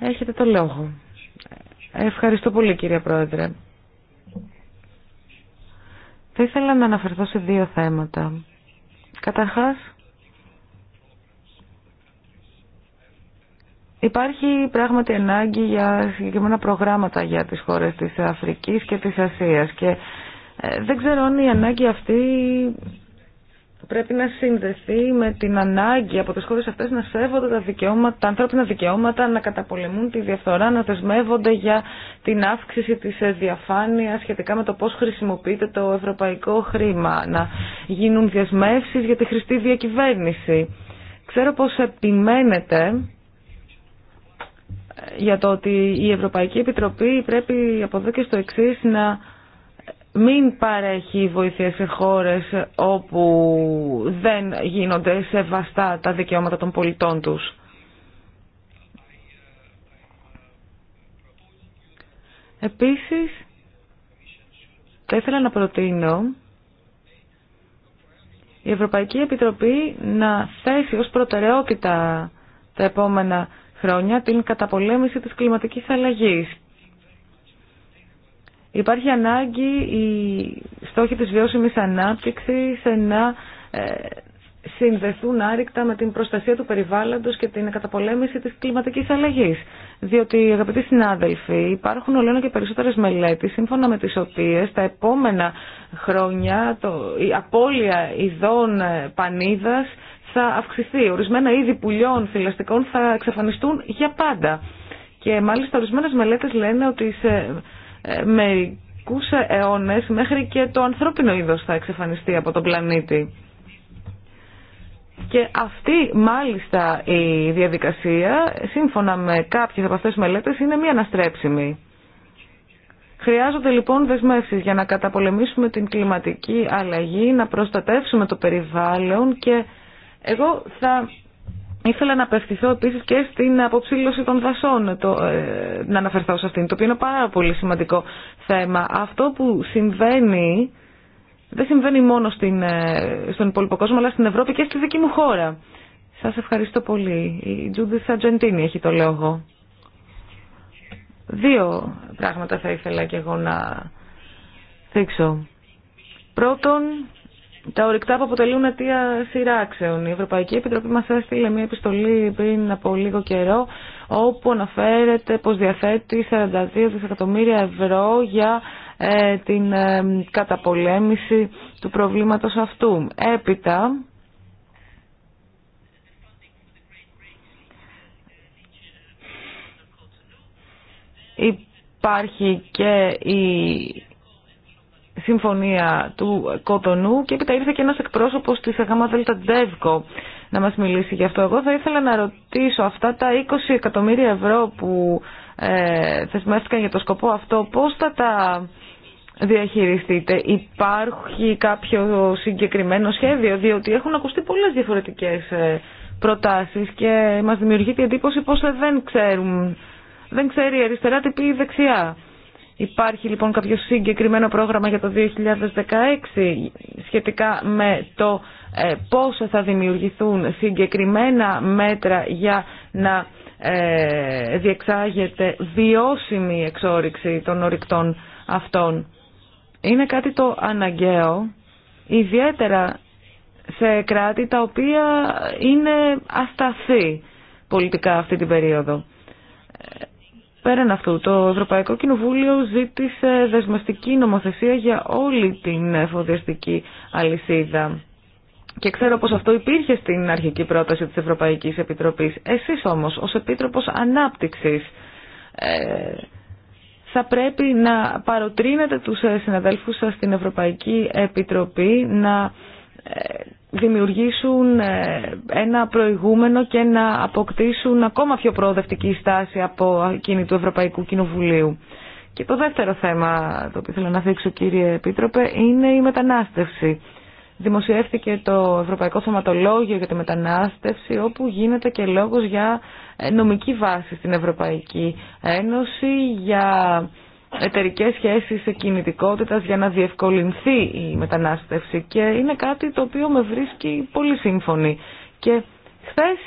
Έχετε το λόγο. Ευχαριστώ πολύ κύριε Πρόεδρε. Θα ήθελα να αναφερθώ σε δύο θέματα. Καταρχάς, Υπάρχει πράγματι ανάγκη για συγκεκριμένα προγράμματα για τις χώρες της Αφρικής και της Ασίας και ε, δεν ξέρω αν η ανάγκη αυτή πρέπει να συνδεθεί με την ανάγκη από τις χώρες αυτές να σέβονται τα, δικαιώματα, τα ανθρώπινα δικαιώματα, να καταπολεμούν τη διαφθορά, να δεσμεύονται για την αύξηση της διαφάνειας σχετικά με το πώς χρησιμοποιείται το ευρωπαϊκό χρήμα, να γίνουν διασμεύσεις για τη χρηστή διακυβέρνηση. Ξέρω πως επιμένετε για το ότι η Ευρωπαϊκή Επιτροπή πρέπει από εδώ και στο εξή να μην παρέχει βοήθεια σε χώρες όπου δεν γίνονται σεβαστά τα δικαιώματα των πολιτών τους. Επίσης, θα ήθελα να προτείνω η Ευρωπαϊκή Επιτροπή να θέσει ως προτεραιότητα τα επόμενα χρόνια την καταπολέμηση της κλιματικής αλλαγής. Υπάρχει ανάγκη οι στόχοι της βιώσιμης ανάπτυξης να ε, συνδεθούν άρρηκτα με την προστασία του περιβάλλοντος και την καταπολέμηση της κλιματικής αλλαγής. Διότι, αγαπητοί συνάδελφοι, υπάρχουν ολένα και περισσότερες μελέτες σύμφωνα με τις οποίες τα επόμενα χρόνια το, η απώλεια ειδών ε, πανίδας θα αυξηθεί. Ορισμένα είδη πουλιών θηλαστικών θα εξαφανιστούν για πάντα. Και μάλιστα ορισμένε μελέτε λένε ότι σε ε, μερικούς αιώνες μέχρι και το ανθρώπινο είδο θα εξαφανιστεί από τον πλανήτη. Και αυτή μάλιστα η διαδικασία, σύμφωνα με κάποιες από αυτές τις μελέτες, είναι μη αναστρέψιμη. Χρειάζονται λοιπόν δεσμεύσει για να καταπολεμήσουμε την κλιματική αλλαγή, να προστατεύσουμε το περιβάλλον και εγώ θα ήθελα να απευθυνθώ επίση και στην αποψήλωση των δασών, το, ε, να αναφερθώ σε αυτήν, το οποίο είναι πάρα πολύ σημαντικό θέμα. Αυτό που συμβαίνει δεν συμβαίνει μόνο στην, ε, στον υπόλοιπο κόσμο, αλλά στην Ευρώπη και στη δική μου χώρα. Σας ευχαριστώ πολύ. Η Τζούντι Ατζεντίνη έχει το λόγο. Δύο πράγματα θα ήθελα και εγώ να δείξω. Πρώτον, τα ορυκτά που αποτελούν αιτία σειράξεων. Η Ευρωπαϊκή Επιτροπή μα έστειλε μια επιστολή πριν από λίγο καιρό όπου αναφέρεται πως διαθέτει 42 δισεκατομμύρια ευρώ για ε, την ε, καταπολέμηση του προβλήματος αυτού. Έπειτα, υπάρχει και η συμφωνία του Κοτονού και έπειτα ήρθε και ένας εκπρόσωπος της ΤΖΕΒΚΟ να μας μιλήσει γι' αυτό. Εγώ θα ήθελα να ρωτήσω αυτά τα 20 εκατομμύρια ευρώ που ε, θεσμεύτηκαν για το σκοπό αυτό, πώς θα τα διαχειριστείτε. Υπάρχει κάποιο συγκεκριμένο σχέδιο, διότι έχουν ακουστεί πολλές διαφορετικές ε, προτάσεις και μας δημιουργεί την εντύπωση πως δεν ξέρουν. Δεν ξέρει η αριστερά τι πει η δεξιά. Υπάρχει λοιπόν κάποιο συγκεκριμένο πρόγραμμα για το 2016 σχετικά με το ε, πόσο θα δημιουργηθούν συγκεκριμένα μέτρα για να ε, διεξάγεται βιώσιμη εξόριξη των ορυκτών αυτών. Είναι κάτι το αναγκαίο, ιδιαίτερα σε κράτη τα οποία είναι ασταθή πολιτικά αυτή την περίοδο. Ε, Πέραν αυτού, το Ευρωπαϊκό Κοινοβούλιο ζήτησε δεσμευτική νομοθεσία για όλη την εφοδιαστική αλυσίδα. Και ξέρω πως αυτό υπήρχε στην αρχική πρόταση της Ευρωπαϊκής Επιτροπής. Εσείς όμως, ως Επίτροπος Ανάπτυξης, ε, θα πρέπει να παροτρύνετε τους συναδέλφους σας στην Ευρωπαϊκή Επιτροπή να δημιουργήσουν ε, ένα προηγούμενο και να αποκτήσουν ακόμα πιο προοδευτική στάση από εκείνη του Ευρωπαϊκού Κοινοβουλίου. Και το δεύτερο θέμα το οποίο θέλω να θίξω κύριε Επίτροπε είναι η μετανάστευση. Δημοσιεύτηκε το Ευρωπαϊκό Θεματολόγιο για τη Μετανάστευση όπου γίνεται και λόγος για ε, νομική βάση στην Ευρωπαϊκή Ένωση, για σχέσει σχέσεις κινητικότητα για να διευκολυνθεί η μετανάστευση και είναι κάτι το οποίο με βρίσκει πολύ σύμφωνη. Και χθε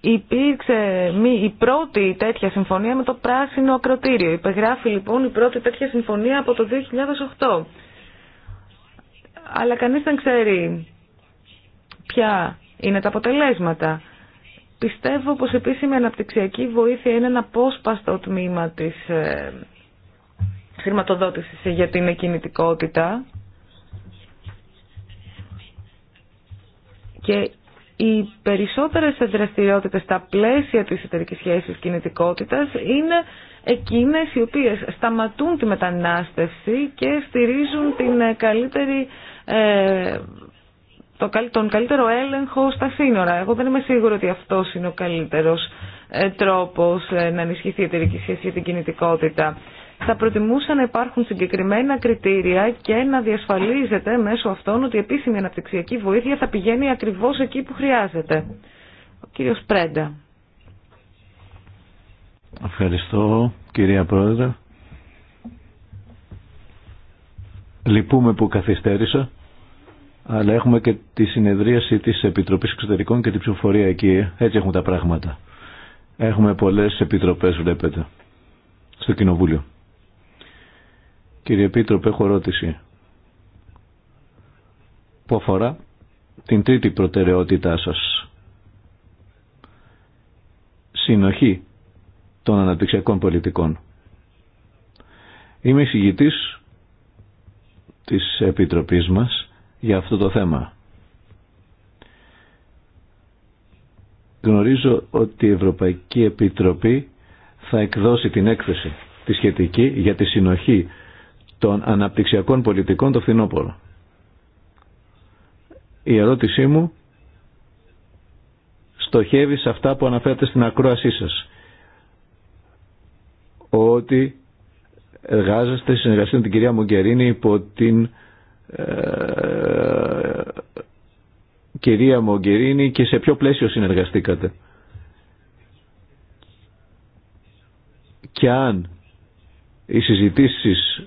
υπήρξε μη, η πρώτη τέτοια συμφωνία με το πράσινο ακροτήριο. Υπεγράφει λοιπόν η πρώτη τέτοια συμφωνία από το 2008. Αλλά κανείς δεν ξέρει ποια είναι τα αποτελέσματα. Πιστεύω πως επίσημη αναπτυξιακή βοήθεια είναι ένα πόσπαστο τμήμα της ε, χρηματοδότησης για την κινητικότητα και οι περισσότερες δραστηριότητε, στα πλαίσια της εταιρικής σχέσης κινητικότητας είναι εκείνες οι οποίες σταματούν τη μετανάστευση και στηρίζουν την καλύτερη ε, το, τον καλύτερο έλεγχο στα σύνορα. Εγώ δεν είμαι σίγουρη ότι αυτό είναι ο καλύτερος ε, τρόπος ε, να ενισχυθεί η εταιρική σχέση για την κινητικότητα. Θα προτιμούσα να υπάρχουν συγκεκριμένα κριτήρια και να διασφαλίζεται μέσω αυτών ότι η επίσημη αναπτυξιακή βοήθεια θα πηγαίνει ακριβώς εκεί που χρειάζεται. Ο κύριο Πρέντα.
Ευχαριστώ κυρία Πρόεδρε. Λυπούμε που καθυστέρησα αλλά έχουμε και τη συνεδρίαση της Επιτροπής Εξωτερικών και τη ψηφοφορία εκεί. Έτσι έχουμε τα πράγματα. Έχουμε πολλές επιτροπές, βλέπετε, στο Κοινοβούλιο. Κύριε Επίτροπε, έχω ερώτηση που αφορά την τρίτη προτεραιότητά σας. Συνοχή των αναπτυξιακών πολιτικών. Είμαι εισηγητής της Επιτροπής μας για αυτό το θέμα. Γνωρίζω ότι η Ευρωπαϊκή Επιτροπή θα εκδώσει την έκθεση τη σχετική για τη συνοχή των αναπτυξιακών πολιτικών το φθινόπωρο. Η ερώτησή μου στοχεύει σε αυτά που αναφέρετε στην ακρόασή σας. Ότι εργάζεστε, συνεργασία με την κυρία Μογκερίνη υπό την ε, κυρία Μογκερίνη και σε ποιο πλαίσιο συνεργαστήκατε. Και αν οι συζητήσεις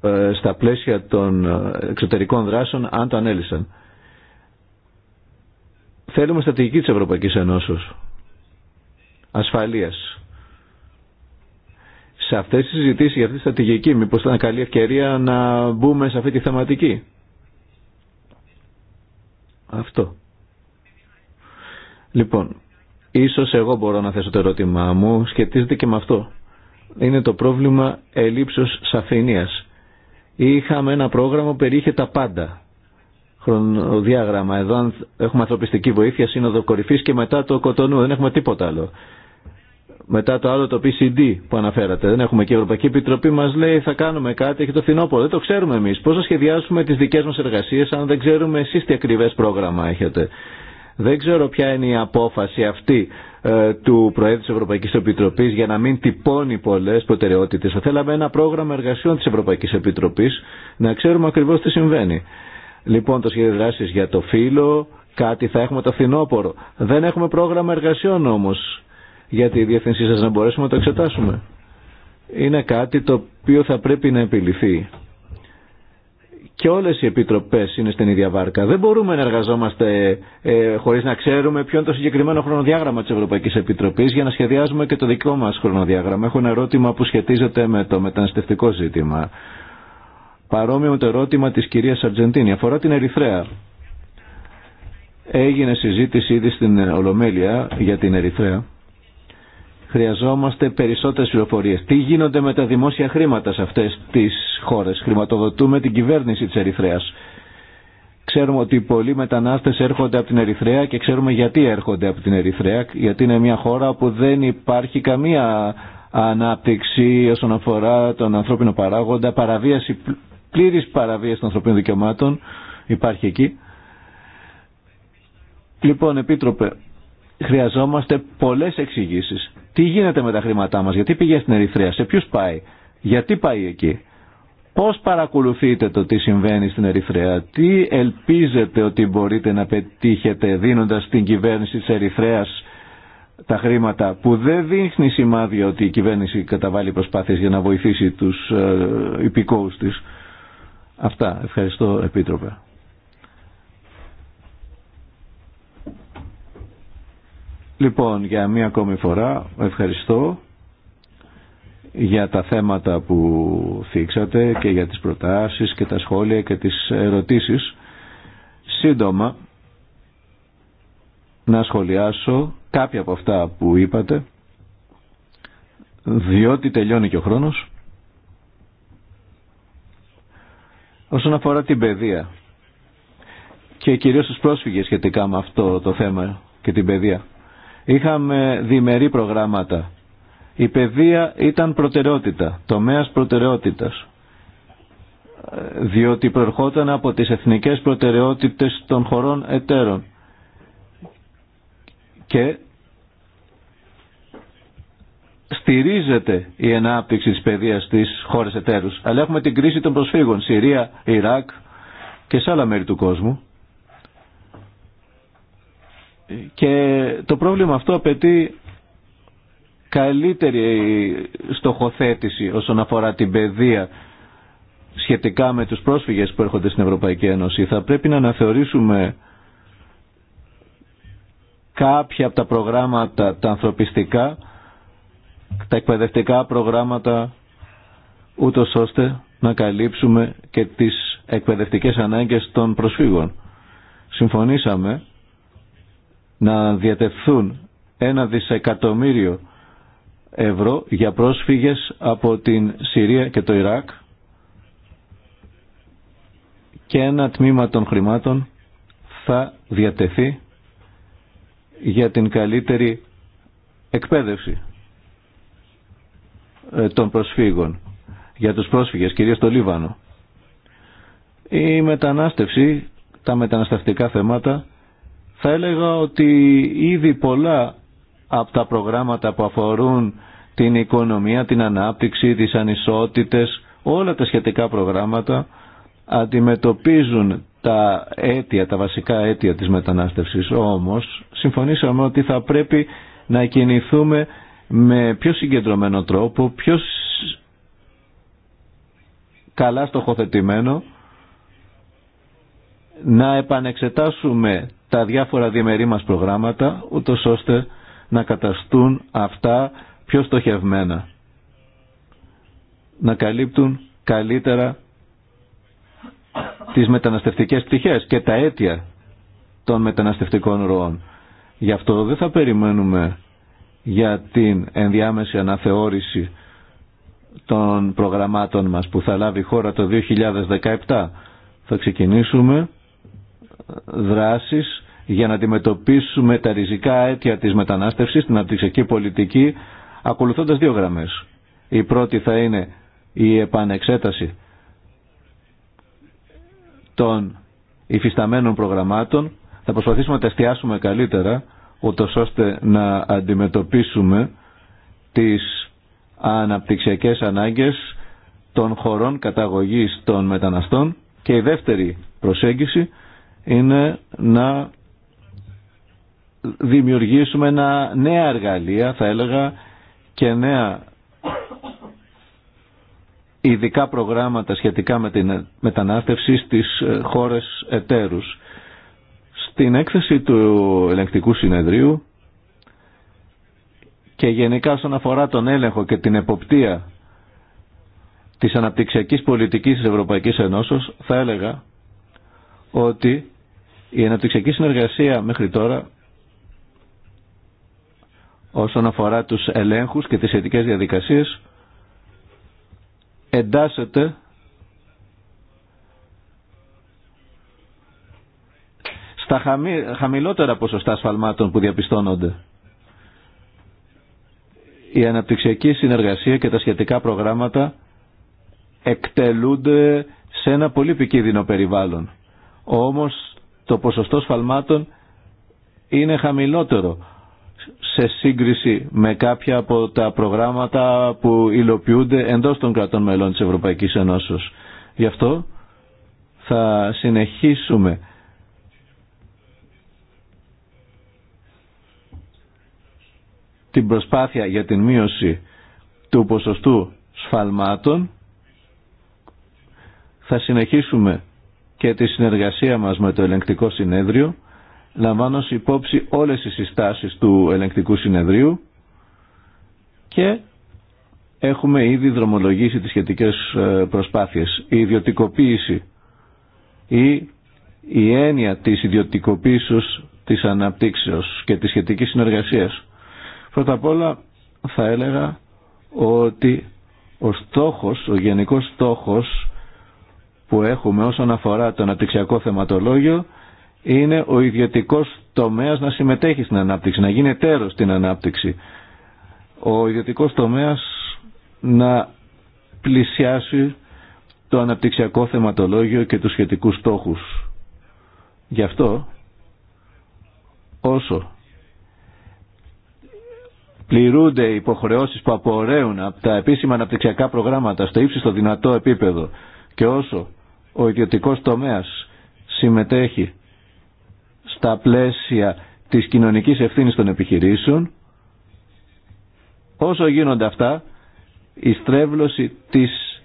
ε, στα πλαίσια των ε, εξωτερικών δράσεων, αν το ανέλησαν. Θέλουμε στρατηγική της Ευρωπαϊκής Ενώσεως ασφαλείας σε αυτές τις συζητήσεις για αυτή τη στρατηγική. Μήπως ήταν καλή ευκαιρία να μπούμε σε αυτή τη θεματική. Αυτό. Λοιπόν, ίσως εγώ μπορώ να θέσω το ερώτημά μου, σχετίζεται και με αυτό. Είναι το πρόβλημα ελλείψεως σαφήνειας. Είχαμε ένα πρόγραμμα που περιείχε τα πάντα. Χρονοδιάγραμμα. Εδώ έχουμε ανθρωπιστική βοήθεια, σύνοδο κορυφής και μετά το κοτονού. Δεν έχουμε τίποτα άλλο. Μετά το άλλο το PCD που αναφέρατε. Δεν έχουμε και η Ευρωπαϊκή Επιτροπή μα λέει θα κάνουμε κάτι, έχει το φθινόπωρο. Δεν το ξέρουμε εμεί Πώς θα σχεδιάσουμε τι δικέ μα εργασίε, αν δεν ξέρουμε εσείς τι ακριβές πρόγραμμα έχετε. Δεν ξέρω ποια είναι η απόφαση αυτή ε, του Προέδρου τη Ευρωπαϊκή Επιτροπή για να μην τυπώνει πολλέ προτεραιότητε. Θα θέλαμε ένα πρόγραμμα εργασιών τη Ευρωπαϊκή Επιτροπή, να ξέρουμε ακριβώ τι συμβαίνει. Λοιπόν, το σχέδιο δράση για το φύλλο, κάτι θα έχουμε το φθινόπωρο. Δεν έχουμε πρόγραμμα εργασιών όμως για τη διεύθυνσή σας να μπορέσουμε να το εξετάσουμε. Είναι κάτι το οποίο θα πρέπει να επιληθεί. Και όλες οι επιτροπές είναι στην ίδια βάρκα. Δεν μπορούμε να εργαζόμαστε ε, χωρίς να ξέρουμε ποιο είναι το συγκεκριμένο χρονοδιάγραμμα της Ευρωπαϊκής Επιτροπής για να σχεδιάζουμε και το δικό μας χρονοδιάγραμμα. Έχω ένα ερώτημα που σχετίζεται με το μεταναστευτικό ζήτημα. Παρόμοιο με το ερώτημα της κυρίας Αργεντίνη. Αφορά την Ερυθρέα. Έγινε συζήτηση ήδη στην Ολομέλεια για την Ερυθρέα. Χρειαζόμαστε περισσότερες πληροφορίες. Τι γίνονται με τα δημόσια χρήματα σε αυτές τις χώρες. Χρηματοδοτούμε την κυβέρνηση της Ερυθρέας. Ξέρουμε ότι πολλοί μετανάστες έρχονται από την Ερυθρέα και ξέρουμε γιατί έρχονται από την Ερυθρέα. Γιατί είναι μια χώρα όπου δεν υπάρχει καμία ανάπτυξη όσον αφορά τον ανθρώπινο παράγοντα, παραβίαση, πλήρης παραβίαση των ανθρωπίνων δικαιωμάτων υπάρχει εκεί. Λοιπόν, Επίτροπε, χρειαζόμαστε πολλές εξηγήσεις τι γίνεται με τα χρήματά μας, γιατί πήγε στην Ερυθρέα, σε ποιους πάει, γιατί πάει εκεί. Πώς παρακολουθείτε το τι συμβαίνει στην Ερυθρέα, τι ελπίζετε ότι μπορείτε να πετύχετε δίνοντας την κυβέρνηση της Ερυθρέας τα χρήματα που δεν δείχνει σημάδι ότι η κυβέρνηση καταβάλει προσπάθειες για να βοηθήσει τους ε, υπηκόους της. Αυτά. Ευχαριστώ Επίτροπε. Λοιπόν, για μία ακόμη φορά ευχαριστώ για τα θέματα που θίξατε και για τις προτάσεις και τα σχόλια και τις ερωτήσεις. Σύντομα, να σχολιάσω κάποια από αυτά που είπατε, διότι τελειώνει και ο χρόνος. Όσον αφορά την παιδεία και κυρίως τους πρόσφυγες σχετικά με αυτό το θέμα και την παιδεία. Είχαμε διμερεί προγράμματα. Η παιδεία ήταν προτεραιότητα, τομέας προτεραιότητας, διότι προερχόταν από τις εθνικές προτεραιότητες των χωρών εταίρων. Και στηρίζεται η ανάπτυξη της παιδείας στις χώρες εταίρους. Αλλά έχουμε την κρίση των προσφύγων, Συρία, Ιράκ και σε άλλα μέρη του κόσμου. Και το πρόβλημα αυτό απαιτεί καλύτερη στοχοθέτηση όσον αφορά την παιδεία σχετικά με τους πρόσφυγες που έρχονται στην Ευρωπαϊκή Ένωση. Θα πρέπει να αναθεωρήσουμε κάποια από τα προγράμματα τα ανθρωπιστικά, τα εκπαιδευτικά προγράμματα, ούτω ώστε να καλύψουμε και τις εκπαιδευτικές ανάγκες των προσφύγων. Συμφωνήσαμε να διατεθούν ένα δισεκατομμύριο ευρώ για πρόσφυγες από την Συρία και το Ιράκ και ένα τμήμα των χρημάτων θα διατεθεί για την καλύτερη εκπαίδευση ε, των προσφύγων για τους πρόσφυγες, κυρίως στο Λίβανο. Η μετανάστευση, τα μεταναστευτικά θεμάτα θα έλεγα ότι ήδη πολλά από τα προγράμματα που αφορούν την οικονομία, την ανάπτυξη, τις ανισότητες, όλα τα σχετικά προγράμματα αντιμετωπίζουν τα αίτια, τα βασικά αίτια της μετανάστευσης. Όμως, συμφωνήσαμε ότι θα πρέπει να κινηθούμε με πιο συγκεντρωμένο τρόπο, πιο καλά στοχοθετημένο να επανεξετάσουμε τα διάφορα διμερεί μας προγράμματα, ούτως ώστε να καταστούν αυτά πιο στοχευμένα. Να καλύπτουν καλύτερα τις μεταναστευτικές πτυχές και τα αίτια των μεταναστευτικών ροών. Γι' αυτό δεν θα περιμένουμε για την ενδιάμεση αναθεώρηση των προγραμμάτων μας που θα λάβει η χώρα το 2017. Θα ξεκινήσουμε δράσεις για να αντιμετωπίσουμε τα ριζικά αίτια της μετανάστευσης στην αναπτυξιακή πολιτική ακολουθώντας δύο γραμμές. Η πρώτη θα είναι η επανεξέταση των υφισταμένων προγραμμάτων. Θα προσπαθήσουμε να τα εστιάσουμε καλύτερα, ούτως ώστε να αντιμετωπίσουμε τις αναπτυξιακές ανάγκες των χωρών καταγωγής των μεταναστών. Και η δεύτερη προσέγγιση είναι να δημιουργήσουμε ένα νέα εργαλεία, θα έλεγα, και νέα ειδικά προγράμματα σχετικά με την μετανάστευση στις ε, χώρες ετέρους Στην έκθεση του ελεγκτικού συνεδρίου και γενικά όσον αφορά τον έλεγχο και την εποπτεία της αναπτυξιακής πολιτικής της Ευρωπαϊκής Ενώσεως θα έλεγα ότι η αναπτυξιακή συνεργασία μέχρι τώρα όσον αφορά τους ελέγχους και τις σχετικές διαδικασίες εντάσσεται στα χαμηλότερα ποσοστά σφαλμάτων που διαπιστώνονται. Η αναπτυξιακή συνεργασία και τα σχετικά προγράμματα εκτελούνται σε ένα πολύ επικίνδυνο περιβάλλον. Όμως το ποσοστό σφαλμάτων είναι χαμηλότερο σε σύγκριση με κάποια από τα προγράμματα που υλοποιούνται εντός των κρατών μελών της Ευρωπαϊκής Ενώσεως. Γι' αυτό θα συνεχίσουμε την προσπάθεια για την μείωση του ποσοστού σφαλμάτων θα συνεχίσουμε και τη συνεργασία μας με το ελεγκτικό συνέδριο, λαμβάνω υπόψη όλες οι συστάσεις του ελεγκτικού συνεδρίου και έχουμε ήδη δρομολογήσει τις σχετικές ε, προσπάθειες. Η ιδιωτικοποίηση ή η έννοια της ιδιωτικοποίησης της αναπτύξεως και της σχετικής συνεργασίας. Πρώτα απ' όλα θα έλεγα ότι ο στόχος, ο γενικός στόχος που έχουμε όσον αφορά το αναπτυξιακό θεματολόγιο είναι ο ιδιωτικός τομέας να συμμετέχει στην ανάπτυξη, να γίνει τέρος στην ανάπτυξη. Ο ιδιωτικός τομέας να πλησιάσει το αναπτυξιακό θεματολόγιο και τους σχετικούς στόχους. Γι' αυτό όσο πληρούνται οι υποχρεώσεις που απορρέουν από τα επίσημα αναπτυξιακά προγράμματα στο ύψιστο δυνατό επίπεδο και όσο ο ιδιωτικός τομέας συμμετέχει στα πλαίσια της κοινωνικής ευθύνης των επιχειρήσεων, όσο γίνονται αυτά, η στρέβλωση της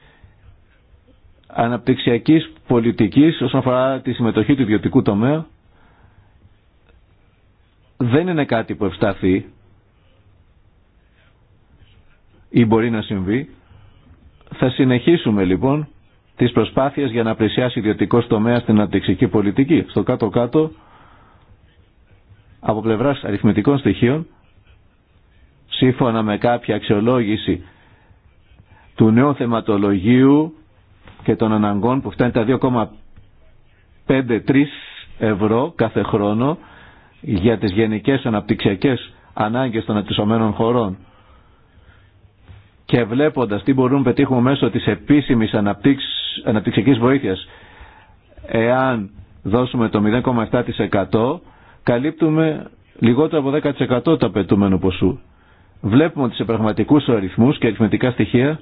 αναπτυξιακής πολιτικής όσον αφορά τη συμμετοχή του ιδιωτικού τομέα δεν είναι κάτι που ευσταθεί ή μπορεί να συμβεί. Θα συνεχίσουμε λοιπόν τις προσπάθειες για να πλησιάσει ιδιωτικό τομέα στην αναπτυξική πολιτική. Στο κάτω-κάτω, από πλευράς αριθμητικών στοιχείων, σύμφωνα με κάποια αξιολόγηση του νέου θεματολογίου και των αναγκών που φτάνει τα 2,53 ευρώ κάθε χρόνο για τις γενικές αναπτυξιακές ανάγκες των αντισωμένων χωρών και βλέποντας τι μπορούμε να πετύχουμε μέσω της επίσημης αναπτύξης αναπτυξιακής βοήθειας. Εάν δώσουμε το 0,7% καλύπτουμε λιγότερο από 10% του απαιτούμενου ποσού. Βλέπουμε ότι σε πραγματικούς αριθμούς και αριθμητικά στοιχεία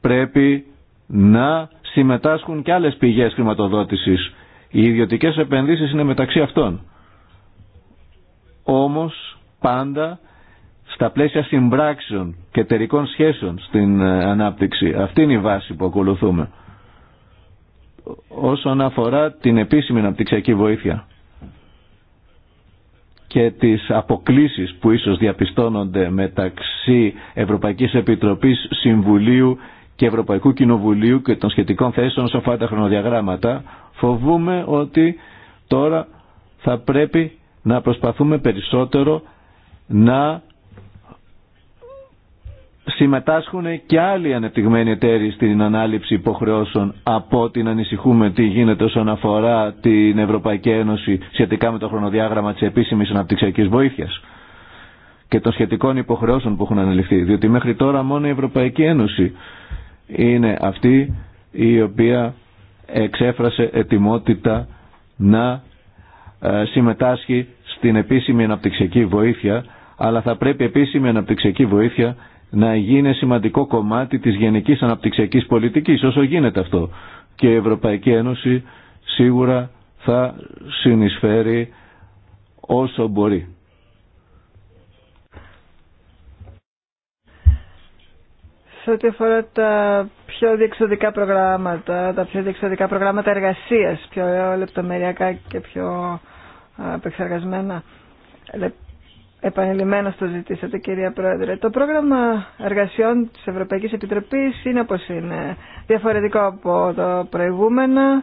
πρέπει να συμμετάσχουν και άλλες πηγές χρηματοδότησης. Οι ιδιωτικές επενδύσεις είναι μεταξύ αυτών. Όμως πάντα στα πλαίσια συμπράξεων και εταιρικών σχέσεων στην ε, ανάπτυξη. Αυτή είναι η βάση που ακολουθούμε. Όσον αφορά την επίσημη αναπτυξιακή βοήθεια και τις αποκλίσεις που ίσως διαπιστώνονται μεταξύ Ευρωπαϊκής Επιτροπής Συμβουλίου και Ευρωπαϊκού Κοινοβουλίου και των σχετικών θέσεων όσον αφορά τα χρονοδιαγράμματα, φοβούμε ότι τώρα θα πρέπει να προσπαθούμε περισσότερο να συμμετάσχουν και άλλοι ανεπτυγμένοι εταίροι στην ανάληψη υποχρεώσεων από την ανησυχούμε τι γίνεται όσον αφορά την Ευρωπαϊκή Ένωση σχετικά με το χρονοδιάγραμμα της επίσημης αναπτυξιακής βοήθειας και των σχετικών υποχρεώσεων που έχουν αναλυθεί. Διότι μέχρι τώρα μόνο η Ευρωπαϊκή Ένωση είναι αυτή η οποία εξέφρασε ετοιμότητα να ε, συμμετάσχει στην επίσημη αναπτυξιακή βοήθεια αλλά θα πρέπει επίσημη αναπτυξιακή βοήθεια να γίνει σημαντικό κομμάτι της γενικής αναπτυξιακής πολιτικής όσο γίνεται αυτό και η Ευρωπαϊκή Ένωση σίγουρα θα συνεισφέρει όσο μπορεί.
Σε ό,τι αφορά τα πιο διεξοδικά προγράμματα, τα πιο διεξοδικά προγράμματα εργασίας, πιο λεπτομεριακά και πιο επεξεργασμένα, επανειλημμένως το ζητήσατε κυρία Πρόεδρε. Το πρόγραμμα εργασιών της Ευρωπαϊκής Επιτροπής είναι όπως είναι. Διαφορετικό από το προηγούμενο,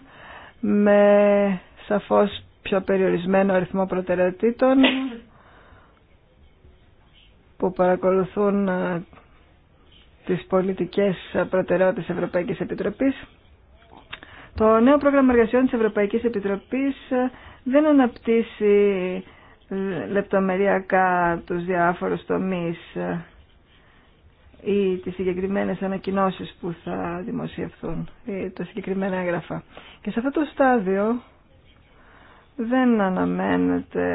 με σαφώς πιο περιορισμένο αριθμό προτεραιοτήτων που παρακολουθούν ε, τις πολιτικές προτεραιότητες Ευρωπαϊκής Επιτροπής. Το νέο πρόγραμμα εργασιών της Ευρωπαϊκής Επιτροπής ε, δεν αναπτύσσει λεπτομεριακά τους διάφορους τομείς ε, ή τις συγκεκριμένες ανακοινώσεις που θα δημοσιευθούν ή τα συγκεκριμένα έγγραφα. Και σε αυτό το στάδιο δεν αναμένεται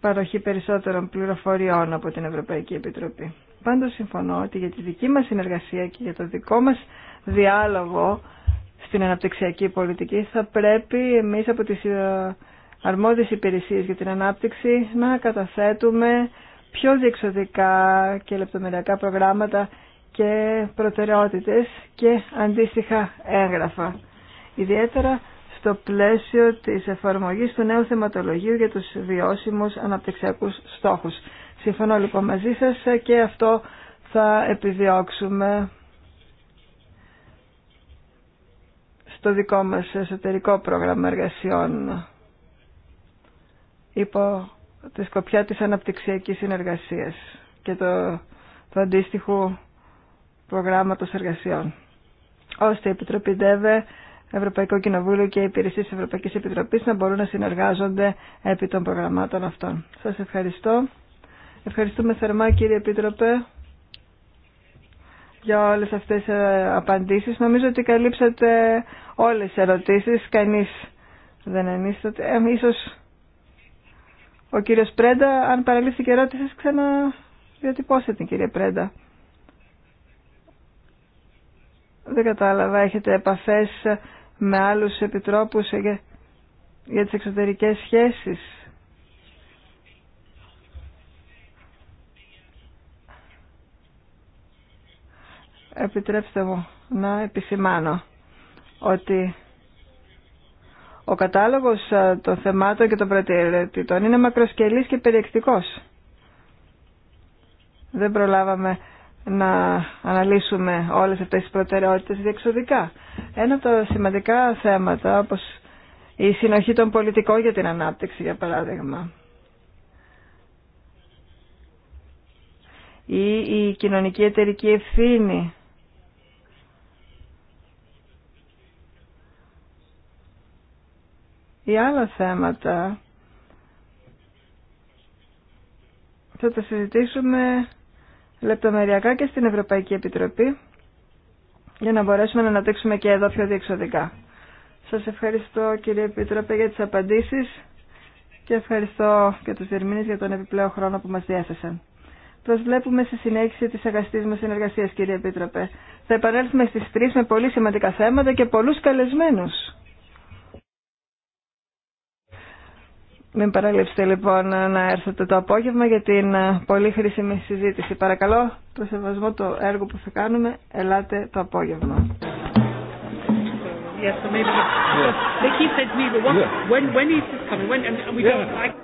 παροχή περισσότερων πληροφοριών από την Ευρωπαϊκή Επιτροπή. Πάντως συμφωνώ ότι για τη δική μας συνεργασία και για το δικό μας διάλογο στην αναπτυξιακή πολιτική θα πρέπει εμείς από τις ε, αρμόδιες υπηρεσίες για την ανάπτυξη να καταθέτουμε πιο διεξοδικά και λεπτομεριακά προγράμματα και προτεραιότητες και αντίστοιχα έγγραφα. Ιδιαίτερα στο πλαίσιο της εφαρμογής του νέου θεματολογίου για τους βιώσιμους αναπτυξιακούς στόχους. Συμφωνώ λοιπόν μαζί σας και αυτό θα επιδιώξουμε στο δικό μας εσωτερικό πρόγραμμα εργασιών υπό τη σκοπιά της αναπτυξιακής συνεργασίας και το, το αντίστοιχο προγράμματος εργασιών. Ώστε η Επιτροπή ΔΕΒΕ, Ευρωπαϊκό Κοινοβούλιο και οι υπηρεσίες Ευρωπαϊκής Επιτροπής να μπορούν να συνεργάζονται επί των προγραμμάτων αυτών. Σας ευχαριστώ. Ευχαριστούμε θερμά κύριε Επίτροπε για όλες αυτές τις ε, απαντήσεις. Νομίζω ότι καλύψατε όλες τις ερωτήσεις. Κανείς δεν ενίσταται. Ε, ο κύριος Πρέντα, αν παραλήφθηκε ερώτηση, ξαναδιατυπώστε την κυρία Πρέντα. Δεν κατάλαβα, έχετε επαφές με άλλους επιτρόπους για, για τις εξωτερικές σχέσεις. Επιτρέψτε μου να επισημάνω ότι ο κατάλογος των θεμάτων και των προτεραιότητων είναι μακροσκελής και περιεκτικός. Δεν προλάβαμε να αναλύσουμε όλες αυτές τις προτεραιότητες διεξοδικά. Ένα από τα σημαντικά θέματα, όπως η συνοχή των πολιτικών για την ανάπτυξη, για παράδειγμα, ή η κοινωνική εταιρική ευθύνη ή άλλα θέματα θα τα συζητήσουμε λεπτομεριακά και στην Ευρωπαϊκή Επιτροπή για να μπορέσουμε να αναπτύξουμε και εδώ πιο διεξοδικά. Σας ευχαριστώ κύριε Επίτροπε για τις απαντήσεις και ευχαριστώ και τους Ερμήνες για τον επιπλέον χρόνο που μας διέθεσαν. Προσβλέπουμε στη συνέχιση της αγαστής μας συνεργασίας κύριε Επίτροπε. Θα επανέλθουμε στις 3 με πολύ σημαντικά θέματα και πολλούς καλεσμένους. Μην παραλείψετε λοιπόν να έρθετε το απόγευμα για την ε, πολύ χρήσιμη συζήτηση. Παρακαλώ, το σεβασμό το έργο που θα κάνουμε, ελάτε το απόγευμα.